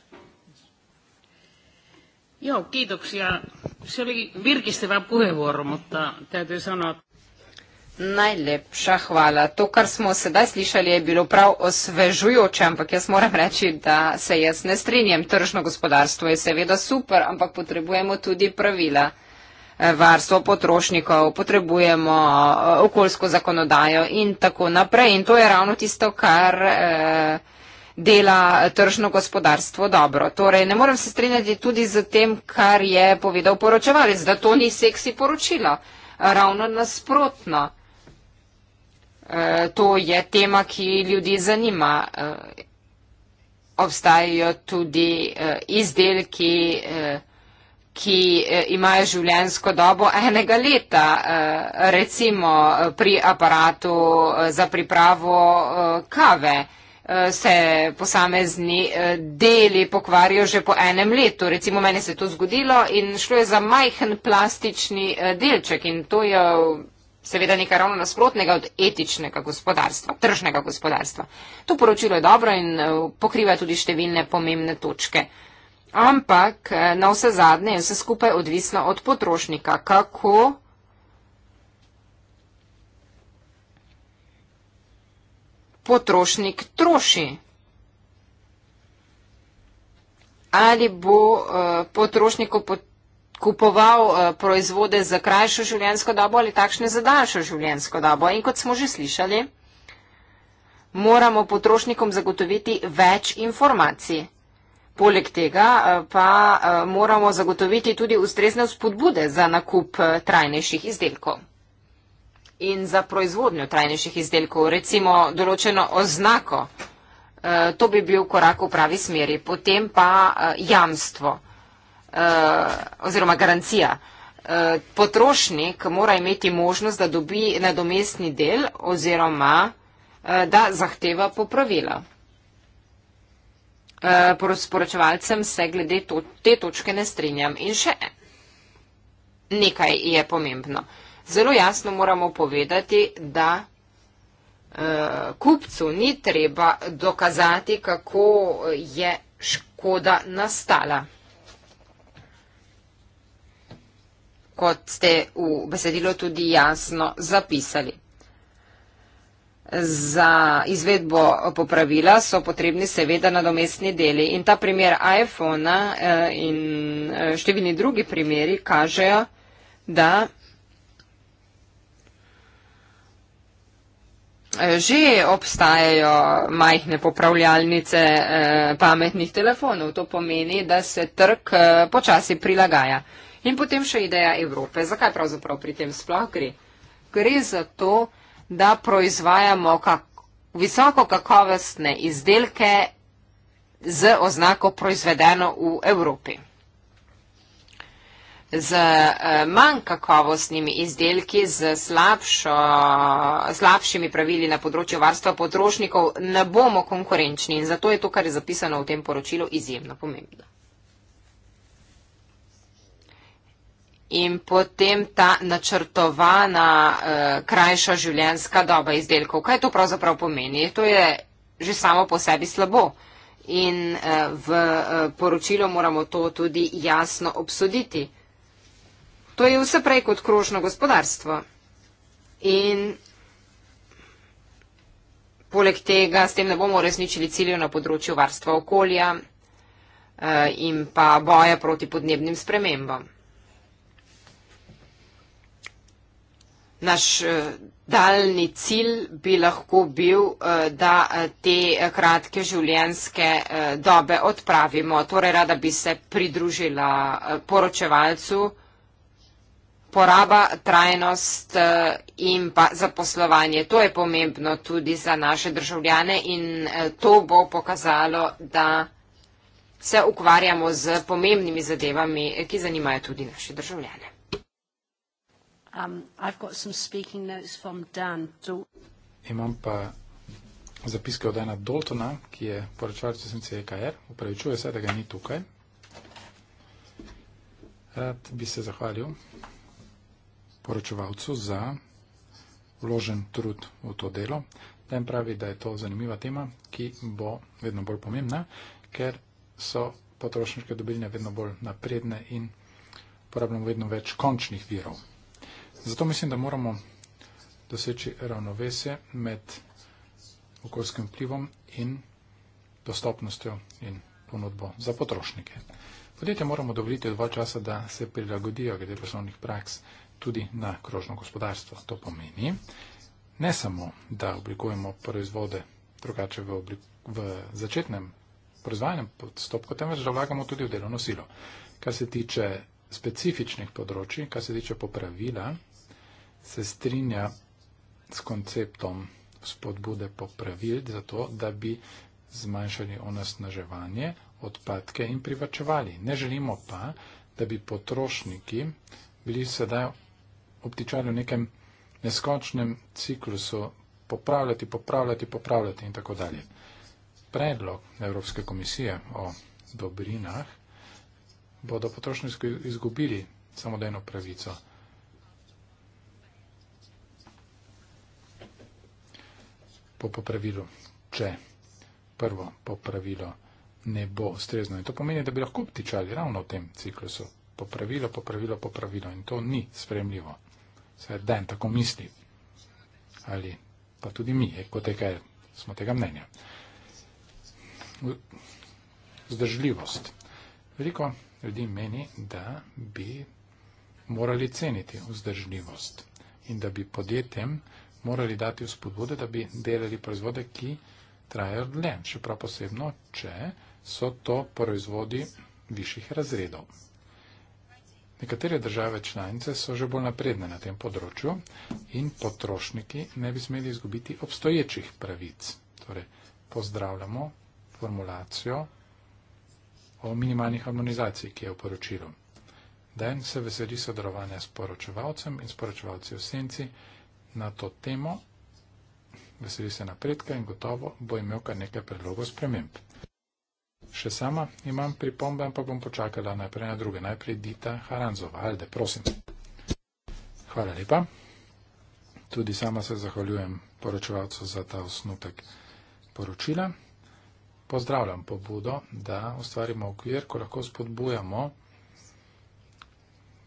Joo, kiitoksia. Se oli virkistävä puheenvuoro, mutta täytyy sanoa, Najlepša hvala. To, kar smo sedaj slišali, je bilo prav osvežujoče, ampak jaz moram reči, da se jaz ne strinjam. Tržno gospodarstvo je seveda super, ampak potrebujemo tudi pravila. Eh, varstvo potrošnikov, potrebujemo eh, okoljsko zakonodajo in tako naprej. In to je ravno tisto, kar eh, dela tržno gospodarstvo dobro. Torej, ne morem se strinjati tudi z tem, kar je povedal poročevalec, da to ni seksi poročilo. Ravno nasprotno. To je tema, ki ljudi zanima. Obstajajo tudi izdelki, ki eh, imajo življensko dobo enega leta, eh, recimo eh, pri aparatu za pripravo kave se posamezni deli pokvarijo že po enem letu. Recimo meni se je to zgodilo in šlo je za majhen plastični delček in to je seveda nekaj ravno nasprotnega od etičnega gospodarstva, tržnega gospodarstva. To poročilo je dobro in pokriva tudi številne pomembne točke. Ampak eh, na vse zadnje je vse skupaj odvisno od potrošnika, kako potrošnik troši. Ali bo eh, potrošnik kupoval eh, proizvode za krajšo življenjsko dobo ali takšne za daljšo življenjsko dobo. In kot smo že slišali, moramo potrošnikom zagotoviti več informacij. Poleg tega eh, pa eh, moramo zagotoviti tudi ustrezne spodbude za nakup eh, trajnejših izdelkov in za proizvodnjo trajnejših izdelkov, recimo določeno oznako. To bi bil korak v pravi smeri. Potem pa jamstvo oziroma garancija. Potrošnik mora imeti možnost, da dobi nadomestni del oziroma da zahteva popravila uh, eh, sporočevalcem se glede to, te točke ne strinjam. In še nekaj je pomembno. Zelo jasno moramo povedati, da uh, kupcu ni treba dokazati, kako je škoda nastala. Kot ste v besedilo tudi jasno zapisali za izvedbo popravila so potrebni seveda nadomestni deli. In ta primer iPhona eh, in eh, številni drugi primeri kažejo, da eh, že obstajajo majhne popravljalnice pametnih telefonov. To pomeni, da se trg počasi prilagaja. In potem še ideja Evrope. Zakaj pravzaprav pri tem sploh gre? Gre za to, da da proizvajamo kak visoko kakovostne izdelke z oznako proizvedeno v Evropi. Z eh, manj kakovostnimi izdelki, z slabšo, slabšimi pravili na področju varstva potrošnikov, ne bomo konkurenčni in zato je to, kar je zapisano v tem poročilu, izjemno pomembno. in potem ta načrtovana uh, krajša življenska doba izdelkov. Kaj to pravzaprav pomeni? To je že samo po sebi slabo. In uh, v uh, poročilu moramo to tudi jasno obsoditi. To je vse prej kot krožno gospodarstvo. In poleg tega s tem ne bomo uresničili ciljev na področju varstva okolja uh, in pa boja proti podnebnim spremembam. naš eh, daljni cilj bi lahko bil, eh, da eh, te kratke življenjske dobe odpravimo. Torej, rada bi se pridružila poročevalcu, poraba, trajnost in pa zaposlovanje. To je pomembno tudi za naše državljane in to bo pokazalo, da se ukvarjamo z pomembnimi zadevami, ki zanimajo tudi naše državljane. Um, I've got some speaking notes from Dan Imam pa zapiske od Dana Daltona, ki je poročevalec SNCKR. E Upravičuje se, da ga ni tukaj. Rad bi se zahvalil poročevalcu za vložen trud v to delo. Dan pravi, da je to zanimiva tema, ki bo vedno bolj pomembna, ker so potrošniške dobiljne vedno bolj napredne in uporabljamo vedno več končnih virov. Zato mislim, da moramo doseči ravnovesje med okoljskim vplivom in dostopnostjo in ponudbo za potrošnike. Podjetje moramo dovoliti dva časa, da se prilagodijo glede poslovnih praks tudi na krožno gospodarstvo. To pomeni, ne samo, da oblikujemo proizvode drugače v, oblik, v začetnem proizvajanjem postopku, temveč da vlagamo tudi v delovno silo. Kar se tiče specifičnih področji, kar se tiče popravila se strinja s konceptom spodbude popravil za to, da bi zmanjšali onesnaževanje, odpadke in privačevali. Ne želimo pa, da bi potrošniki bili sedaj obtičali v nekem neskončnem ciklusu popravljati, popravljati, popravljati in tako dalje. Predlog Evropske komisije o dobrinah bodo potrošniki izgubili samodejno pravico. bo po pravilu, če prvo po pravilo ne bo ustrezno. In to pomeni, da bi lahko obtičali ravno v tem ciklusu. Po pravilo, po pravilo, po pravilo. In to ni spremljivo. Svet dan tako misli. Ali pa tudi mi, kot tega smo tega mnenja. Zdržljivost. Veliko ljudi meni, da bi morali ceniti vzdržljivost in da bi podjetjem morali dati vzpodbude, da bi delali proizvode, ki trajajo dlje, še prav posebno, če so to proizvodi višjih razredov. Nekatere države članice so že bolj napredne na tem področju in potrošniki ne bi smeli izgubiti obstoječih pravic. Torej, pozdravljamo formulacijo o minimalnih harmonizacij, ki je v poročilu. Dan se veseli sodelovanja s poročevalcem in sporočevalci v senci na to temo, veseli se napredka in gotovo bo imel kar nekaj predlogov sprememb. Še sama imam pripombe, ampak bom počakala najprej na druge. Najprej Dita Haranzova. Alde, prosim. Hvala lepa. Tudi sama se zahvaljujem poročevalcu za ta osnutek poročila. Pozdravljam pobudo, da ustvarimo okvir, ko lahko spodbujamo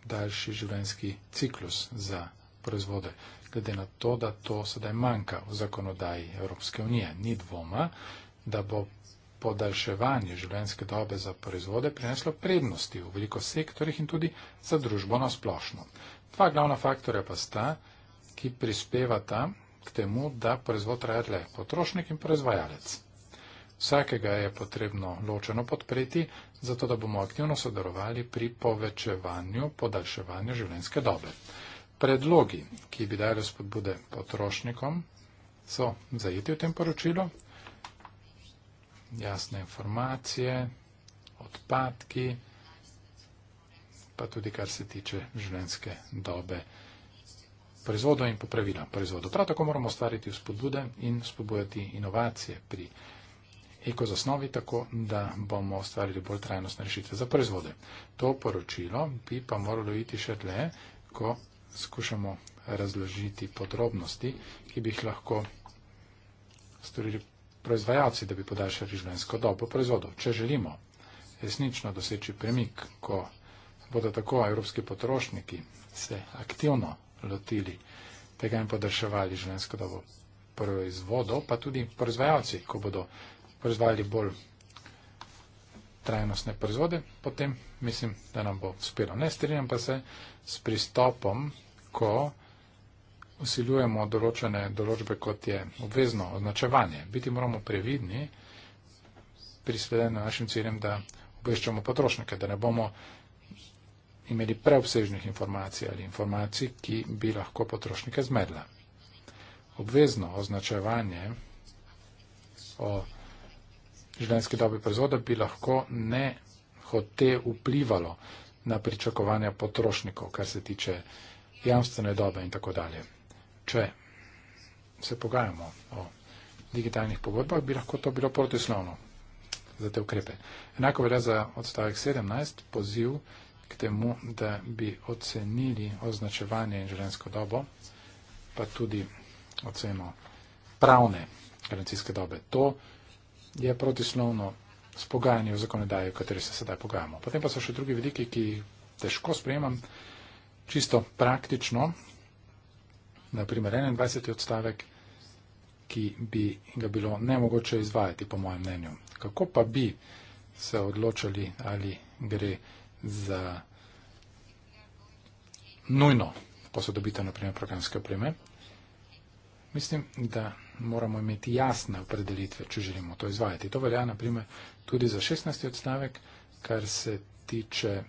daljši življenjski ciklus za proizvode glede na to, da to sedaj manjka v zakonodaji Evropske unije. Ni dvoma, da bo podaljševanje življenjske dobe za proizvode prineslo prednosti v veliko sektorjih in tudi za družbo na splošno. Dva glavna faktorja pa sta, ki prispevata k temu, da proizvod traja le potrošnik in proizvajalec. Vsakega je potrebno ločeno podpreti, zato da bomo aktivno sodelovali pri povečevanju, podaljševanju življenjske dobe predlogi, ki bi dali spodbude potrošnikom, so zajeti v tem poročilu. Jasne informacije, odpadki, pa tudi kar se tiče življenjske dobe proizvodo in popravila proizvodo. Prav tako moramo ustvariti spodbude in spodbujati inovacije pri eko zasnovi, tako da bomo ustvarili bolj trajnostne rešitve za proizvode. To poročilo bi pa moralo iti še dlje, ko skušamo razložiti podrobnosti, ki bi jih lahko storili proizvajalci, da bi podaljšali življenjsko dobo proizvodov. Če želimo resnično doseči premik, ko bodo tako evropski potrošniki se aktivno lotili tega in podaljševali življenjsko dobo proizvodov, pa tudi proizvajalci, ko bodo proizvajali bolj trajnostne proizvode, potem mislim, da nam bo uspelo. Ne strinjam pa se s pristopom, ko usiljujemo določene določbe, kot je obvezno označevanje. Biti moramo previdni pri sledenju našim ciljem, da obveščamo potrošnike, da ne bomo imeli preobsežnih informacij ali informacij, ki bi lahko potrošnike zmedla. Obvezno označevanje o življenjske dobe proizvoda bi lahko ne hote vplivalo na pričakovanja potrošnikov, kar se tiče jamstvene dobe in tako dalje. Če se pogajamo o digitalnih pogodbah, bi lahko to bilo protislovno za te ukrepe. Enako velja za odstavek 17, poziv k temu, da bi ocenili označevanje in življenjsko dobo, pa tudi oceno pravne garancijske dobe. To je je protislovno s pogajanji v zakonodaji, v kateri se sedaj pogajamo. Potem pa so še drugi vidiki, ki jih težko sprejemam, čisto praktično, naprimer 21. odstavek, ki bi ga bilo nemogoče izvajati, po mojem mnenju. Kako pa bi se odločili, ali gre za nujno posodobitev, naprimer, programske opreme? Mislim, da moramo imeti jasne opredelitve, če želimo to izvajati. To velja naprimer tudi za 16. odstavek, kar se tiče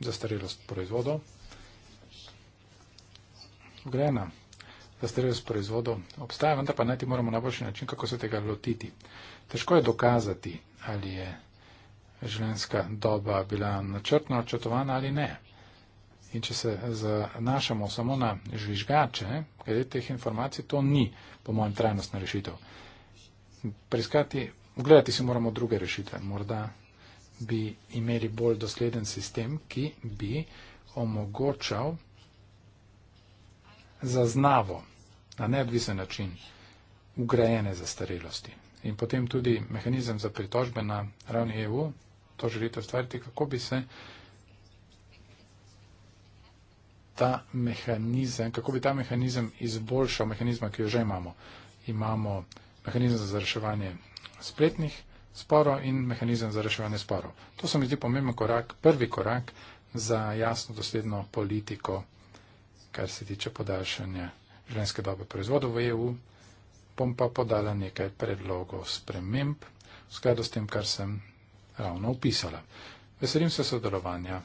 zastarelost proizvodov. Gre na zastarelost proizvodov, obstaja, vendar pa najti moramo najboljši način, kako se tega lotiti. Težko je dokazati, ali je življenjska doba bila načrtno očetovana ali ne. In če se zanašamo samo na žvižgače, glede teh informacij, to ni, po mojem, trajnostna rešitev. Preiskati, gledati si moramo druge rešitve. Morda bi imeli bolj dosleden sistem, ki bi omogočal zaznavo na neodvisen način ugrajene zastarelosti. In potem tudi mehanizem za pritožbe na ravni EU, to želite ustvariti, kako bi se ta mehanizem, kako bi ta mehanizem izboljšal mehanizma, ki jo že imamo. Imamo mehanizem za reševanje spletnih sporov in mehanizem za reševanje sporov. To se mi zdi pomemben korak, prvi korak za jasno dosledno politiko, kar se tiče podaljšanja življenjske dobe proizvodov v EU. Bom pa podala nekaj predlogov sprememb v skladu s tem, kar sem ravno opisala. Veselim se sodelovanja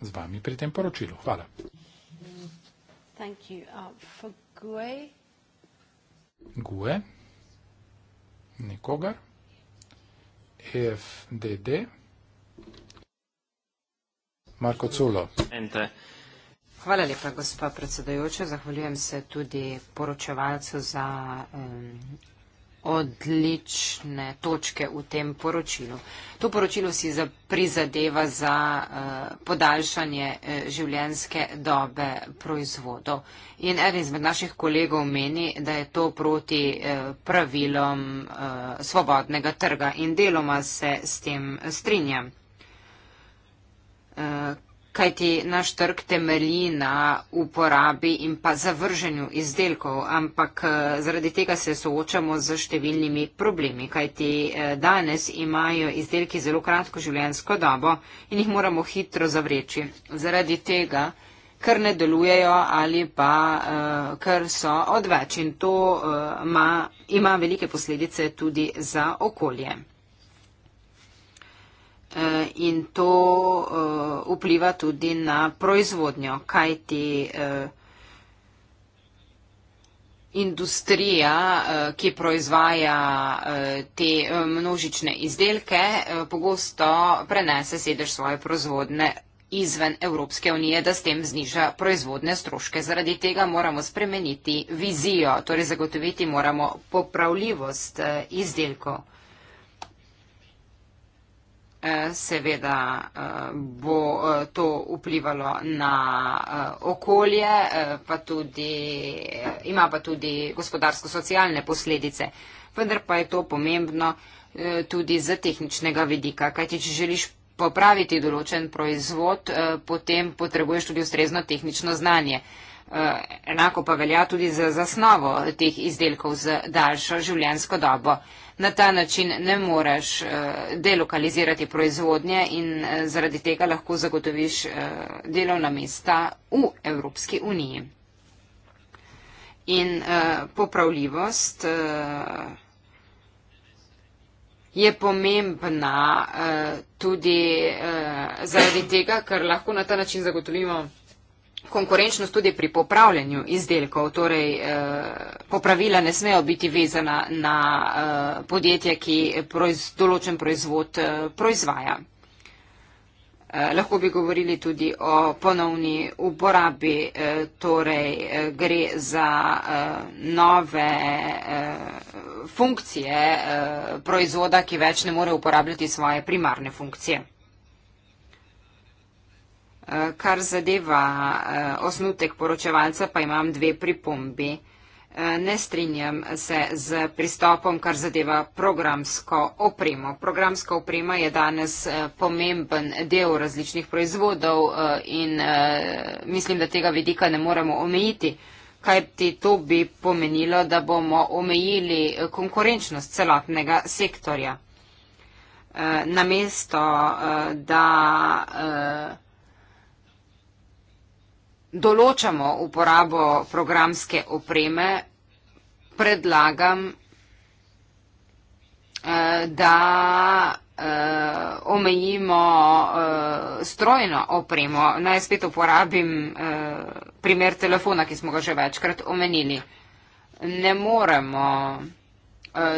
z vami pri tem poročilu. Hvala. Uh, Gue. Nikogar. E FDD. Marko Culo. Hvala lepa, gospod predsedajoče. Zahvaljujem se tudi poročevalcu za um, odlične točke v tem poročilu. To poročilo si prizadeva za eh, podaljšanje eh, življenske dobe proizvodov. In eden izmed naših kolegov meni, da je to proti eh, pravilom svobodnega trga in deloma se s tem strinjam kajti naš trg temelji na uporabi in pa zavrženju izdelkov, ampak eh, zaradi tega se soočamo z številnimi problemi, kajti eh, danes imajo izdelki zelo kratko življenjsko dobo in jih moramo hitro zavreči. Zaradi tega ker ne delujejo ali pa uh, ker so odveč in to uh, ma, ima velike posledice tudi za okolje. Eh, in to eh, vpliva tudi na proizvodnjo, kajti eh, industrija, ki proizvaja te množične izdelke, pogosto prenese sedež svoje proizvodne izven Evropske unije, da s tem zniža proizvodne stroške. Zaradi tega moramo spremeniti vizijo, torej zagotoviti moramo popravljivost izdelkov seveda eh, bo eh, to vplivalo na eh, okolje, pa tudi, ima pa tudi gospodarsko-socialne posledice. Vendar pa je to pomembno tudi z tehničnega vidika, kajti če želiš popraviti določen proizvod, potem potrebuješ tudi ustrezno tehnično znanje. Eh, enako pa velja tudi za zasnovo teh izdelkov z daljšo življensko dobo. Na ta način ne moreš eh, delokalizirati proizvodnje in eh, zaradi tega lahko zagotoviš delovna mesta v Evropski uniji. In popravljivost je pomembna tudi zaradi tega, ker lahko na ta način zagotovimo konkurenčnost tudi pri popravljanju izdelkov, torej eh, popravila ne smejo biti vezana na eh, podjetje, ki proiz, določen proizvod eh, proizvaja. Lahko bi govorili tudi o ponovni uporabi, torej gre za nove funkcije proizvoda, ki več ne more uporabljati svoje primarne funkcije. Kar zadeva eh, osnutek poročevalca, pa imam dve pripombi. Eh, ne strinjam se z pristopom, kar zadeva programsko opremo. Programska oprema je danes eh, pomemben del različnih proizvodov in mislim, da tega vidika ne moremo omejiti, kaj ti to bi pomenilo, da bomo omejili konkurenčnost celotnega sektorja. Namesto, da določamo uporabo programske opreme, predlagam, eh, da eh, omejimo eh, strojno opremo. Naj spet uporabim primer telefona, ki smo ga že večkrat omenili. Ne moremo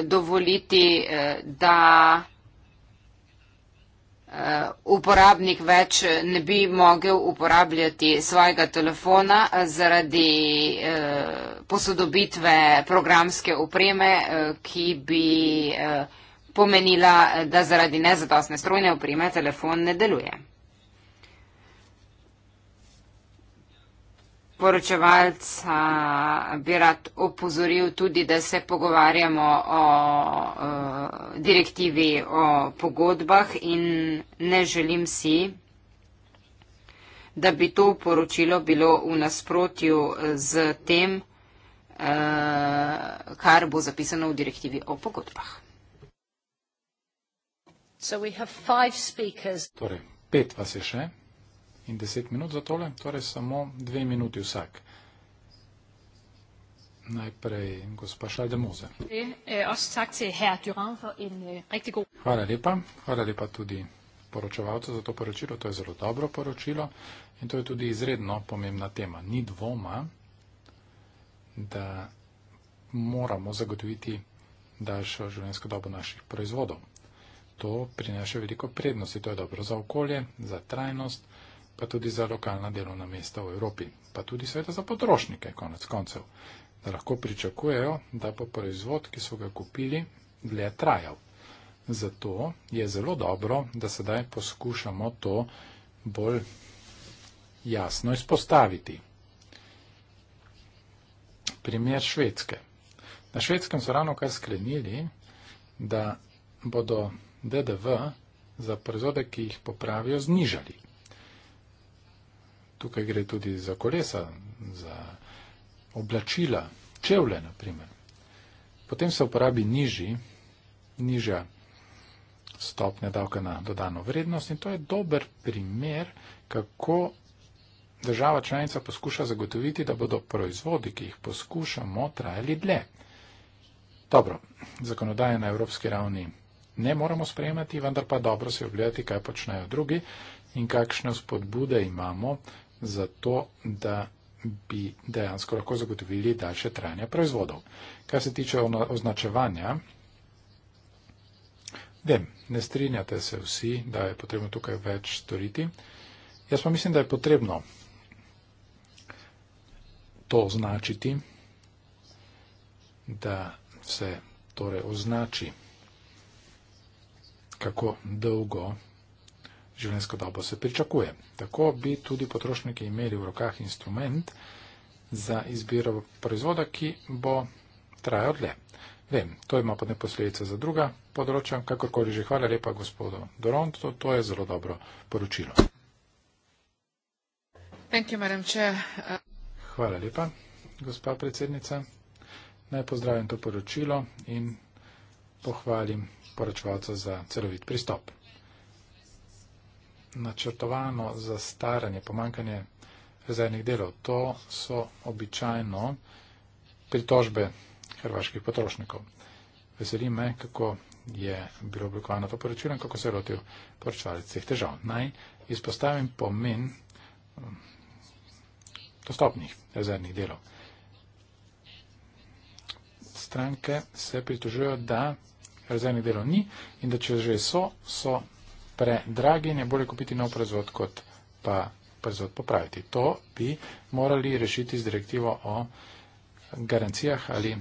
dovoliti, da Eh, uporabnik več ne bi mogel uporabljati svojega telefona eh, zaradi eh, posodobitve programske opreme, ki bi pomenila, da zaradi nezadostne strojne opreme telefon ne deluje. poročevalca bi rad opozoril tudi, da se pogovarjamo o, o direktivi o pogodbah in ne želim si, da bi to poročilo bilo v nasprotju z tem, eh, kar bo zapisano v direktivi o pogodbah. So we have five speakers. Torej, pet vas je še in 10 minut za tole, torej samo 2 minuti vsak. Najprej gospa Šajde Moze. Eh, eh, eh, hvala lepa, hvala lepa tudi poročevalcu za to poročilo, to je zelo dobro poročilo in to je tudi izredno pomembna tema. Ni dvoma, da moramo zagotoviti daljšo življenjsko dobo naših proizvodov. To prinaša veliko prednosti, to je dobro za okolje, za trajnost, pa tudi za lokalna delovna mesta v Evropi, pa tudi seveda za potrošnike, konec koncev, da lahko pričakujejo, da bo proizvod, ki so ga kupili, dlje trajal. Zato je zelo dobro, da sedaj poskušamo to bolj jasno izpostaviti. Primer Švedske. Na Švedskem so ravno kar sklenili, da bodo DDV za proizvode, ki jih popravijo, znižali tukaj gre tudi za kolesa, za oblačila, čevle naprimer. Potem se uporabi nižji, nižja stopnja davka na dodano vrednost in to je dober primer, kako država članica poskuša zagotoviti, da bodo proizvodi, ki jih poskušamo, trajali dlje. Dobro, zakonodaje na evropski ravni ne moramo sprejemati, vendar pa dobro se ogledati, kaj počnejo drugi in kakšne spodbude imamo za to, da bi dejansko lahko zagotovili daljše trajanje proizvodov. Kar se tiče označevanja, vem, ne strinjate se vsi, da je potrebno tukaj več storiti. Jaz pa mislim, da je potrebno to označiti, da se torej označi, kako dolgo življenjsko dobo se pričakuje. Tako bi tudi potrošniki imeli v rokah instrument za izbiro proizvoda, ki bo trajal dlje. Vem, to ima potem posledice za druga področja, kakorkoli že hvala lepa gospodu Doronto, to je zelo dobro poročilo. Thank you, uh... Hvala lepa, gospa predsednica. Naj pozdravim to poročilo in pohvalim poročevalca za celovit pristop načrtovano zastaranje, pomankanje rezervnih delov. To so običajno pritožbe hrvaških potrošnikov. Veseli me, kako je bilo oblikovano to poročilo in kako se je rotil poročevalec teh težav. Naj izpostavim pomen um, dostopnih rezervnih delov. Stranke se pritožujejo, da rezervnih delov ni in da če že so, so predragi in je bolje kupiti nov proizvod, kot pa proizvod popraviti. To bi morali rešiti z direktivo o garancijah ali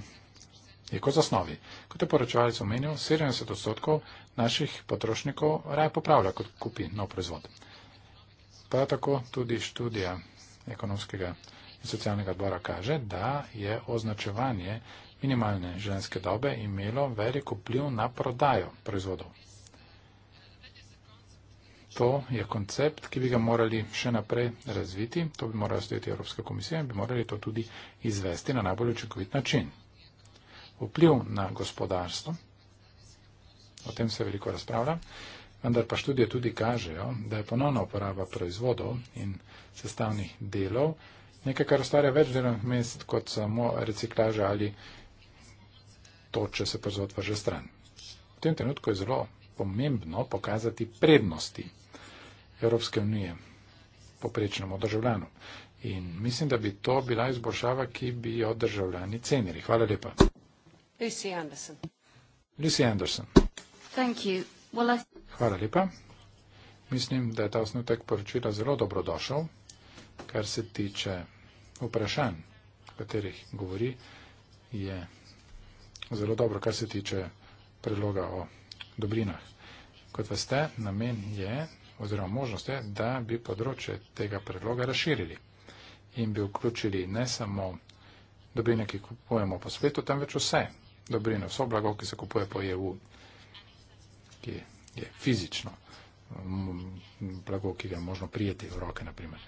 je kot zasnovi. Kot je poročevalec omenil, 70 odstotkov naših potrošnikov raje popravlja, kot kupi nov proizvod. Prav tako tudi študija ekonomskega in socialnega odbora kaže, da je označevanje minimalne ženske dobe imelo velik vpliv na prodajo proizvodov to je koncept, ki bi ga morali še naprej razviti. To bi morala stojiti Evropska komisija in bi morali to tudi izvesti na najbolj učinkovit način. Vpliv na gospodarstvo, o tem se veliko razpravlja, vendar pa študije tudi kažejo, da je ponovna uporaba proizvodov in sestavnih delov nekaj, kar ustvarja več delovnih mest kot samo reciklaža ali to, če se proizvod vrže stran. V tem trenutku je zelo pomembno pokazati prednosti Evropske unije poprečnemu državljanu. In mislim, da bi to bila izboljšava, ki bi jo državljani cenili. Hvala lepa. Lucy Anderson. Lucy Anderson. Well, I... Hvala lepa. Mislim, da je ta osnutek poročila zelo dobrodošel, kar se tiče vprašanj, o katerih govori, je zelo dobro, kar se tiče predloga o dobrinah. Kot veste, namen je oziroma možnost je, da bi področje tega predloga razširili in bi vključili ne samo dobrine, ki kupujemo po svetu, temveč vse dobrine, vso blago, ki se kupuje po EU, ki je fizično mm, blago, ki ga je možno prijeti v roke, naprimer.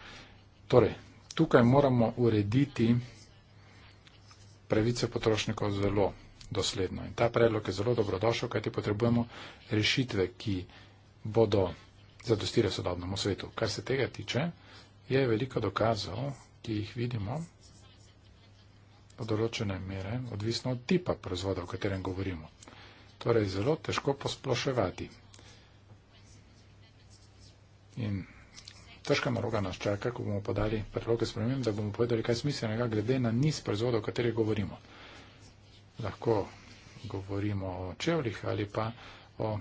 Torej, tukaj moramo urediti pravice potrošnikov zelo dosledno. In ta predlog je zelo dobrodošel, kajti potrebujemo rešitve, ki bodo zadostira sodobnemu svetu. Kar se tega tiče, je veliko dokazov, ki jih vidimo do določene mere, odvisno od tipa proizvoda, o katerem govorimo. Torej, zelo težko posploševati. In težka maroga nas čaka, ko bomo podali predloge spremem, da bomo povedali, kaj smiselnega glede na niz proizvodov, o katerih govorimo. Lahko govorimo o čevlih ali pa o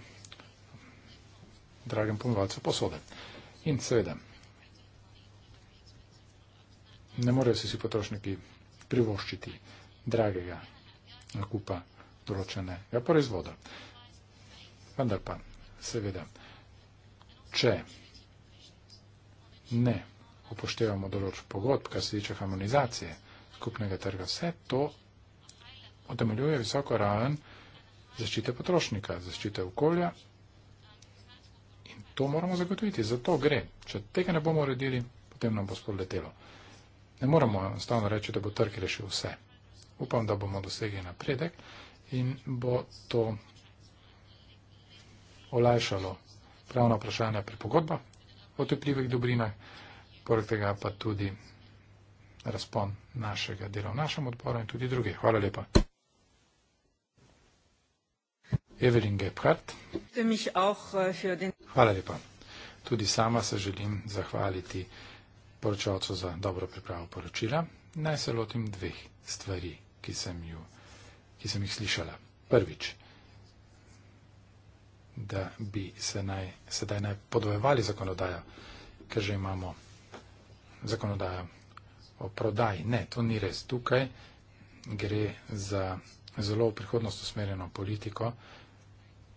dragem ponovalcu posode. In seveda, ne morejo se si potrošniki privoščiti dragega nakupa določenega proizvoda. Vendar pa, seveda, če ne upoštevamo določb pogodb, kar se tiče harmonizacije skupnega trga, vse to odemeljuje visoko raven zaščite potrošnika, zaščite okolja to moramo zagotoviti, za to gre. Če tega ne bomo uredili, potem nam bo spodletelo. Ne moramo enostavno reči, da bo trg rešil vse. Upam, da bomo dosegli napredek in bo to olajšalo pravna vprašanja pri pogodbah o tepljivih dobrinah, poleg tega pa tudi razpon našega dela v našem odboru in tudi druge. Hvala lepa. Evelyn Gebhardt. Hvala lepa. Tudi sama se želim zahvaliti poročalcu za dobro pripravo poročila. Naj se lotim dveh stvari, ki sem, ju, ki sem jih slišala. Prvič, da bi se naj, sedaj naj podvojevali zakonodajo, ker že imamo zakonodajo o prodaji. Ne, to ni res. Tukaj gre za zelo v prihodnost usmerjeno politiko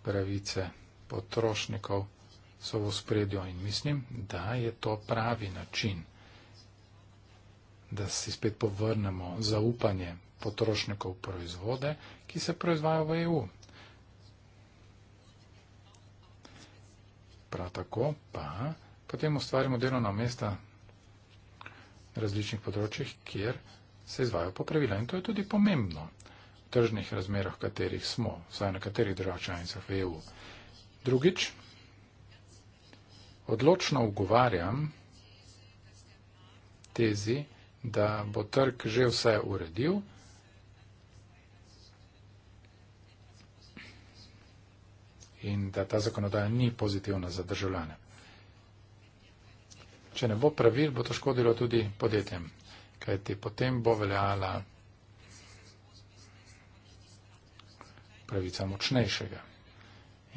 pravice potrošnikov so v spredju in mislim, da je to pravi način, da si spet povrnemo zaupanje potrošnikov v proizvode, ki se proizvajo v EU. Prav tako pa potem ustvarimo delovna mesta na različnih področjih, kjer se izvajo popravila. In to je tudi pomembno v tržnih razmerah, v katerih smo, vsaj na katerih državah članicah v EU. Drugič, Odločno ugovarjam tezi, da bo trg že vse uredil, in da ta zakonodaja ni pozitivna za državljane. Če ne bo pravil, bo to škodilo tudi podjetjem, kajti potem bo veljala pravica močnejšega.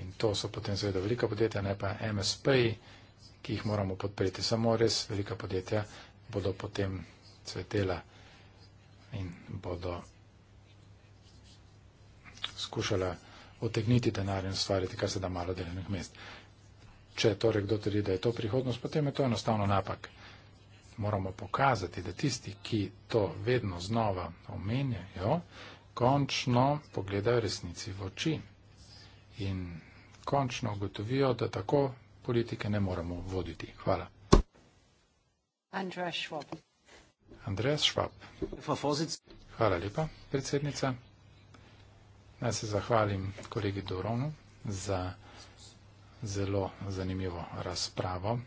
In to so potem seveda velika podjetja, ne pa MSP-ji ki jih moramo podpreti. Samo res velika podjetja bodo potem cvetela in bodo skušala otegniti denar in ustvariti kar se da malo delenih mest. Če torej kdo trdi, da je to prihodnost, potem je to enostavno napak. Moramo pokazati, da tisti, ki to vedno znova omenjajo, končno pogledajo resnici v oči in končno ugotovijo, da tako politike ne moramo voditi. Hvala. Andreas Schwab. Andreas Schwab. Hvala lepa, predsednica. Naj se zahvalim kolegi Doronu za zelo zanimivo razpravo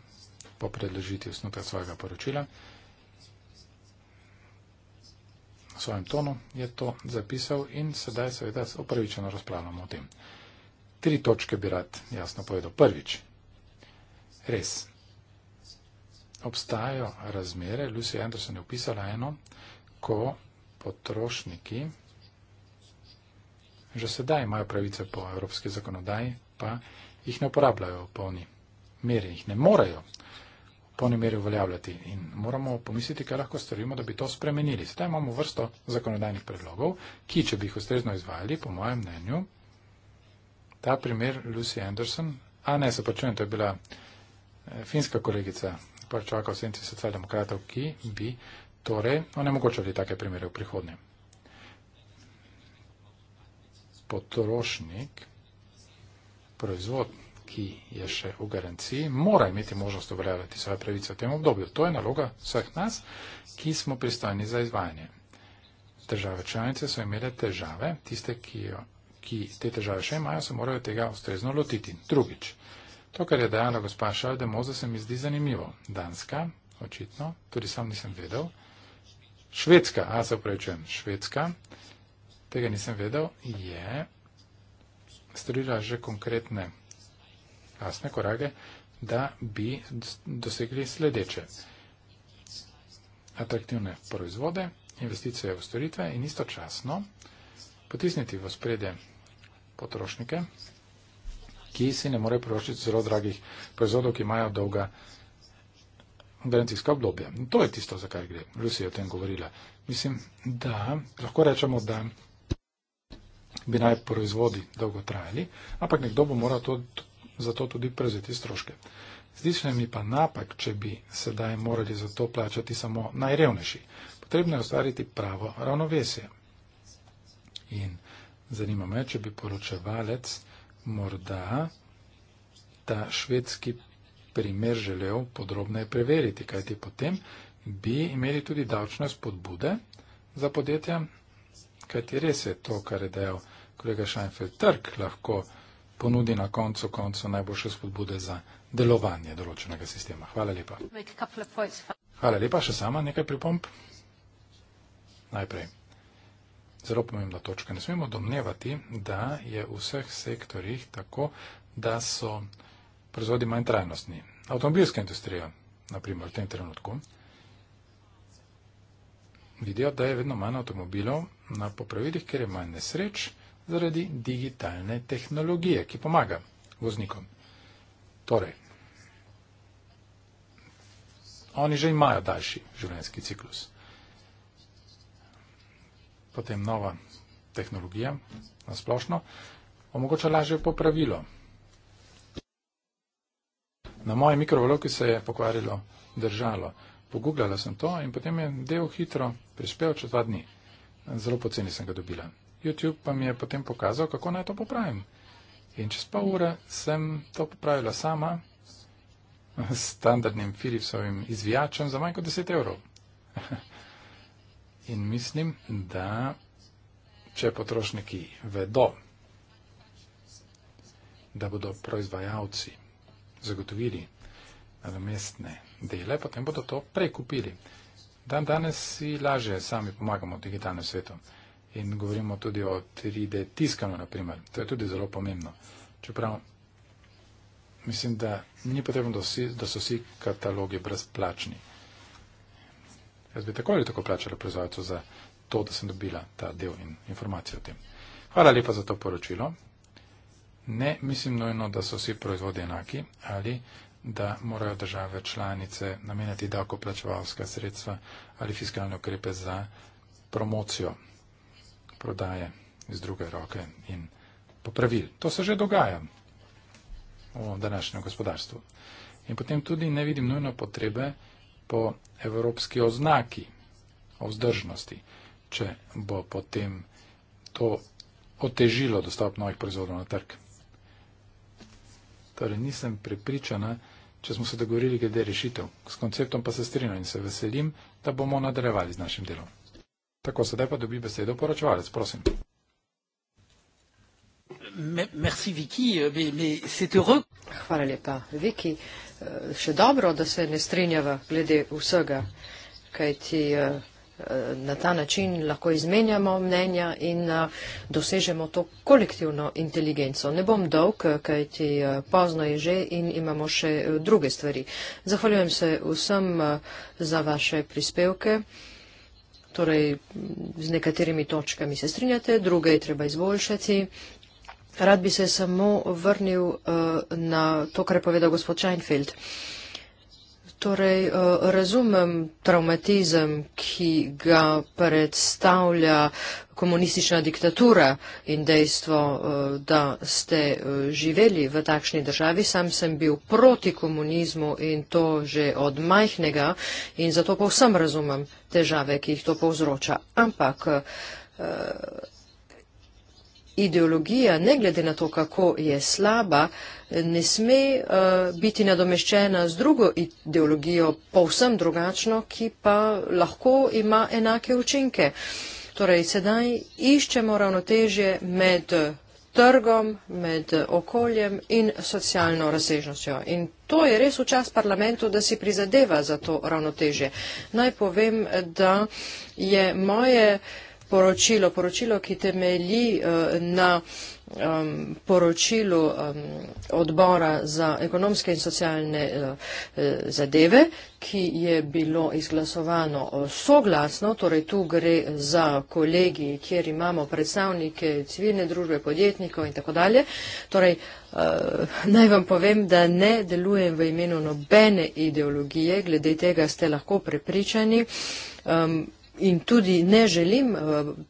po predložitvi osnutka svojega poročila. V svojem tonu je to zapisal in sedaj seveda opravičeno razpravljamo o tem. Tri točke bi rad jasno povedal. Prvič, Res. Obstajajo razmere, Lucy Anderson je opisala eno, ko potrošniki že sedaj imajo pravice po evropski zakonodaji, pa jih ne uporabljajo v polni meri, jih ne morejo v polni meri uveljavljati in moramo pomisliti, kaj lahko storimo, da bi to spremenili. Sedaj imamo vrsto zakonodajnih predlogov, ki, če bi jih ustrezno izvajali, po mojem mnenju, ta primer Lucy Anderson, a ne se počujem, to je bila. Eh, finska kolegica pač čaka v senci socialdemokratov, ki bi torej onemogočali take primere v prihodnje. Potrošnik, proizvod, ki je še v garanciji, mora imeti možnost uveljavljati svoje pravice v tem obdobju. To je naloga vseh nas, ki smo pristojni za izvajanje. Države članice so imele težave, tiste, ki, jo, ki te težave še imajo, se morajo tega ustrezno lotiti. Drugič, To, kar je dejala gospa Šalde Moze, se mi zdi zanimivo. Danska, očitno, tudi sam nisem vedel. Švedska, a se upravičujem, Švedska, tega nisem vedel, je storila že konkretne jasne korake, da bi dosegli sledeče atraktivne proizvode, investicije v storitve in istočasno potisniti v spredje potrošnike, ki si ne more privoščiti zelo dragih proizvodov, ki imajo dolga garancijska obdobja. To je tisto, za kaj gre. Lucija je o tem govorila. Mislim, da lahko rečemo, da bi naj proizvodi dolgo trajali, ampak nekdo bo moral to, za to tudi prevzeti stroške. Zdi se mi pa napak, če bi sedaj morali za to plačati samo najrevnejši. Potrebno je ustvariti pravo ravnovesje. In zanima me, če bi poročevalec morda ta švedski primer želel podrobneje preveriti, kajti potem bi imeli tudi davčne spodbude za podjetja, kajti res je to, kar je dejal kolega Scheinfeld, trg lahko ponudi na koncu koncu najboljše spodbude za delovanje določenega sistema. Hvala lepa. Hvala lepa, še sama nekaj pripomp. Najprej zelo pomembna točka. Ne smemo domnevati, da je v vseh sektorjih tako, da so proizvodi manj trajnostni. Avtomobilska industrija, naprimer v tem trenutku, vidijo, da je vedno manj avtomobilov na popravilih, ker je manj nesreč zaradi digitalne tehnologije, ki pomaga voznikom. Torej, oni že imajo daljši življenjski ciklus potem nova tehnologija na splošno, omogoča lažje popravilo. Na moje mikrovalovki se je pokvarilo držalo. Pogooglala sem to in potem je del hitro prispel čez dva dni. Zelo poceni sem ga dobila. YouTube pa mi je potem pokazal, kako naj to popravim. In čez pol ure sem to popravila sama s standardnim Philipsovim izvijačem za manj kot 10 evrov. [LAUGHS] In mislim, da če potrošniki vedo, da bodo proizvajalci zagotovili mestne dele, potem bodo to prekupili. Dan danes si lažje sami pomagamo v digitalnem svetu. In govorimo tudi o 3D tiskanju, naprimer. To je tudi zelo pomembno. Čeprav mislim, da ni potrebno, da so vsi katalogi brezplačni. Jaz bi tako ali tako plačala proizvajalcu za to, da sem dobila ta del in informacije o tem. Hvala lepa za to poročilo. Ne mislim nojno, da so vsi proizvodi enaki ali da morajo države članice namenjati davkoplačevalska sredstva ali fiskalne ukrepe za promocijo prodaje iz druge roke in popravil. To se že dogaja v današnjem gospodarstvu. In potem tudi ne vidim nujno potrebe, po evropski oznaki o vzdržnosti, če bo potem to otežilo dostop novih proizvodov na trg. Torej, nisem prepričana, če smo se dogovorili glede rešitev. S konceptom pa se strinjam in se veselim, da bomo nadaljevali z našim delom. Tako, sedaj pa dobi besedo poročevalec, prosim. Merci Viki, euh, mais, mais c'est heureux. Hvala lepa. Viki, euh, še dobro, da se ne strinjava glede vsega, kaj ti euh, na ta način lahko izmenjamo mnenja in uh, dosežemo to kolektivno inteligenco. Ne bom dolg, kaj ti uh, pozno je že in imamo še uh, druge stvari. Zahvaljujem se vsem za vaše prispevke. Torej, z nekaterimi točkami se strinjate, druge je treba izboljšati. Rad bi se samo vrnil eh, na to, kar je povedal gospod Scheinfeld. Torej, eh, razumem traumatizem, ki ga predstavlja komunistična diktatura in dejstvo, eh, da ste živeli v takšni državi. Sam sem bil proti komunizmu in to že od majhnega in zato povsem razumem težave, ki jih to povzroča. Ampak ideologija, ne glede na to, kako je slaba, ne sme uh, biti nadomeščena z drugo ideologijo, povsem drugačno, ki pa lahko ima enake učinke. Torej, sedaj iščemo ravnotežje med trgom, med okoljem in socialno razsežnostjo. In to je res v čas parlamentu, da si prizadeva za to ravnotežje. Naj povem, da je moje uh, poročilo, poročilo, ki temelji eh, na poročilu odbora za ekonomske in socialne eh, eh, zadeve, ki je bilo izglasovano soglasno, torej tu gre za kolegi, kjer imamo predstavnike civilne družbe, podjetnikov in tako dalje. Torej, naj vam povem, da ne delujem v imenu nobene ideologije, glede tega ste lahko prepričani. In tudi ne želim eh,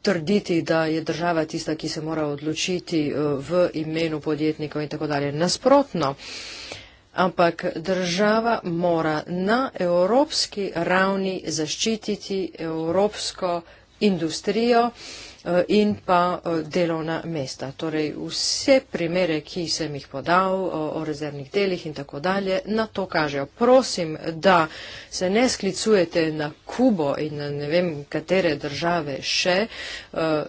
trditi, da je država tista, ki se mora odločiti eh, v imenu podjetnikov in tako dalje. Nasprotno, ampak država mora na evropski ravni zaščititi evropsko industrijo. Eh, in pa eh, delovna mesta. Torej vse primere, ki sem jih podal o rezervnih delih in tako dalje, na to kažejo. Prosim, da se ne sklicujete na Kubo in na ne vem katere države še, eh,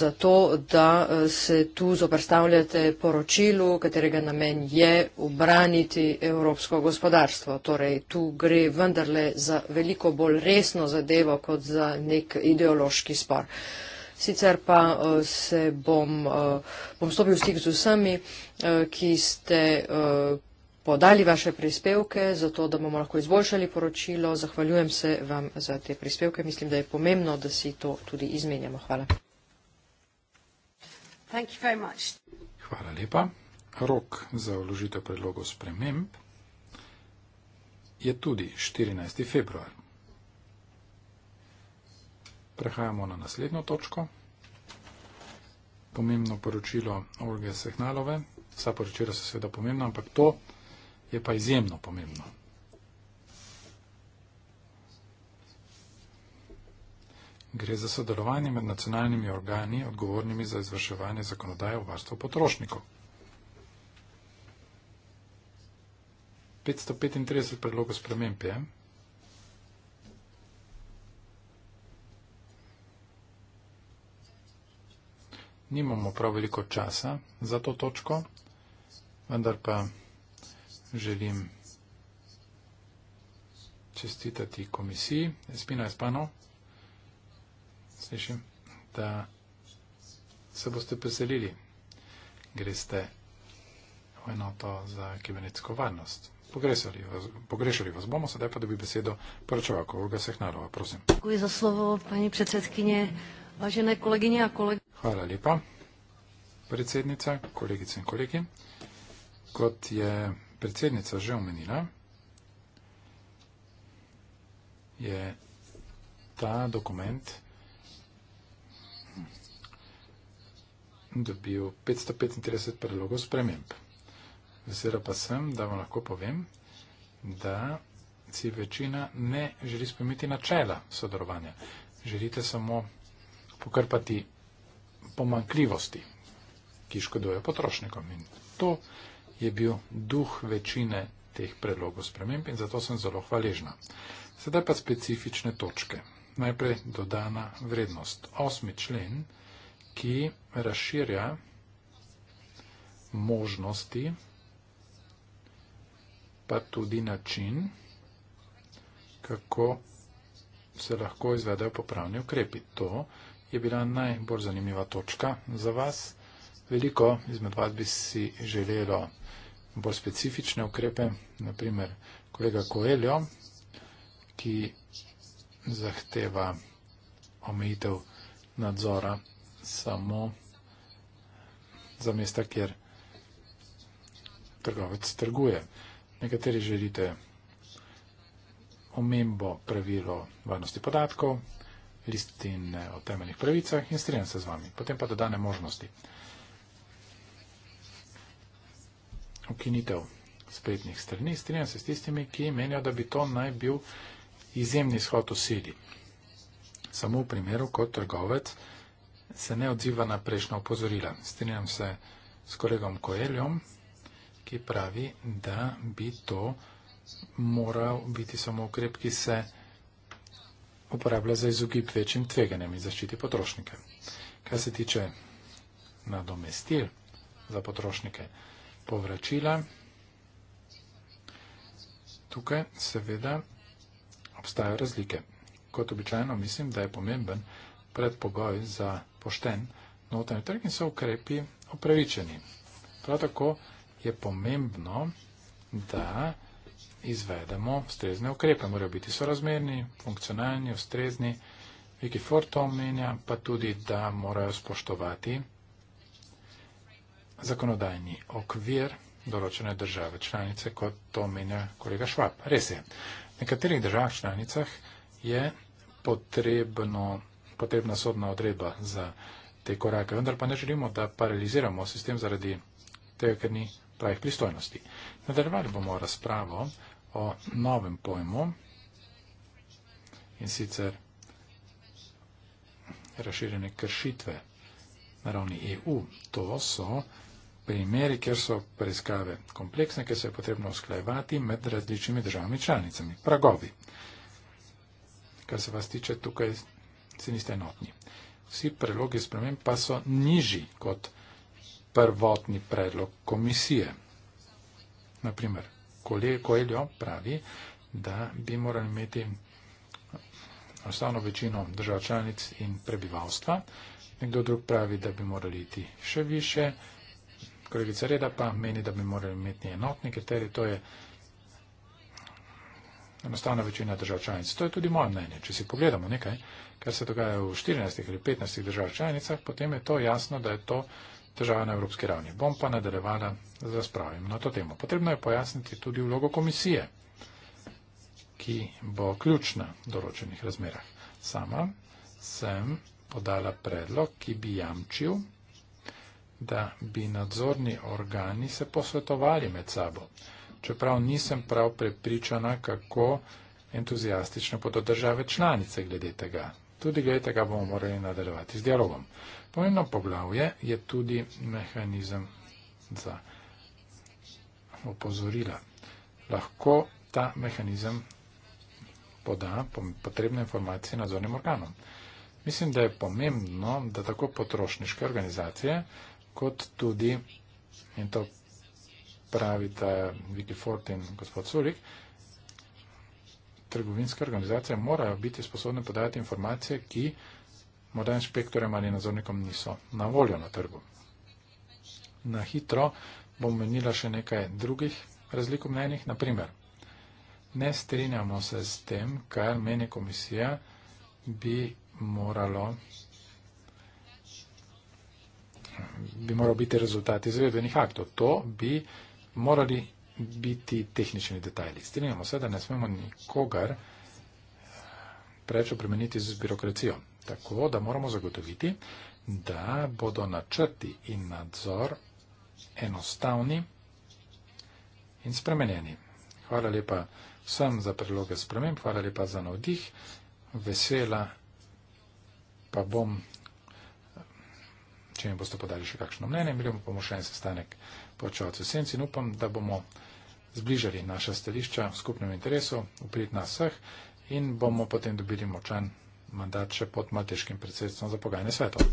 zato da se tu zoprstavljate poročilu, katerega namen je obraniti evropsko gospodarstvo. Torej tu gre vendarle za veliko bolj resno zadevo kot za nek ideološki spor. Uh, sicer pa eh, se bom, eh, bom stopil v stik z vsemi, eh, ki ste podali vaše prispevke, zato da bomo lahko izboljšali poročilo. Zahvaljujem se vam za te prispevke. Mislim, da je pomembno, da si to tudi izmenjamo. Hvala. Hvala lepa. Rok za vložitev predlogov sprememb je tudi 14. februar. Prehajamo na naslednjo točko. Pomembno poročilo Olge Sehnalove. Vsa poročila so seveda pomembna, ampak to je pa izjemno pomembno. Gre za sodelovanje med nacionalnimi organi, odgovornimi za izvrševanje zakonodaje o varstvu potrošnikov. 535 predlogov spremembe je. nimamo prav veliko časa za to točko, vendar pa želim čestitati komisiji Espino Espano, slišim, da se boste preselili, greste v enoto za kibernetsko varnost. Pogrešali vas, pogrešali vas bomo, sedaj pa dobi besedo poročevalko Olga Sehnarova, prosim. Děkuji za slovo, paní předsedkyně, vážené kolegyně a kolegy. Hvala lepa, predsednica, kolegice in kolegi. Kot je predsednica že omenila, je ta dokument dobil 535 predlogov sprememb. Vesela pa sem, da vam lahko povem, da si večina ne želi spremeniti načela sodelovanja. Želite samo pokrpati pomankljivosti, ki škodujejo potrošnikom. In to je bil duh večine teh predlogov sprememb in zato sem zelo hvaležna. Sedaj pa specifične točke. Najprej dodana vrednost. Osmi člen, ki razširja možnosti, pa tudi način, kako se lahko izvedejo popravni ukrepi. To je je bila najbolj zanimiva točka za vas. Veliko izmed vas bi si želelo bolj specifične ukrepe, naprimer kolega Koeljo, ki zahteva omejitev nadzora samo za mesta, kjer trgovec trguje. Nekateri želite omembo pravilo varnosti podatkov, listine o temeljnih pravicah in strinjam se z vami. Potem pa dodane možnosti. Ukinitev spletnih strani, strinjam se s tistimi, ki menijo, da bi to naj bil izjemni shod v sili. Samo v primeru, kot trgovec se ne odziva na prejšnja opozorila. Strinjam se s kolegom Koeljom, ki pravi, da bi to moral biti samo ukrep, ki se odziva uporablja za izogib večjim tveganjem in zaščiti potrošnike. Kar se tiče nadomestil za potrošnike povračila, tukaj seveda obstajajo razlike. Kot običajno mislim, da je pomemben predpogoj za pošten notranji trg in so ukrepi upravičeni. Prav tako je pomembno, da izvedemo ustrezne ukrepe. Morajo biti sorazmerni, funkcionalni, ustrezni. Viki Ford to omenja, pa tudi, da morajo spoštovati zakonodajni okvir določene države članice, kot to omenja kolega Švab. Res je, v nekaterih državah članicah je potrebno, potrebna sodna odredba za te korake, vendar pa ne želimo, da paraliziramo sistem zaradi tega, ker ni pravih pristojnosti. Nadaljevali bomo razpravo o novem pojmu in sicer razširjene kršitve na ravni EU. To so primeri, kjer so preiskave kompleksne, kjer se je potrebno usklajevati med različnimi državami članicami. Pragovi, kar se vas tiče, tukaj se niste enotni. Vsi predlogi sprememb pa so nižji kot prvotni predlog komisije. Naprimer, Koeljo pravi, da bi morali imeti ustavno večino držav članic in prebivalstva. Nekdo drug pravi, da bi morali iti še više. Kolegica Reda pa meni, da bi morali imeti enotni kriterij, to je enostavna večina držav članic. To je tudi moje mnenje. Če si pogledamo nekaj, kar se dogaja v 14 ali 15 držav članicah, potem je to jasno, da je to težave na evropski ravni. Bom pa nadaljevala z razpravim na to temo. Potrebno je pojasniti tudi vlogo komisije, ki bo ključna v določenih razmerah. Sama sem podala predlog, ki bi jamčil, da bi nadzorni organi se posvetovali med sabo. Čeprav nisem prav prepričana, kako entuzijastične bodo države članice glede tega. Tudi glede tega bomo morali nadaljevati z dialogom. Pomembno poglavje je tudi mehanizem za opozorila. Lahko ta mehanizem poda potrebne informacije nadzornim organom. Mislim, da je pomembno, da tako potrošniške organizacije, kot tudi, in to pravi ta Vicky Ford in gospod Sulik, trgovinske organizacije morajo biti sposobne podajati informacije, ki morda inšpektorjem ali nadzornikom niso na voljo na trgu. Na hitro bom menila še nekaj drugih razlikov mnenjih. Naprimer, ne strinjamo se s tem, kar meni komisija bi moralo bi moral biti rezultat izvedbenih aktov. To bi morali biti tehnični detajli. Strinjamo se, da ne smemo nikogar eh, preč obremeniti z birokracijo. Tako da moramo zagotoviti, da bodo načrti in nadzor enostavni in spremenjeni. Hvala lepa vsem za predloge sprememb, hvala lepa za navdih, vesela pa bom, če mi boste podali še kakšno mnenje, imeli bomo pa še en sestanek po očalcu senci in upam, da bomo zbližali naša stališča v skupnem interesu, uprit nas vseh in bomo potem dobili močan mandat še pod malteškim predsedstvom za pogajanje sveta.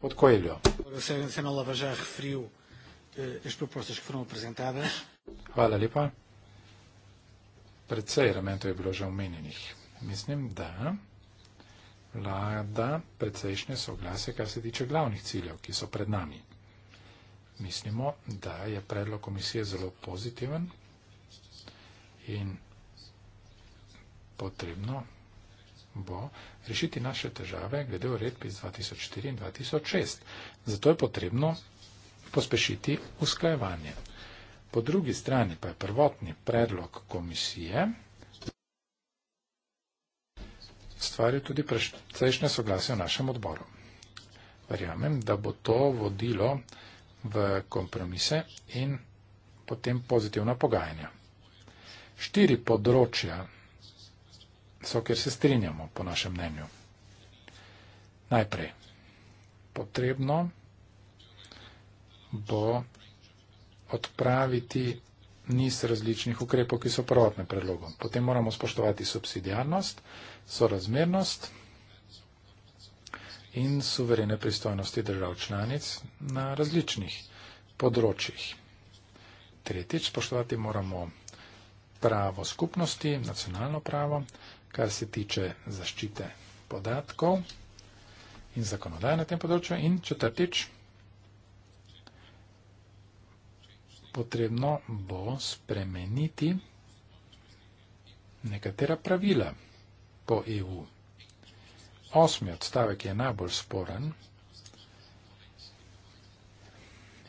Pod Koeljo. Eh, Hvala lepa. Predvsej elementov je bilo že omenjenih. Mislim, da vlada predvsejšnje soglasje, kar se tiče glavnih ciljev, ki so pred nami. Mislimo, da je predlog komisije zelo pozitiven in potrebno bo rešiti naše težave glede uredbi iz 2004 in 2006. Zato je potrebno pospešiti usklajevanje. Po drugi strani pa je prvotni predlog komisije stvaril tudi precejšnje soglasje v našem odboru. Verjamem, da bo to vodilo v kompromise in potem pozitivna pogajanja. Štiri področja so, kjer se strinjamo, po našem mnenju. Najprej, potrebno bo odpraviti niz različnih ukrepov, ki so prvotne predlogom. Potem moramo spoštovati subsidijarnost, sorazmernost in suverene pristojnosti držav članic na različnih področjih. Tretjič, spoštovati moramo pravo skupnosti, nacionalno pravo, kar se tiče zaščite podatkov in zakonodaje na tem področju. In četrtič, potrebno bo spremeniti nekatera pravila po EU. Osmi odstavek je najbolj sporen,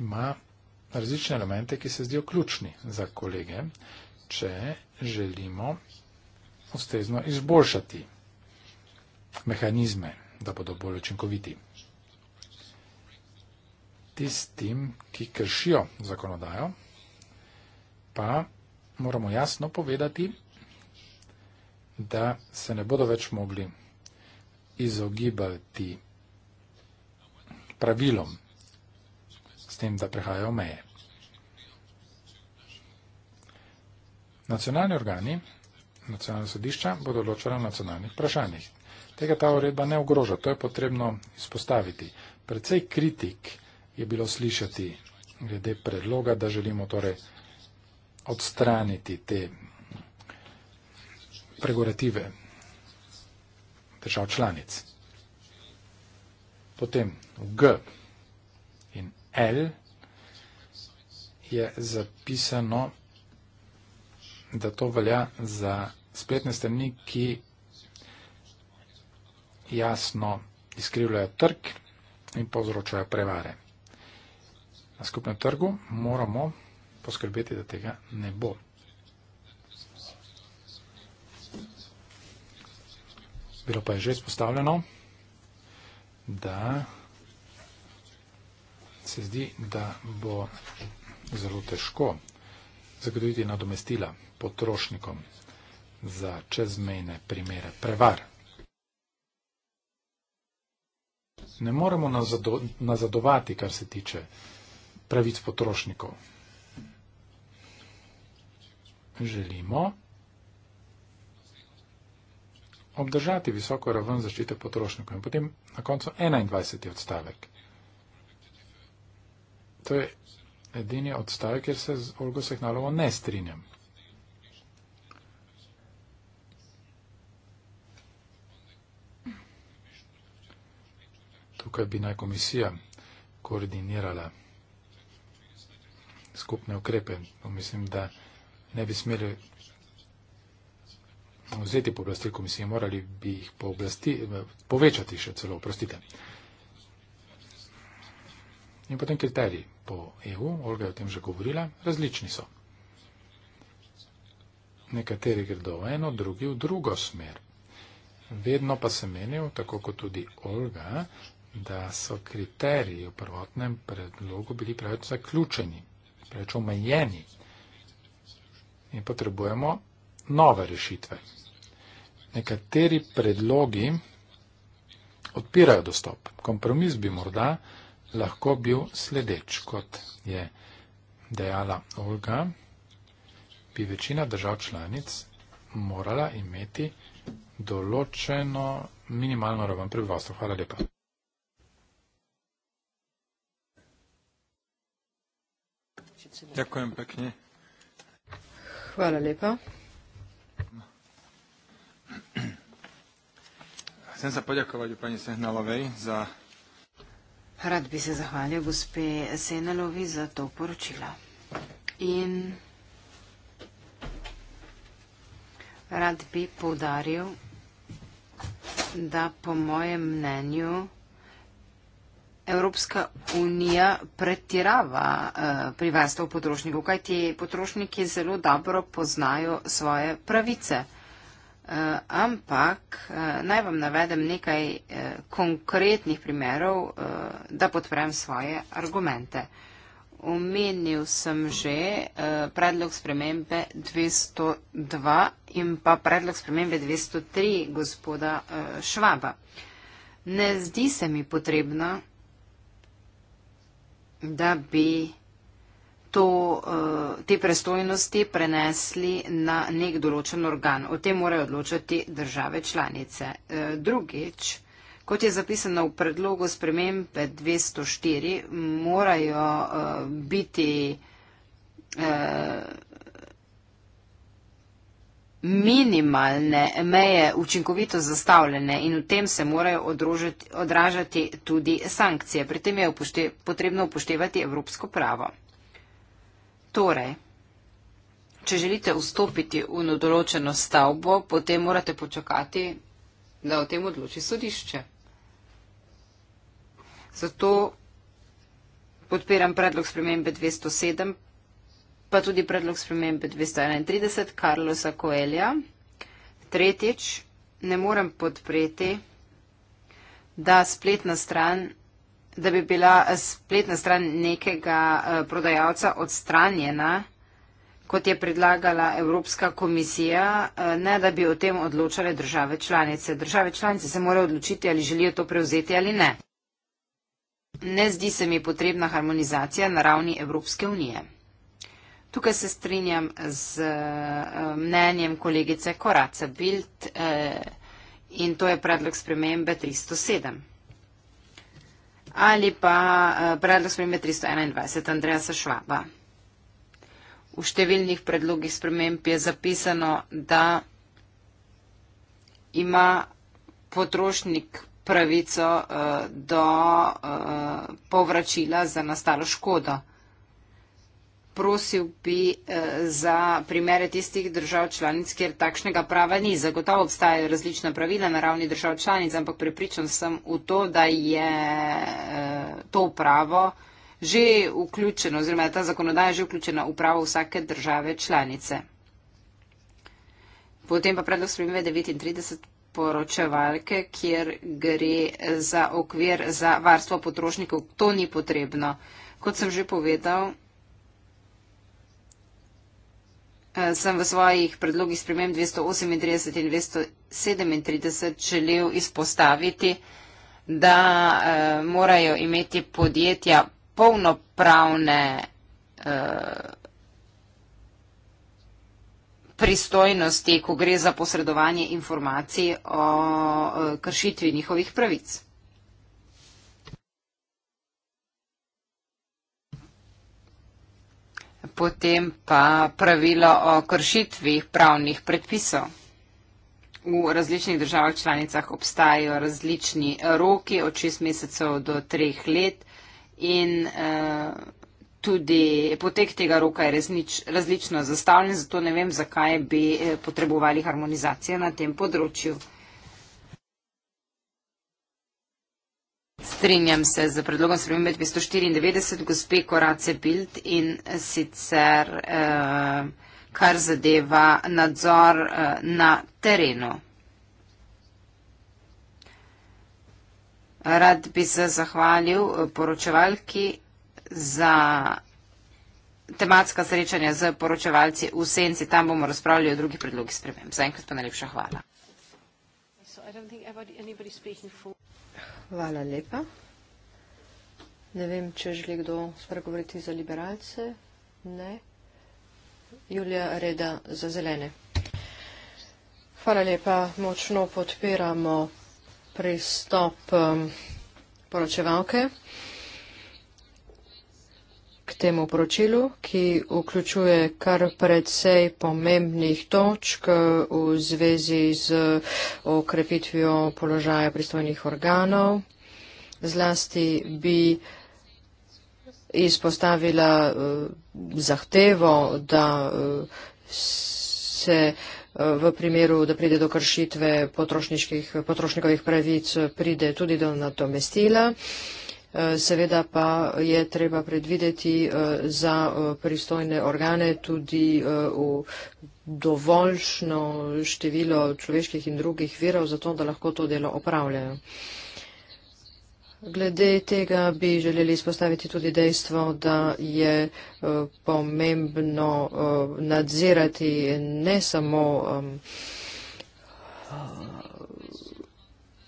ima različne elemente, ki se zdijo ključni za kolege, če želimo ustrezno izboljšati mehanizme, da bodo bolj učinkoviti. Tistim, ki kršijo zakonodajo, pa moramo jasno povedati, da se ne bodo več mogli izogibati pravilom s tem, da prehajajo meje. Nacionalni organi nacionalne sodišča bo določala v nacionalnih vprašanjih. Tega ta uredba ne ogroža, to je potrebno izpostaviti. Predvsej kritik je bilo slišati glede predloga, da želimo torej odstraniti te pregorative držav članic. Potem G in L je zapisano da to velja za spletne strani, ki jasno izkrivljajo trg in povzročajo prevare. Na skupnem trgu moramo poskrbeti, da tega ne bo. Bilo pa je že izpostavljeno, da se zdi, da bo zelo težko zagotoviti nadomestila potrošnikom za čezmejne primere prevar. Ne moremo nazadovati, kar se tiče pravic potrošnikov. Želimo obdržati visoko raven zaščite potrošnikov in potem na koncu 21. odstavek. To je edini odstavek, kjer se z Olgo Sehnalovo ne strinjam. tukaj bi naj komisija koordinirala skupne ukrepe. Mislim, da ne bi smeli vzeti pooblastil komisije, morali bi jih pooblasti, povečati še celo, oprostite. In potem kriteriji po EU, Olga je o tem že govorila, različni so. Nekateri gredo v eno, drugi v drugo smer. Vedno pa sem menil, tako kot tudi Olga, da so kriteriji v prvotnem predlogu bili preveč zaključeni, preveč omejeni in potrebujemo nove rešitve. Nekateri predlogi odpirajo dostop. Kompromis bi morda lahko bil sledeč, kot je dejala Olga, bi večina držav članic morala imeti določeno minimalno raven prebivalstva. Hvala lepa. Hvala lepa. Chcem sa poďakovať u pani Sehnalovej za... Rad bi se zahvalil gospe Senelovi za to poročilo. In rad bi poudaril, da po mojem mnenju Evropska unija pretirava uh, eh, pri varstvu potrošnikov, kajti potrošniki zelo dobro poznajo svoje pravice. Uh, ampak uh, naj vam navedem nekaj uh, konkretnih primerov, uh, da podprem svoje argumente. Omenil sem že uh, predlog spremembe 202 in pa predlog spremembe 203 gospoda uh, Švaba. Ne zdi se mi potrebno, da bi to, eh, te prestojnosti prenesli na nek določen organ. O tem morajo odločati države članice. Eh, drugič, kot je zapisano v predlogu spremembe 204, morajo eh, biti minimalne meje učinkovito zastavljene in v tem se morajo odrožati, odražati tudi sankcije. Pri tem je upošte, potrebno upoštevati evropsko pravo. Torej, če želite vstopiti v določeno stavbo, potem morate počakati, da o tem odloči sodišče. Zato podpiram predlog spremembe 207 pa tudi predlog spremembe 231 Karlosa Koelja. Tretjič, ne morem podpreti, da spletna stran da bi bila eh, spletna stran nekega eh, prodajalca odstranjena, kot je predlagala Evropska komisija, eh, ne da bi o tem odločale države članice. Države članice se morajo odločiti, ali želijo to prevzeti ali ne. Ne zdi se mi potrebna harmonizacija na ravni Evropske unije. Tukaj se strinjam z eh, mnenjem kolegice Koraca Bild eh, in to je predlog spremembe 307 ali pa eh, predlog spremembe 321 Andreasa Švaba. V številnih predlogih sprememb je zapisano, da ima potrošnik pravico do povračila za nastalo škodo prosil bi eh, za primere tistih držav članic, kjer takšnega prava ni. Zagotovo obstajajo različna pravila na ravni držav članic, ampak prepričan sem v to, da je eh, to pravo že vključeno, oziroma da je ta zakonodaja že vključena v pravo vsake države članice. Potem pa predlog spremembe 39 poročevalke, kjer gre za okvir za varstvo potrošnikov. To ni potrebno. Kot sem že povedal, Eh, sem v svojih predlogih spremem 238 in 237 želel izpostaviti, da eh, morajo imeti podjetja polnopravne eh, pristojnosti, ko gre za posredovanje informacij o eh, kršitvi njihovih pravic. potem pa pravilo o kršitvi pravnih predpisov. V različnih državah članicah obstajajo različni roki od 6 mesecev do 3 let in eh, tudi potek tega roka je resnič, različno zastavljen, zato ne vem, zakaj bi eh, potrebovali harmonizacijo na tem področju. Strinjam se z predlogom spremembe 294 gospe Korace Bild in sicer eh, kar zadeva nadzor eh, na terenu. Rad bi se zahvalil eh, poročevalki za tematska srečanja z poročevalci v senci. Tam bomo razpravljali o drugih predlogih sprememb. Zaenkrat pa najlepša hvala. So, Hvala lepa. Ne vem, če želi kdo spregovoriti za liberalce. Ne. Julija Reda za zelene. Hvala lepa. Močno podpiramo pristop um, poročevalke k temu poročilu, ki vključuje kar predvsej pomembnih točk v zvezi z okrepitvijo položaja pristojnih organov. Zlasti bi izpostavila eh, zahtevo, da eh, se eh, v primeru, da pride do kršitve potrošnikovih pravic, pride tudi do nadomestila. Eh, seveda pa je treba predvideti eh, za eh, pristojne organe tudi v dovoljšno število človeških in drugih virov, zato da lahko to delo opravljajo. Glede tega bi želeli izpostaviti tudi dejstvo, da je pomembno nadzirati ne samo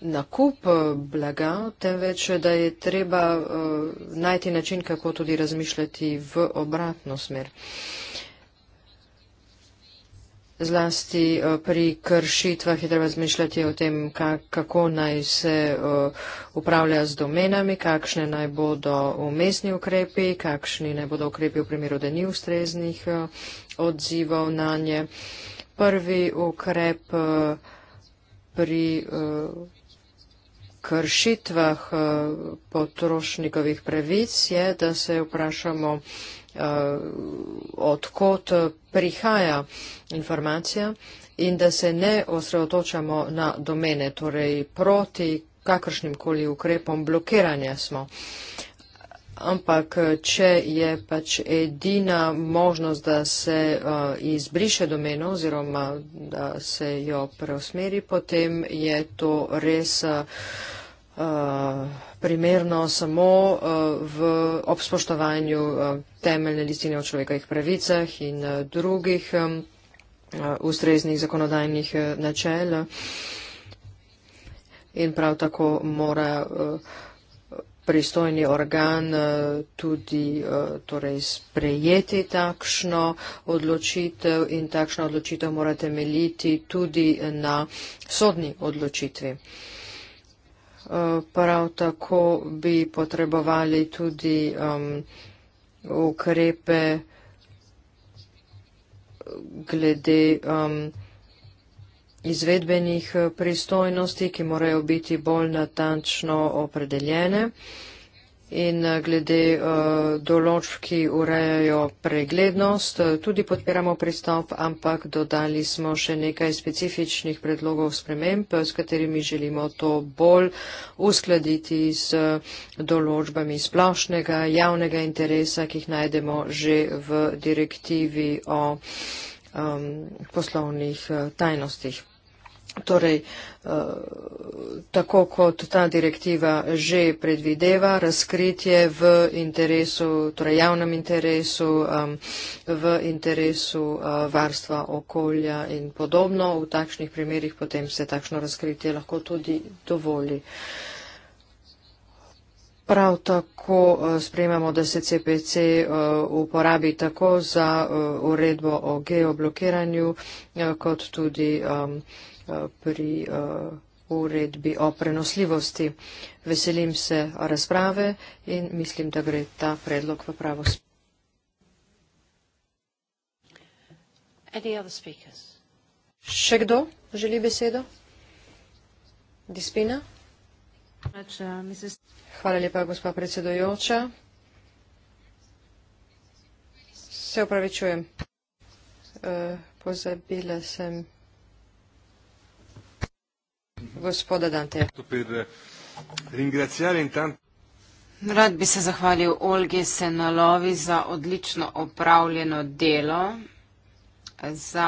nakup eh, blaga, temveč da je treba uh, najti način, kako tudi razmišljati v obratno smer. Zlasti uh, pri kršitvah je treba razmišljati o tem, kak, kako naj se uh, upravlja z domenami, kakšne naj bodo umestni ukrepi, kakšni naj bodo ukrepi v primeru, da ni ustreznih uh, odzivov na nje. Prvi ukrep uh, pri. Uh, kršitvah eh, potrošnikovih pravic je, da se vprašamo, eh, odkot prihaja informacija in da se ne osredotočamo na domene, torej proti kakršnim koli ukrepom blokiranja smo. Ampak, če je pač edina možnost, da se uh, izbriše domeno oziroma da se jo preusmeri, potem je to res. Uh, uh, primerno samo uh, v obspoštovanju uh, eh, temeljne listine o človekovih pravicah in uh, drugih um, uh, ustreznih zakonodajnih uh, načel. In prav tako mora uh, pristojni organ tudi torej sprejeti takšno odločitev in takšna odločitev mora temeljiti tudi na sodni odločitvi prav tako bi potrebovali tudi um, ukrepe glede um, izvedbenih pristojnosti, ki morajo biti bolj natančno opredeljene. Uh, in eh, glede eh, določb, ki urejajo preglednost. Eh, tudi podpiramo pristop, ampak dodali smo še nekaj specifičnih predlogov sprememb, s katerimi želimo to bolj uskladiti z določbami splošnega javnega interesa, ki jih najdemo že v direktivi o um, poslovnih tajnostih. Torej, eh, tako kot ta direktiva že predvideva razkritje v interesu, torej javnem interesu, v interesu eh, varstva okolja in podobno, v takšnih primerjih potem se takšno razkritje lahko tudi dovoli. Prav tako eh, sprejemamo, da se CPC uporabi tako za uredbo o geoblokiranju, kot tudi pri eh, uredbi o prenosljivosti. Veselim se razprave in mislim, da gre ta predlog v pravo smer. Še kdo želi besedo? Dispina? Hvala lepa, gospa predsedojoča. Se upravičujem. Eh, pozabila sem gospoda Dante. Rad bi se zahvalil Olgi Senalovi za odlično opravljeno delo, za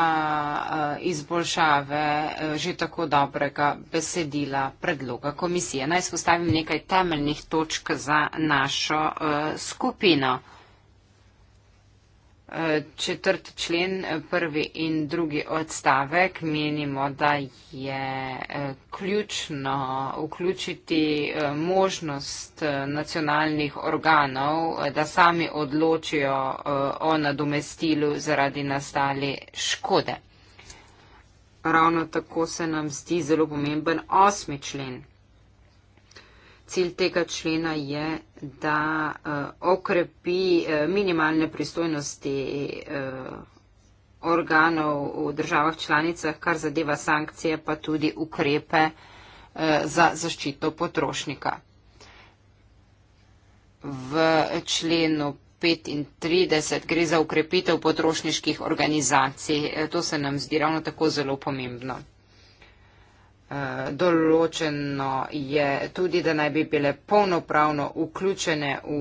eh, izboljšave eh, že tako dobrega besedila predloga komisije. Naj spostavim nekaj temeljnih točk za našo eh, skupino četrt člen, prvi in drugi odstavek, menimo, da je eh, ključno vključiti eh, možnost eh, nacionalnih organov, da sami odločijo o nadomestilu zaradi nastale škode. Ravno tako se nam zdi zelo pomemben osmi člen. Cilj tega člena je, da eh, okrepi eh, minimalne pristojnosti eh, organov v državah članicah, kar zadeva sankcije, pa tudi ukrepe za zaščito potrošnika. V členu 35 gre za ukrepitev potrošniških organizacij. To se nam zdi ravno tako zelo pomembno. Eh, določeno je tudi, da naj bi bile polnopravno vključene v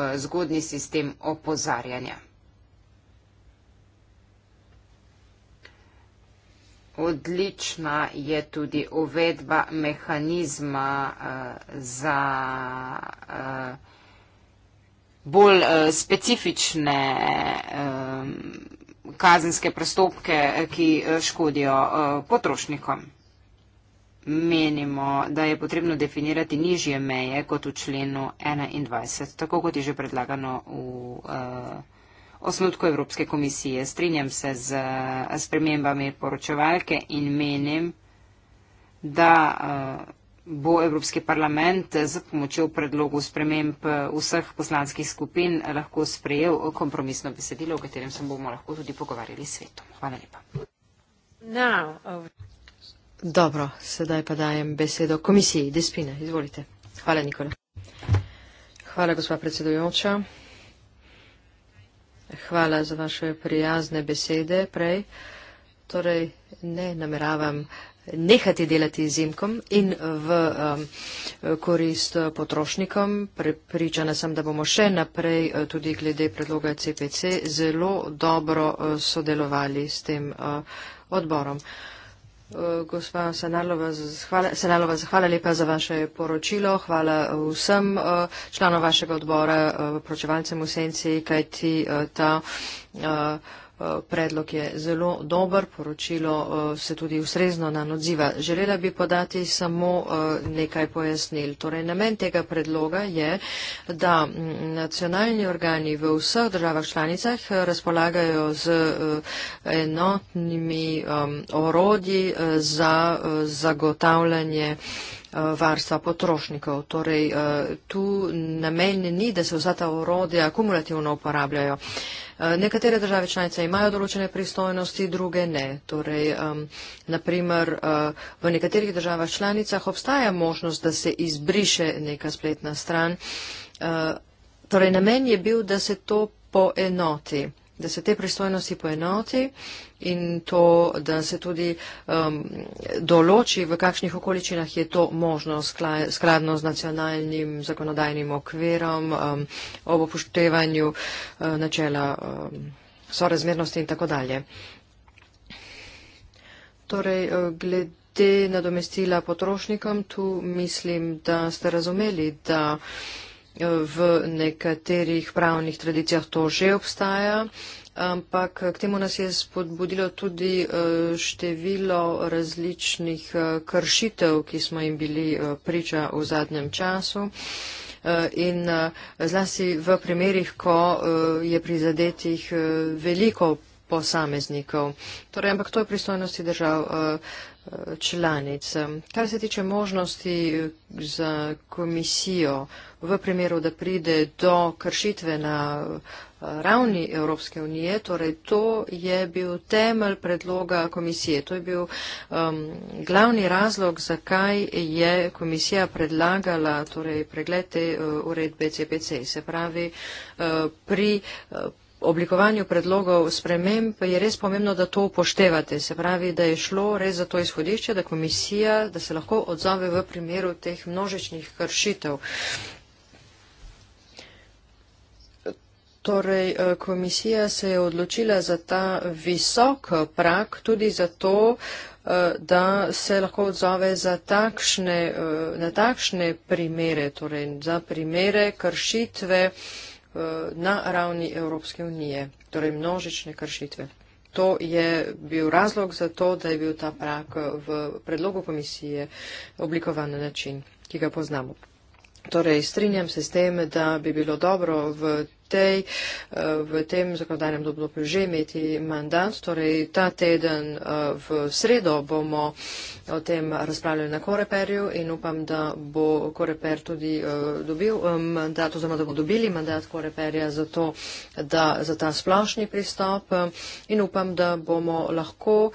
eh, zgodni sistem opozarjanja. Odlična je tudi uvedba mehanizma eh, za bolj specifične kazenske prestopke, ki škodijo potrošnikom menimo, da je potrebno definirati nižje meje kot v členu 21, tako kot je že predlagano v uh, osnutku Evropske komisije. Strinjam se z uh, spremembami poročevalke in menim, da uh, bo Evropski parlament z pomočjo predlogu sprememb vseh poslanskih skupin lahko sprejel kompromisno besedilo, o katerem se bomo lahko tudi pogovarjali s svetom. Hvala lepa. Now, uh... Dobro, sedaj pa dajem besedo komisiji Despine. Izvolite. Hvala, Nikola. Hvala, gospa predsedujoča. Hvala za vaše prijazne besede prej. Torej, ne nameravam nehati delati zimkom in v um, korist potrošnikom. Pripričana sem, da bomo še naprej uh, tudi glede predloga CPC zelo dobro uh, sodelovali s tem uh, odborom. Uh, Eh, gospa Senalova, hvala lepa za vaše poročilo, hvala eh, vsem eh, članom vašega odbora, poročevalcem v senci, kajti ta. Uh, Eh, predlog je zelo dober, poročilo eh, se tudi ustrezno nan odziva. Želela bi podati samo eh, nekaj pojasnil. Torej, namen tega predloga je, da mm, nacionalni organi v vseh državah članicah razpolagajo z enotnimi orodji za zagotavljanje Eh, varstva potrošnikov. Torej, eh, tu namen ni, da se vsa ta orodja kumulativno uporabljajo. Eh, nekatere države članice imajo določene pristojnosti, druge ne. Torej, um, naprimer, uh, v nekaterih državah članicah obstaja možnost, da se izbriše neka spletna stran. Uh, torej, namen je bil, da se to poenoti da se te pristojnosti poenoti in to, da se tudi um, določi, v kakšnih okoličinah je to možno skladno z nacionalnim zakonodajnim okvirom, um, ob upoštevanju uh, načela um, sorazmernosti in tako dalje. Torej, uh, glede nadomestila potrošnikom, tu mislim, da ste razumeli, da. Um, v nekaterih pravnih tradicijah to že obstaja. Ampak k temu nas je spodbudilo tudi eh, število različnih eh, kršitev, ki smo jim bili eh, priča v zadnjem času. In zlasti v primerih, ko je prizadetih veliko posameznikov. Torej, ampak to je pristojnosti držav članic. Kar se tiče možnosti za komisijo, v primeru, da pride do kršitve na eh, ravni Evropske unije, torej to je bil temelj predloga komisije. To je bil um, glavni razlog, zakaj je komisija predlagala torej, pregled te uh, uredbe CPC. Se pravi, uh, pri uh, oblikovanju predlogov sprememb je res pomembno, da to upoštevate. Se pravi, da je šlo res za to izhodišče, da komisija, da se lahko odzove v primeru teh množičnih kršitev. Uh, Torej, eh, komisija se je odločila za ta visok prak tudi zato, eh, da se lahko odzove za takšne, eh, na takšne primere, torej za primere kršitve na ravni Evropske unije, torej množične kršitve. To je bil razlog za to, da je bil ta prak v predlogu komisije oblikovan na način, ki ga poznamo. Torej, strinjam se s tem, da bi bilo dobro v tej, eh, v tem zakonodajnem obdobju že imeti mandat. Torej, ta teden eh, v sredo bomo o tem razpravljali na Koreperju in upam, da bo Koreper tudi eh, dobil mandat oziroma da bo dobili mandat Koreperja za, to, da, za ta splošni pristop in upam, da bomo lahko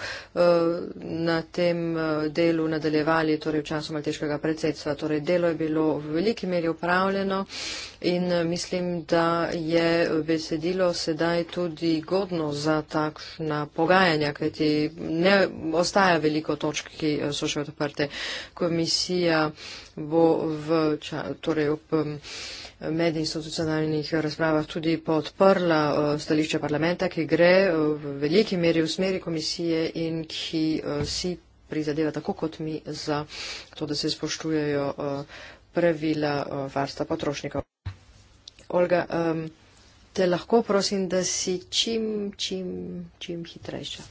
na tem delu nadaljevali torej v času malteškega predsedstva. Torej, delo je bilo v veliki meri upravljeno in mislim, da je besedilo sedaj tudi godno za takšna pogajanja, kajti ne ostaja veliko točk, ki eh, so še odprte. Komisija bo v, torej ob medinstitucionalnih razpravah tudi podprla eh, stališče parlamenta, ki gre eh, v veliki meri v smeri komisije in ki si prizadeva tako kot mi za to, da se spoštujejo pravila varstva potrošnikov. Olga, um, te lahko prosim, da si čim, čim, čim hitrejša.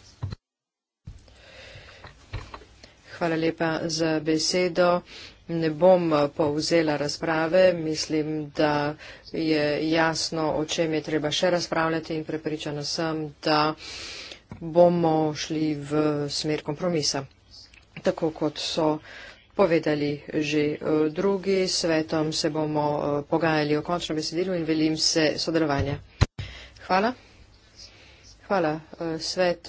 Hvala lepa za besedo. Ne bom eh, povzela razprave. Mislim, da je jasno, o čem je treba še razpravljati in prepričana sem, da bomo šli v smer kompromisa, tako kot so uh, povedali že e, drugi. Svetom se bomo e, pogajali o končnem besedilu in velim se sodelovanja. Hvala. Hvala. E, svet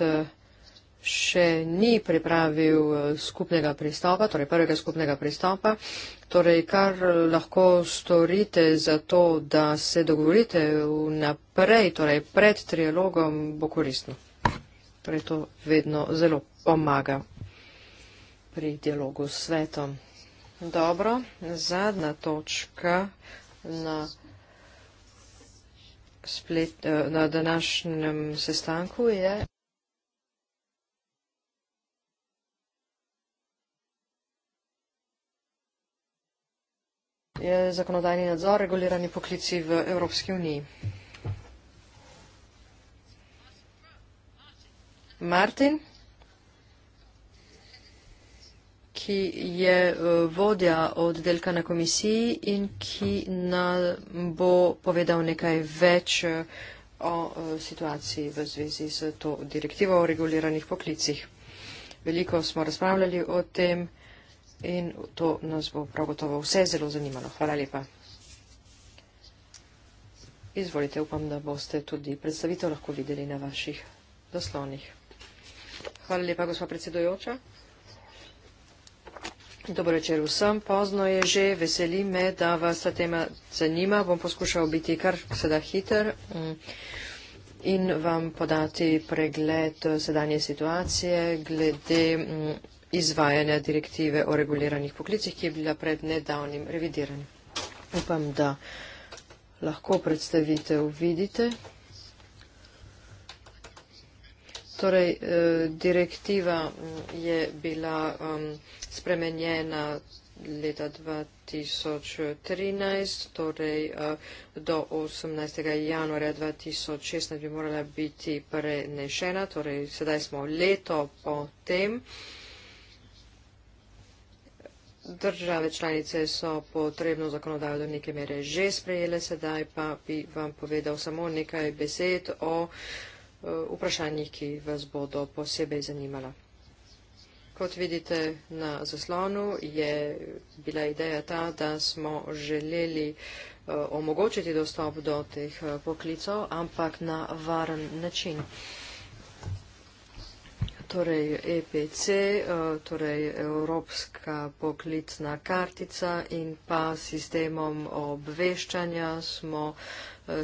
še ni pripravil skupnega pristopa, torej prvega skupnega pristopa. Torej, kar lahko storite za to, da se dogovorite naprej, torej pred trialogom, bo koristno. Torej, to vedno zelo pomaga pri dialogu s svetom. Dobro, zadnja točka na, splet, eh, na današnjem sestanku je. je zakonodajni nadzor regulirani poklici v Evropski uniji. Martin? ki je eh, vodja oddelka na komisiji in ki nam bo povedal nekaj več eh, o eh, situaciji v zvezi z to direktivo o reguliranih poklicih. Veliko smo razpravljali o tem in to nas bo prav gotovo vse zelo zanimalo. Hvala lepa. Izvolite, upam, da boste tudi predstavitev lahko videli na vaših zaslonih. Hvala lepa, gospod predsedujoča. Dobro večer vsem, pozno je že, veseli me, da vas ta tema zanima. Bom poskušal biti kar sedaj hiter mm, in vam podati pregled eh, sedanje situacije glede mm, izvajanja direktive o reguliranih poklicih, ki je bila pred nedavnim revidiranjem. Upam, da lahko predstavitev vidite. Torej, eh, direktiva mm, je bila um, spremenjena leta 2013, torej eh, do 18. januarja 2016 bi morala biti prenešena, torej sedaj smo leto po tem. Države članice so potrebno zakonodajo do neke mere že sprejele, sedaj pa bi vam povedal samo nekaj besed o uh, Eh, vprašanjih, ki vas bodo posebej zanimala. Kot vidite na zaslonu, je bila ideja ta, da smo želeli eh, omogočiti dostop do teh eh, poklicov, ampak na varen način. Torej EPC, torej Evropska poklicna kartica in pa sistemom obveščanja smo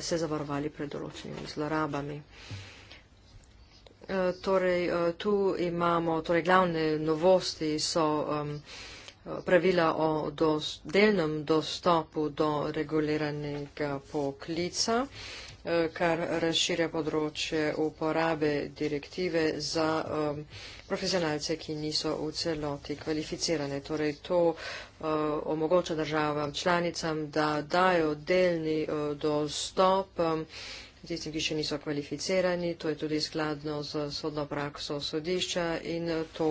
se zavarovali pred določenimi zlorabami. Eh, torej, eh, tu imamo, torej, glavne novosti so um, pravila o dos, delnem dostopu do reguliranega poklica, kar razširja področje uporabe direktive za um, profesionalce, ki niso v celoti kvalificirane. Torej, to uh, omogoča državam članicam, da dajo delni uh, dostop. Um, tistim, ki še niso kvalificirani, to je tudi skladno z sodno prakso sodišča in eh, to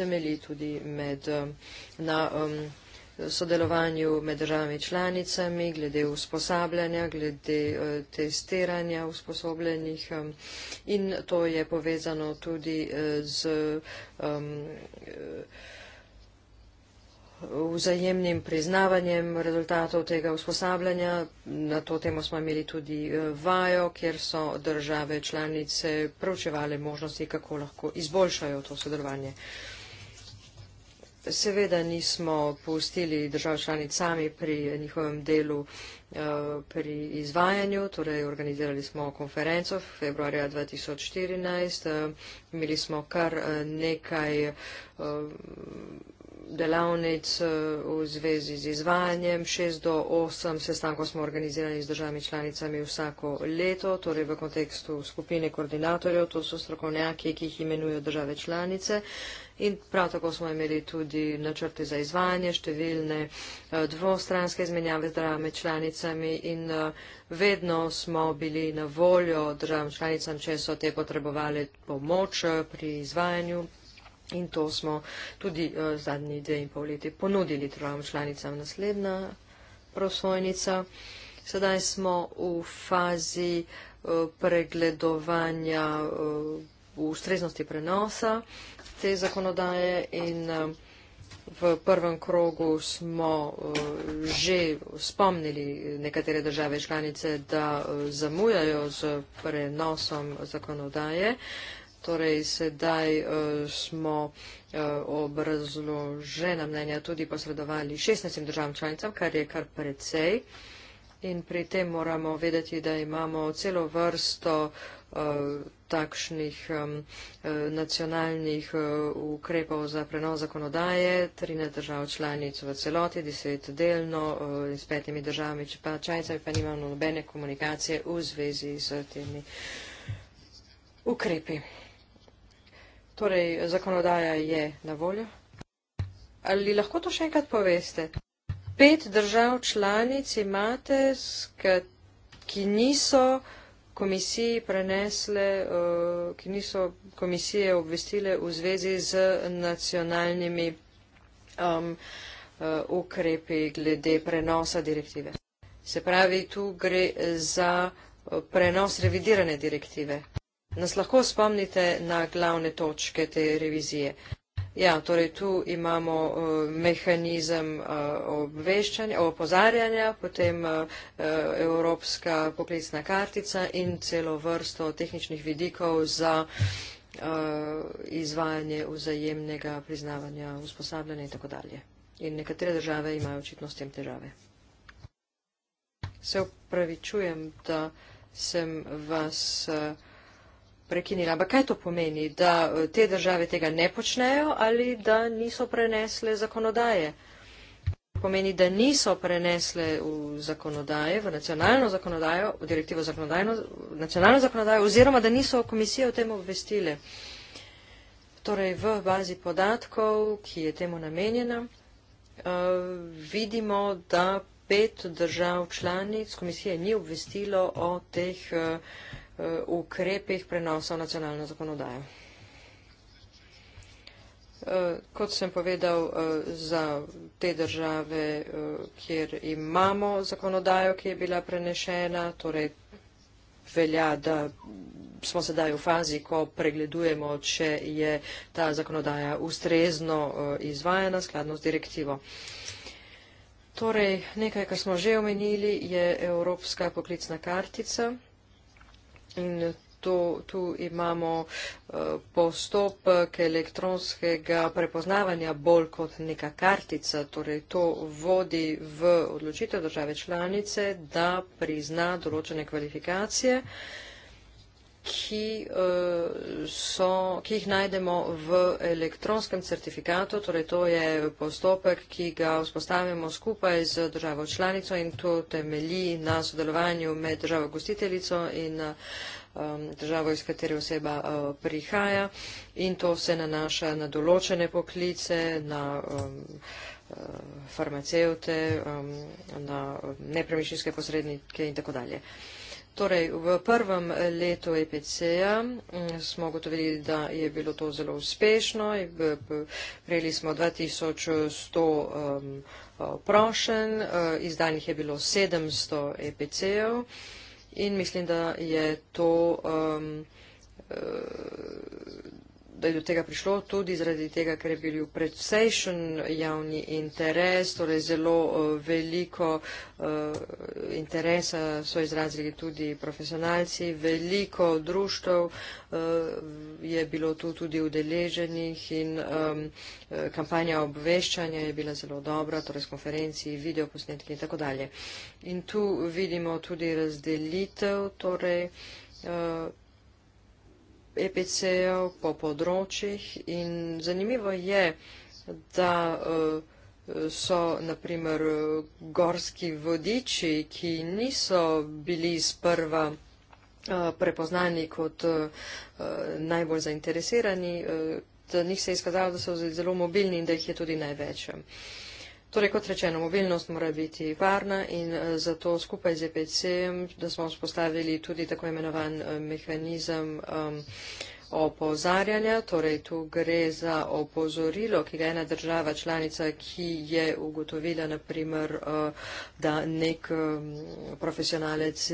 temeli tudi med, eh, na um, sodelovanju med državami članicami, glede usposabljanja, glede uh, testiranja usposobljenih um, in to je povezano tudi uh, z. Um, uh, vzajemnim priznavanjem rezultatov tega usposabljanja. Na to temo smo imeli tudi eh, vajo, kjer so države članice preučevali možnosti, kako lahko izboljšajo to sodelovanje. Seveda nismo pustili držav članic sami pri njihovem delu eh, pri izvajanju, torej organizirali smo konferenco v februarja 2014, eh, imeli smo kar nekaj delavnic eh, v zvezi z izvajanjem. 6 do 8 sestankov smo organizirali z državami članicami vsako leto, torej v kontekstu skupine koordinatorjev, to so strokovnjaki, ki jih imenujejo države članice. In prav tako smo imeli tudi načrte za izvajanje, številne eh, dvostranske izmenjave z državami članicami in eh, vedno smo bili na voljo državam članicam, če so te potrebovali pomoč pri izvajanju in to smo tudi uh, zadnji dve in pol leti ponudili državam članicam. Naslednja prosojnica. Sedaj smo v fazi uh, pregledovanja uh, ustreznosti prenosa te zakonodaje in uh, v prvem krogu smo uh, že spomnili nekatere države članice, da uh, zamujajo z prenosom zakonodaje. Uh, Torej, sedaj uh, smo uh, obrazložena mnenja tudi posredovali 16 državam članicam, kar je kar precej. In pri tem moramo vedeti, da imamo celo vrsto uh, takšnih um, nacionalnih uh, ukrepov za prenos zakonodaje, 13 držav članic v celoti, 10 delno uh, in s petimi državami pa, članicami, pa nimamo nobene komunikacije v zvezi s temi ukrepi. Torej, zakonodaja je na voljo. Ali lahko to še enkrat poveste? Pet držav članic imate, ki niso komisiji prenesle, uh, ki niso komisije obvestile v zvezi z nacionalnimi um, uh, ukrepi glede prenosa direktive. Se pravi, tu gre za uh, prenos revidirane direktive nas lahko spomnite na glavne točke te revizije. Ja, torej tu imamo uh, mehanizem uh, obveščanja, opozarjanja, potem uh, evropska poklicna kartica in celo vrsto tehničnih vidikov za uh, izvajanje vzajemnega priznavanja usposabljanja itd. In nekatere države imajo očitno s tem težave. Se upravičujem, da sem vas. Uh, prekinila. Ampak kaj to pomeni, da eh, te države tega ne počnejo ali da niso prenesle zakonodaje? Pomeni, da niso prenesle v zakonodaje, v nacionalno zakonodajo, v direktivo zakonodajno, nacionalno zakonodajo, oziroma da niso komisije o tem obvestile. Torej, v bazi podatkov, ki je temu namenjena, eh, vidimo, da pet držav članic komisije ni obvestilo o teh eh, uh, ukrepih prenosa v nacionalno zakonodajo. Uh, kot sem povedal, uh, za te države, uh, kjer imamo zakonodajo, ki je bila prenešena, torej velja, da smo sedaj v fazi, ko pregledujemo, če je ta zakonodaja ustrezno uh, izvajana skladno z direktivo. Torej, nekaj, kar smo že omenili, je Evropska poklicna kartica. In to, tu imamo eh, postopek elektronskega prepoznavanja bolj kot neka kartica, torej to vodi v odločitev države članice, da prizna določene kvalifikacije ki, eh, so, ki jih najdemo v elektronskem certifikatu. Torej, to je postopek, ki ga vzpostavimo skupaj z državo članico in to temelji na sodelovanju med državo gostiteljico in um, državo, iz katere oseba eh, prihaja in to se nanaša na določene poklice, na um, eh, farmaceute, um, na nepremičninske posrednike in tako dalje. Torej, v prvem letu EPC-ja mm, smo gotovili, da je bilo to zelo uspešno. Prejeli smo 2100 um, prošen, izdanih je bilo 700 EPC-jev in mislim, da je to. Um, da je do tega prišlo, tudi zaradi tega, ker je bil predvsejšen javni interes, torej zelo eh, veliko eh, interesa so izrazili tudi profesionalci, veliko društev eh, je bilo tu tudi udeleženih in kampanja obveščanja je bila zelo dobra, torej s konferenci, videoposnetki in tako dalje. In tu vidimo tudi razdelitev, torej EPC-jev, po področjih in zanimivo je, da eh, so, naprimer, gorski vodiči, ki niso bili sprva eh, prepoznani kot eh, najbolj zainteresirani, da njih se je izkazalo, da so zelo mobilni in da jih je tudi največ. Torej, kot rečeno, mobilnost mora biti varna in eh, zato skupaj z EPC-em, da smo vzpostavili tudi tako imenovan eh, mehanizem. Um, opozarjanja, torej tu gre za opozorilo, ki ga ena država članica, ki je ugotovila, naprimer, eh, da nek mm, profesionalec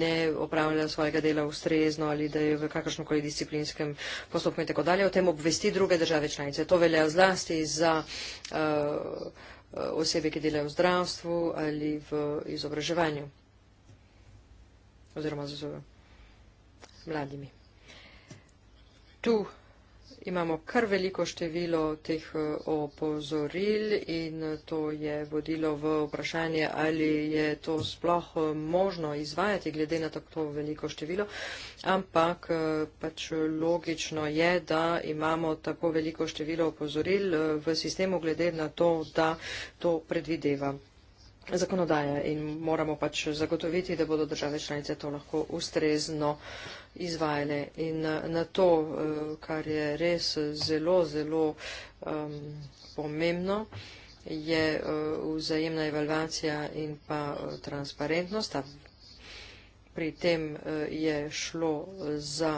ne opravlja svojega dela ustrezno ali da je v kakršnokoli disciplinskem postopku in tako dalje, o tem obvesti druge države članice. To velja zlasti za eh, osebe, ki delajo v zdravstvu ali v izobraževanju oziroma z mladimi tu imamo kar veliko število teh eh, opozoril in eh, to je vodilo v vprašanje, ali je to sploh eh, možno izvajati glede na tako veliko število, ampak pač logično je, da imamo tako veliko število opozoril v sistemu glede na to, da to predvideva zakonodaja in moramo pač zagotoviti, da bodo države članice to lahko ustrezno uh, izvajale. In na, na to, eh, kar je res zelo, zelo um, pomembno, je eh, vzajemna evalvacija in pa eh, transparentnost. Pri tem je šlo za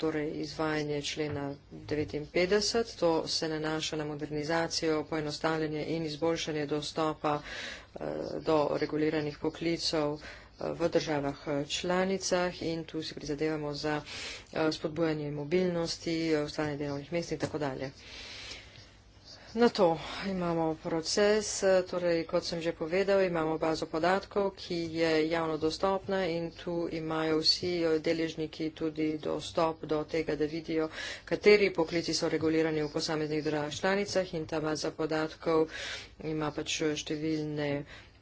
torej, izvajanje člena 59, to se nanaša na modernizacijo, poenostavljanje in izboljšanje dostopa do reguliranih poklicov v državah eh, članicah in tu si prizadevamo za eh, spodbujanje mobilnosti, eh, ustvarjanje delovnih mest in tako dalje. Na to imamo proces, torej kot sem že povedal, imamo bazo podatkov, ki je javno dostopna in tu imajo vsi deležniki tudi dostop do tega, da vidijo, kateri poklici so regulirani v posameznih državah članicah in ta baza podatkov ima pač številne.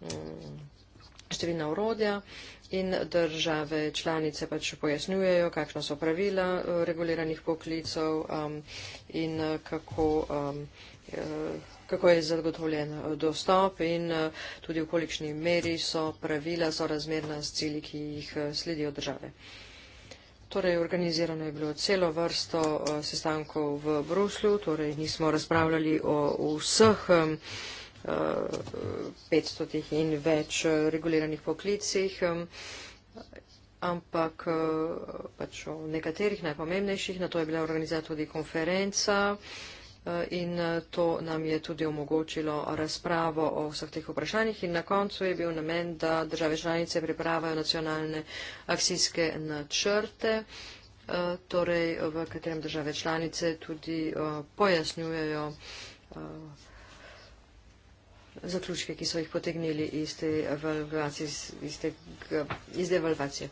Mm, številna urodja in države članice pač pojasnjujejo, kakšna so pravila eh, reguliranih poklicov um, in eh, kako, um, eh, kako je zagotovljen dostop in tudi v kolikšni meri so pravila sorazmerna s cilji, ki jih sledijo države. Torej, organizirano je bilo celo vrsto sestankov v Bruslju, torej nismo razpravljali o vseh um, 500 in več eh, reguliranih poklicih, ampak eh, pač o nekaterih najpomembnejših. Na to je bila organizirana tudi konferenca eh, in to nam je tudi omogočilo razpravo o vseh teh vprašanjih in na koncu je bil namen, da države članice pripravajo nacionalne akcijske načrte, torej v katerem države članice tudi pojasnjujejo zaključke, ki so jih potegnili iz te evalvacije. Iz te, iz evalvacije.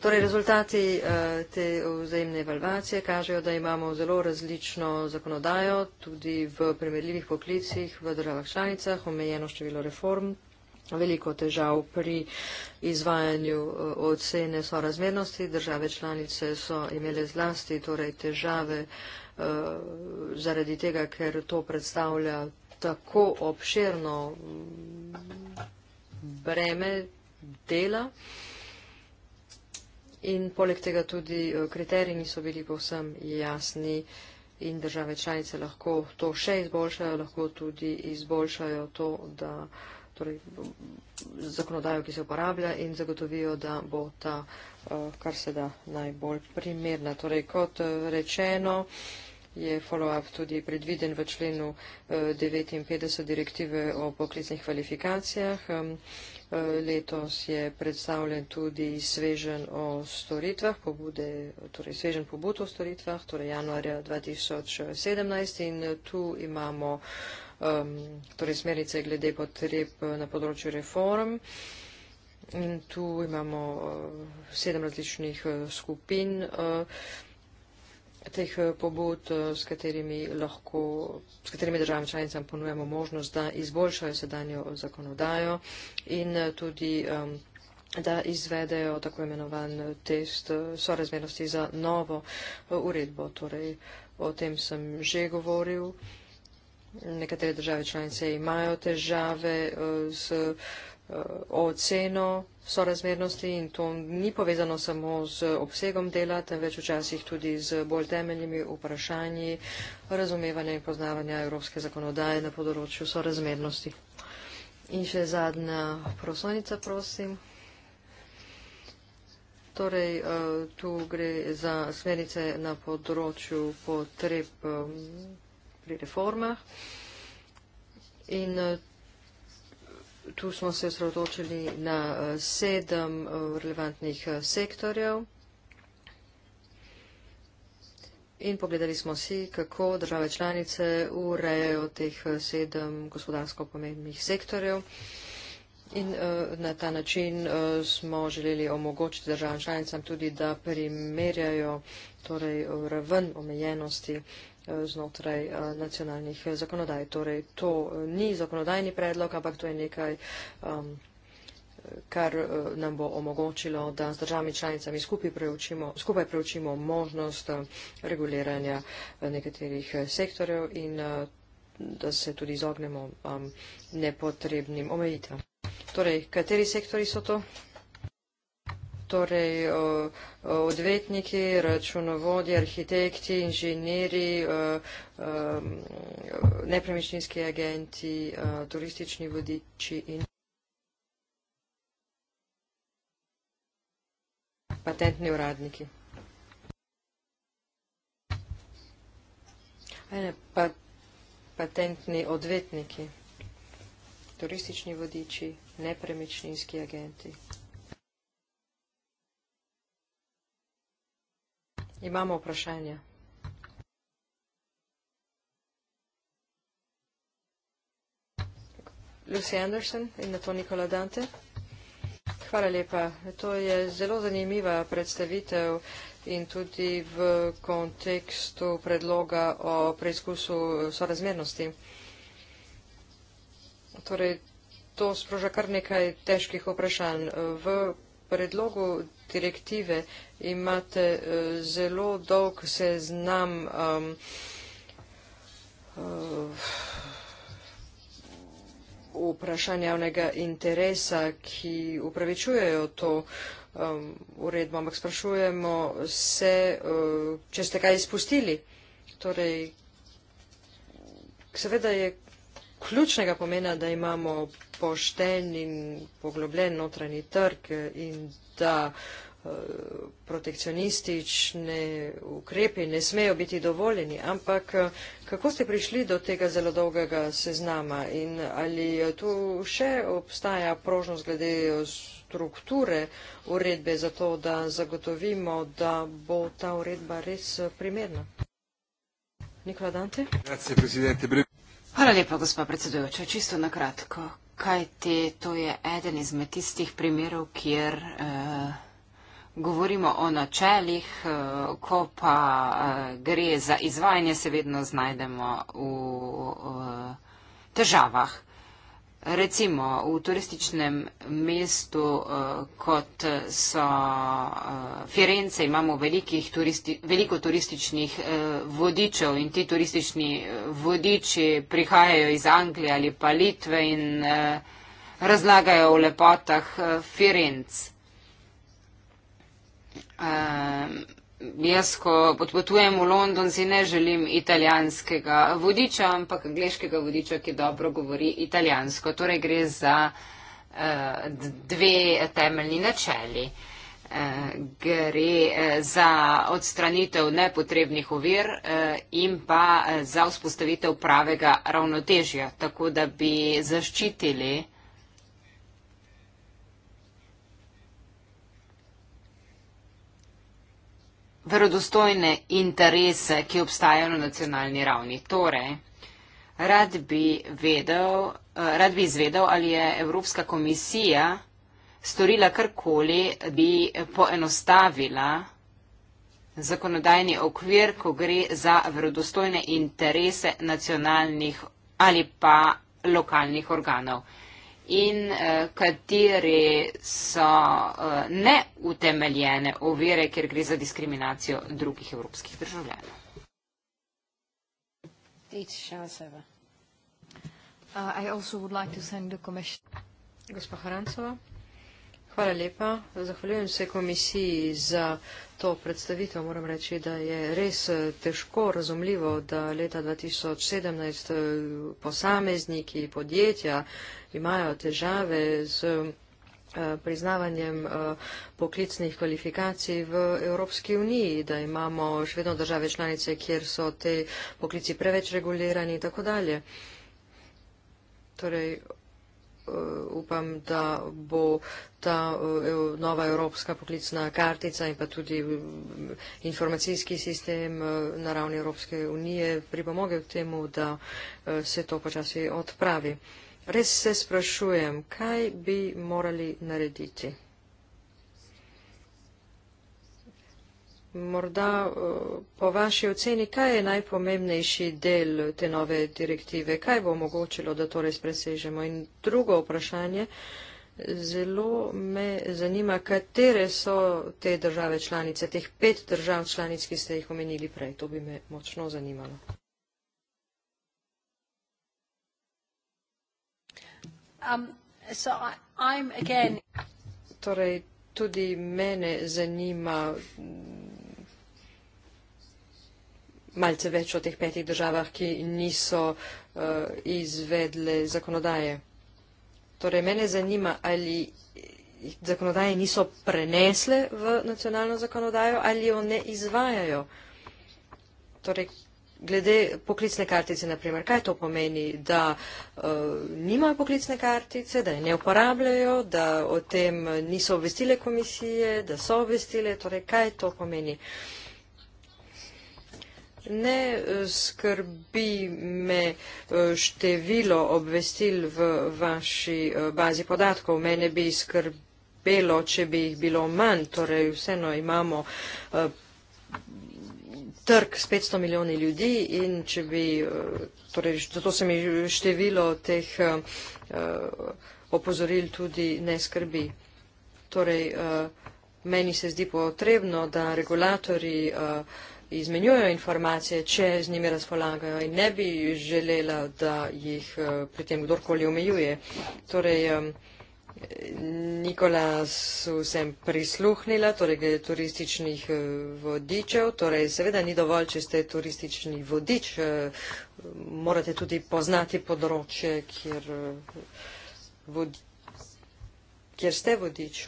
Torej, rezultati eh, te vzajemne evalvacije kažejo, da imamo zelo različno zakonodajo, tudi v primerljivih poklicih v državah članicah, omejeno število reform, veliko težav pri izvajanju eh, ocene sorazmernosti. Države članice so imele zlasti torej, težave eh, zaradi tega, ker to predstavlja tako obširno mm, breme dela. In poleg tega tudi eh, kriteriji niso bili povsem jasni in države članice lahko to še izboljšajo, lahko tudi izboljšajo to, da torej, zakonodajo, ki se uporablja in zagotovijo, da bo ta eh, kar se da najbolj primerna. Torej, kot eh, rečeno, je follow-up tudi predviden v členu 59 eh, direktive o poklicnih kvalifikacijah. Eh, letos je predstavljen tudi svežen o storitvah, pobude, torej svežen pobud o storitvah, torej januarja 2017 in eh, tu imamo torej smernice glede potreb na področju reform. In tu imamo sedem različnih skupin teh eh, pobud, eh, s katerimi, lahko, s katerimi državam članicam ponujemo možnost, da izboljšajo sedanjo zakonodajo in eh, tudi da izvedejo tako imenovan test sorazmernosti za novo uredbo. Torej, o tem sem že govoril. Nekatere države članice imajo težave z uh, oceno sorazmernosti in to ni povezano samo z obsegom dela, temveč včasih tudi z bolj temeljnimi vprašanji razumevanja in poznavanja evropske zakonodaje na področju sorazmernosti. In še zadnja prosonica, prosim. Torej, eh, tu gre za smernice na področju potreb eh, pri reformah. In eh, Tu smo se sredočili na eh, sedem eh, relevantnih eh, sektorjev in pogledali smo si, kako države članice urejo teh sedem gospodarsko pomembnih sektorjev. In uh, na ta način uh, smo želeli omogočiti državam članicam tudi, da primerjajo torej, raven omejenosti uh, znotraj eh, nacionalnih eh, zakonodaj. Torej, to eh, ni zakonodajni predlog, ampak to je nekaj, um, kar nam bo omogočilo, da z državami članicami skupaj preučimo, skupaj preučimo možnost reguliranja nekaterih sektorjev in da se tudi izognemo um, nepotrebnim omejitvam. Torej, kateri sektori so to? torej odvetniki, računovodje, arhitekti, inženiri, nepremičninski agenti, turistični vodiči in patentni uradniki. Ene, pa, patentni odvetniki, turistični vodiči, nepremičninski agenti. Imamo vprašanje. Lucy Anderson in na to Nikola Dante. Hvala lepa. To je zelo zanimiva predstavitev in tudi v kontekstu predloga o preizkusu sorazmernosti. Torej, to sproža kar nekaj težkih vprašanj. V predlogu direktive, imate eh, zelo dolg seznam um, eh, vprašanja javnega interesa, ki upravičujejo to um, uredbo, ampak sprašujemo se, uh, če ste kaj izpustili. Torej, seveda je ključnega pomena, da imamo pošten in poglobljen notranji trg in da eh, protekcionistične ukrepe ne smejo biti dovoljeni, ampak eh, kako ste prišli do tega zelo dolgega seznama in ali tu še obstaja prožnost glede strukture uredbe za to, da zagotovimo, da bo ta uredba res primerna? Nikola Dante? Grazie, Hvala lepa, gospa predsedujoča. Čisto na kratko. Kaj te, to je eden izmed tistih primerov, kjer eh, govorimo o načeljih, eh, ko pa eh, gre za izvajanje, se vedno znajdemo v, v, eh, v težavah recimo v turističnem mestu eh, kot so eh, Firence, imamo turisti, veliko turističnih eh, vodičev in ti turistični vodiči prihajajo iz Anglije ali pa Litve in razlagajo o lepotah Firence jaz, ko potujem v London, si ne želim italijanskega vodiča, ampak angliškega vodiča, ki dobro govori italijansko. Torej gre za uh, dve temeljni načeli. Eh, gre eh, za odstranitev nepotrebnih ovir in pa za vzpostavitev pravega ravnotežja, tako da bi zaščitili verodostojne interese, ki obstajajo na nacionalni ravni. Torej, rad bi, vedel, eh, rad bi izvedel, ali je Evropska komisija storila karkoli, bi poenostavila zakonodajni okvir, ko gre za verodostojne interese nacionalnih ali pa lokalnih organov in uh, kateri so uh, neutemeljene ovire, ker gre za diskriminacijo drugih evropskih državljanov. Uh, Gospa Hrancova. Hvala lepa. Zahvaljujem se komisiji za to predstavitev. Moram reči, da je res eh, težko razumljivo, da leta 2017 eh, posamezniki, podjetja imajo težave z eh, priznavanjem poklicnih kvalifikacij v Evropski uniji, da imamo še vedno države članice, kjer so te poklici preveč regulirani in tako dalje. Torej, Eh, upam, da bo ta eh, nova evropska poklicna kartica in pa tudi mm, informacijski sistem eh, na ravni Evropske unije pripomoge k temu, da se to počasi odpravi. Res se sprašujem, kaj bi morali narediti? Morda eh, po vaši oceni, kaj je najpomembnejši del te nove direktive, kaj bo omogočilo, da torej spresežemo? In drugo vprašanje, zelo me zanima, katere so te države članice, teh pet držav članic, ki ste jih omenili prej. To bi me močno zanimalo. Um, so I'm again... Torej, tudi mene zanima malce več o teh petih državah, ki niso uh, izvedle zakonodaje. Torej, mene zanima, ali zakonodaje niso prenesle v nacionalno zakonodajo ali jo ne izvajajo. Torej, glede poklicne kartice, naprimer, kaj to pomeni, da uh, nimajo poklicne kartice, da je ne uporabljajo, da o tem niso obvestile komisije, da so obvestile, torej, kaj to pomeni. Uh, ne eh, skrbi me eh, število obvestil v vaši eh, bazi podatkov, mene bi skrbelo, če bi jih bilo manj, torej vseeno imamo trg s 500 milijoni ljudi in če bi, torej zato se mi število teh opozoril tudi ne skrbi. Torej, meni se zdi potrebno, da regulatori uh, izmenjujejo informacije, če z njimi razpolagajo in ne bi želela, da jih eh, pri tem kdorkoli omejuje. Torej, Nikola so sem prisluhnila, torej glede turističnih eh, vodičev, torej seveda ni dovolj, če ste turistični vodič, eh, morate tudi poznati področje, kjer, vodi, kjer ste vodič.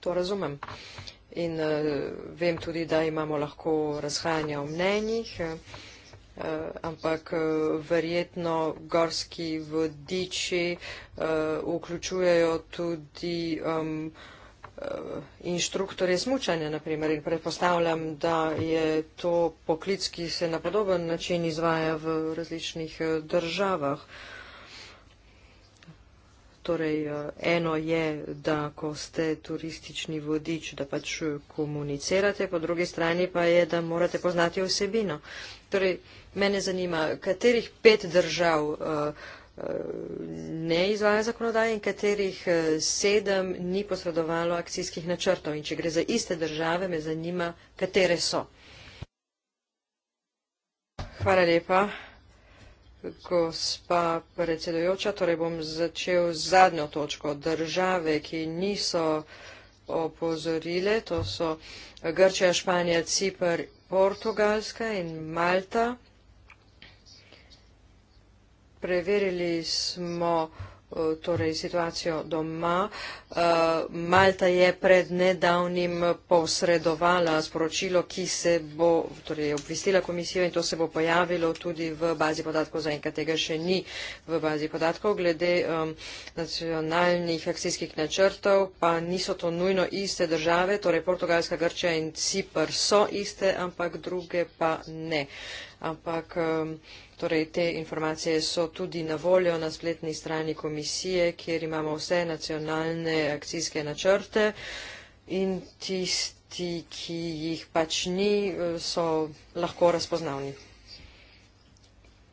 To razumem. Uh, in eh, vem tudi, da imamo lahko razhajanja v mnenjih, eh, ampak eh, verjetno gorski vodiči vključujejo tudi inštruktorje smučanja, naprimer, in predpostavljam, da je to poklic, ki se na podoben način izvaja v različnih državah. Torej, eh, eno je, da ko ste turistični vodič, da pač eh, komunicirate, po drugi strani pa je, da morate poznati osebino. Torej, mene zanima, katerih pet držav eh, ne izvaja zakonodaje in katerih sedem ni posredovalo akcijskih načrtov. In če gre za iste države, me zanima, katere so. Hvala lepa. Gospa predsedojoča, torej bom začel z zadnjo točko. Države, ki niso opozorile, to so Grčija, Španija, Cipr, Portugalska in Malta. Preverili smo Eh, torej situacijo doma. Eh, Malta je pred nedavnim posredovala sporočilo, ki se bo, torej je obvestila komisijo in to se bo pojavilo tudi v bazi podatkov, zaenkrat tega še ni v bazi podatkov, glede um, nacionalnih akcijskih načrtov, pa niso to nujno iste države, torej Portugalska, Grčija in Cipr so iste, ampak druge pa ne. Ampak um, Torej, te informacije so tudi na voljo na spletni strani komisije, kjer imamo vse nacionalne akcijske načrte in tisti, ki jih pač ni, so lahko razpoznavni.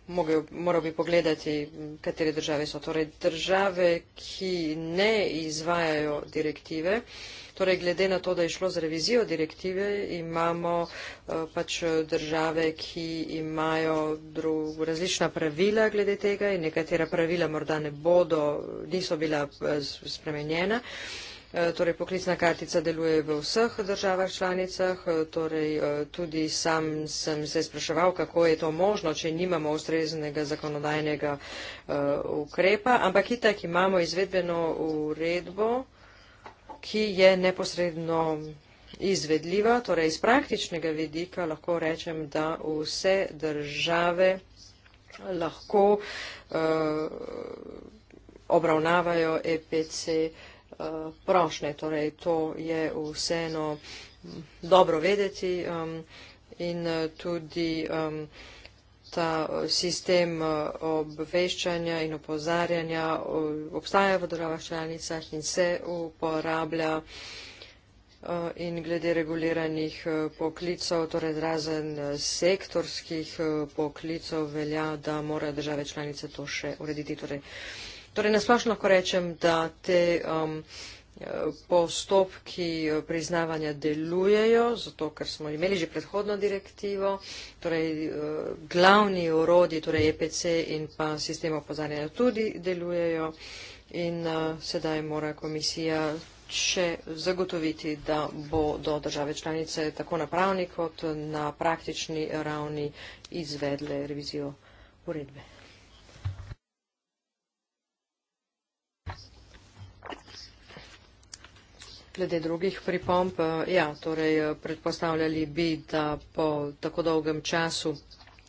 Mogel, moral bi pogledati, katere države so. Torej, države, ki ne izvajajo direktive, uh, Torej, glede na to, da je šlo z revizijo direktive, imamo eh, pač države, ki imajo drug, različna pravila glede tega in nekatera pravila morda ne bodo, niso bila eh, spremenjena. Eh, torej, poklicna kartica deluje v vseh državah članicah, torej, tudi sam sem se spraševal, kako je to možno, če nimamo ustreznega zakonodajnega uh, ukrepa, ampak itak imamo izvedbeno uredbo ki je neposredno izvedljiva, torej iz praktičnega vidika lahko rečem, da vse države lahko uh, obravnavajo EPC uh, eh, prošnje. Torej, to je vseeno dobro vedeti um, in tudi. Um, ta eh, sistem eh, obveščanja in opozarjanja eh, obstaja v državah članicah in se uporablja in glede reguliranih poklicov, torej razen sektorskih poklicov velja, da morajo države članice to še urediti. Torej, torej nasplošno lahko rečem, da te um, postopki eh, priznavanja delujejo, zato ker smo imeli že predhodno direktivo, torej eh, glavni urodi, torej EPC in pa sistem opozarjanja tudi delujejo in eh, sedaj mora komisija še zagotoviti, da bo do države članice tako na pravni kot na praktični ravni izvedle revizijo uredbe. Glede drugih pripomp, eh, ja, torej eh, predpostavljali bi, da po tako dolgem času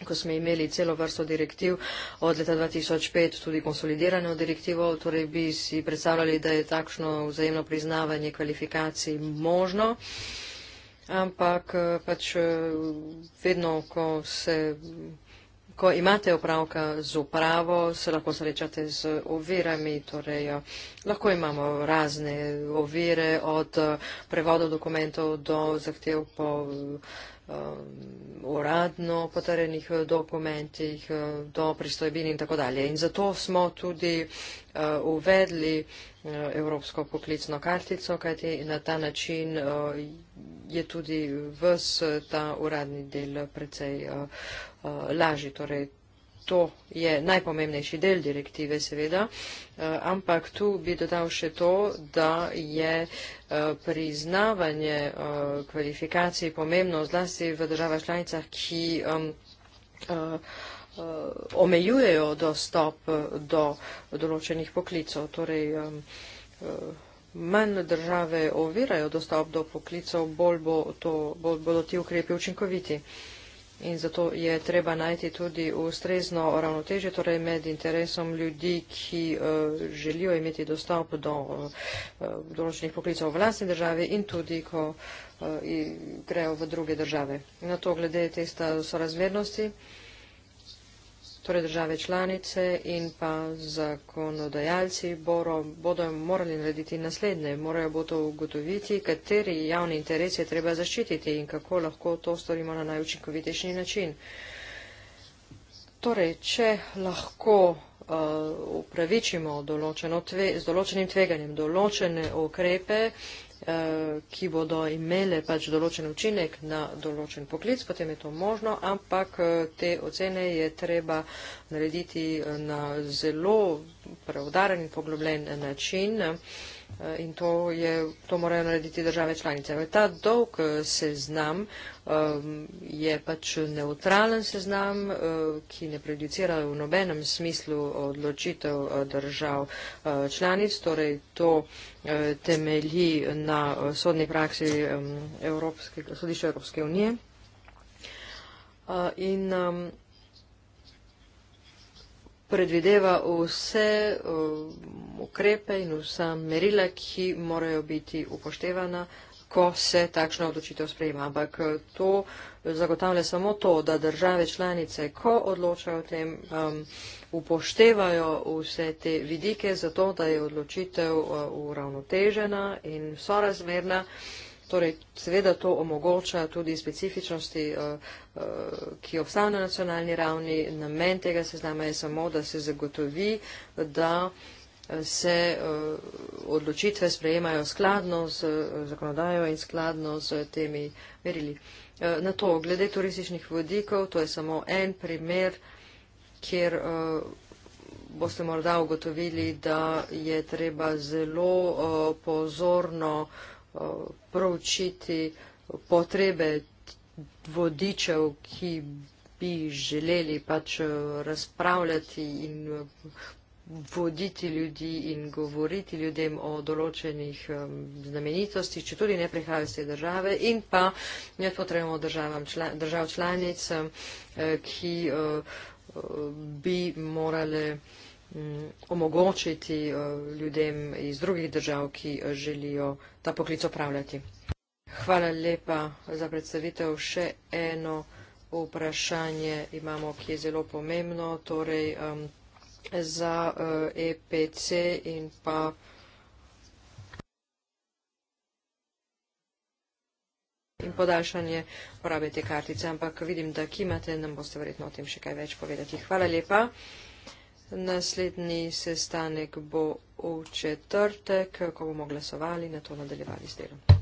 ko smo imeli celo vrsto direktiv od leta 2005, tudi konsolidirano direktivo, torej bi si predstavljali, da je takšno vzajemno priznavanje kvalifikacij možno, ampak eh, pač vedno, ko se ko imate opravka z upravo, se lahko srečate z ovirami, torej eh, lahko imamo razne ovire od eh, prevodov dokumentov do zahtev po eh, uradno potrjenih dokumentih do pristojbin in tako dalje. In zato smo tudi uvedli Evropsko poklicno kartico, kajti na ta način je tudi vs ta uradni del precej uh, Eh, lažji. Torej, to je najpomembnejši del direktive, seveda, eh, ampak tu bi dodal še to, da je eh, priznavanje kvalifikacij pomembno zlasti v državah članicah, ki omejujejo dostop do določenih poklicov. Torej, manj države ovirajo dostop do poklicov, bolj bodo bo ti ukrepi učinkoviti. Uh, In zato je treba najti tudi ustrezno ravnotežje torej med interesom ljudi, ki uh, želijo imeti dostop do uh, določenih poklicov v vlastni državi in tudi, ko uh, grejo v druge države. Na to glede testa sorazmernosti. Uh, torej države članice in pa zakonodajalci boro, bodo morali narediti naslednje. Morajo bodo ugotoviti, kateri javni interes je treba zaščititi in kako lahko to storimo na najučinkovitejši način. Torej, če lahko uh, upravičimo določeno tve, z določenim tveganjem določene ukrepe, uh, Eh, ki bodo imele pač določen učinek na določen poklic, potem je to možno, ampak eh, te ocene je treba narediti eh, na zelo preudaren in poglobljen način. Eh, in to, je, to morajo narediti države članice. Torej, ta dolg eh, seznam eh, je pač neutralen seznam, ki ne prejudicira v nobenem smislu odločitev držav članic, torej to temelji na sodni praksi Evropske, sodišče Evropske unije. In predvideva vse um, ukrepe in vsa merila, ki morajo biti upoštevana, ko se takšna odločitev sprejema. Ampak eh, to zagotavlja samo to, da države članice, ko odločajo o tem, um, upoštevajo vse te vidike, zato da je odločitev eh, uravnotežena in sorazmerna. Torej, seveda to omogoča tudi specifičnosti, eh, eh, ki obstajajo na nacionalni ravni. Namen tega seznama je samo, da se zagotovi, da eh, se odločitve sprejemajo skladno z zakonodajo in skladno z temi merili. Na to, glede turističnih vodikov, to je samo en primer, kjer boste morda ugotovili, da je treba zelo pozorno proučiti potrebe vodičev, ki bi želeli pač eh, razpravljati in eh, voditi ljudi in govoriti ljudem o določenih eh, znamenitostih, če tudi ne prihajajo iz te države in pa ne potrebujemo državam, čla, držav članic, ki bi morale Mm, omogočiti eh, ljudem iz drugih držav, ki eh, želijo ta poklic opravljati. Hvala lepa za predstavitev. Še eno vprašanje imamo, ki je zelo pomembno, torej za EPC eh, e in pa. In podaljšanje porabe te kartice, ampak vidim, da kimate, nam boste verjetno o tem še kaj več povedati. Hvala lepa. Naslednji sestanek bo v četrtek, ko bomo glasovali, na to nadaljevali s delom.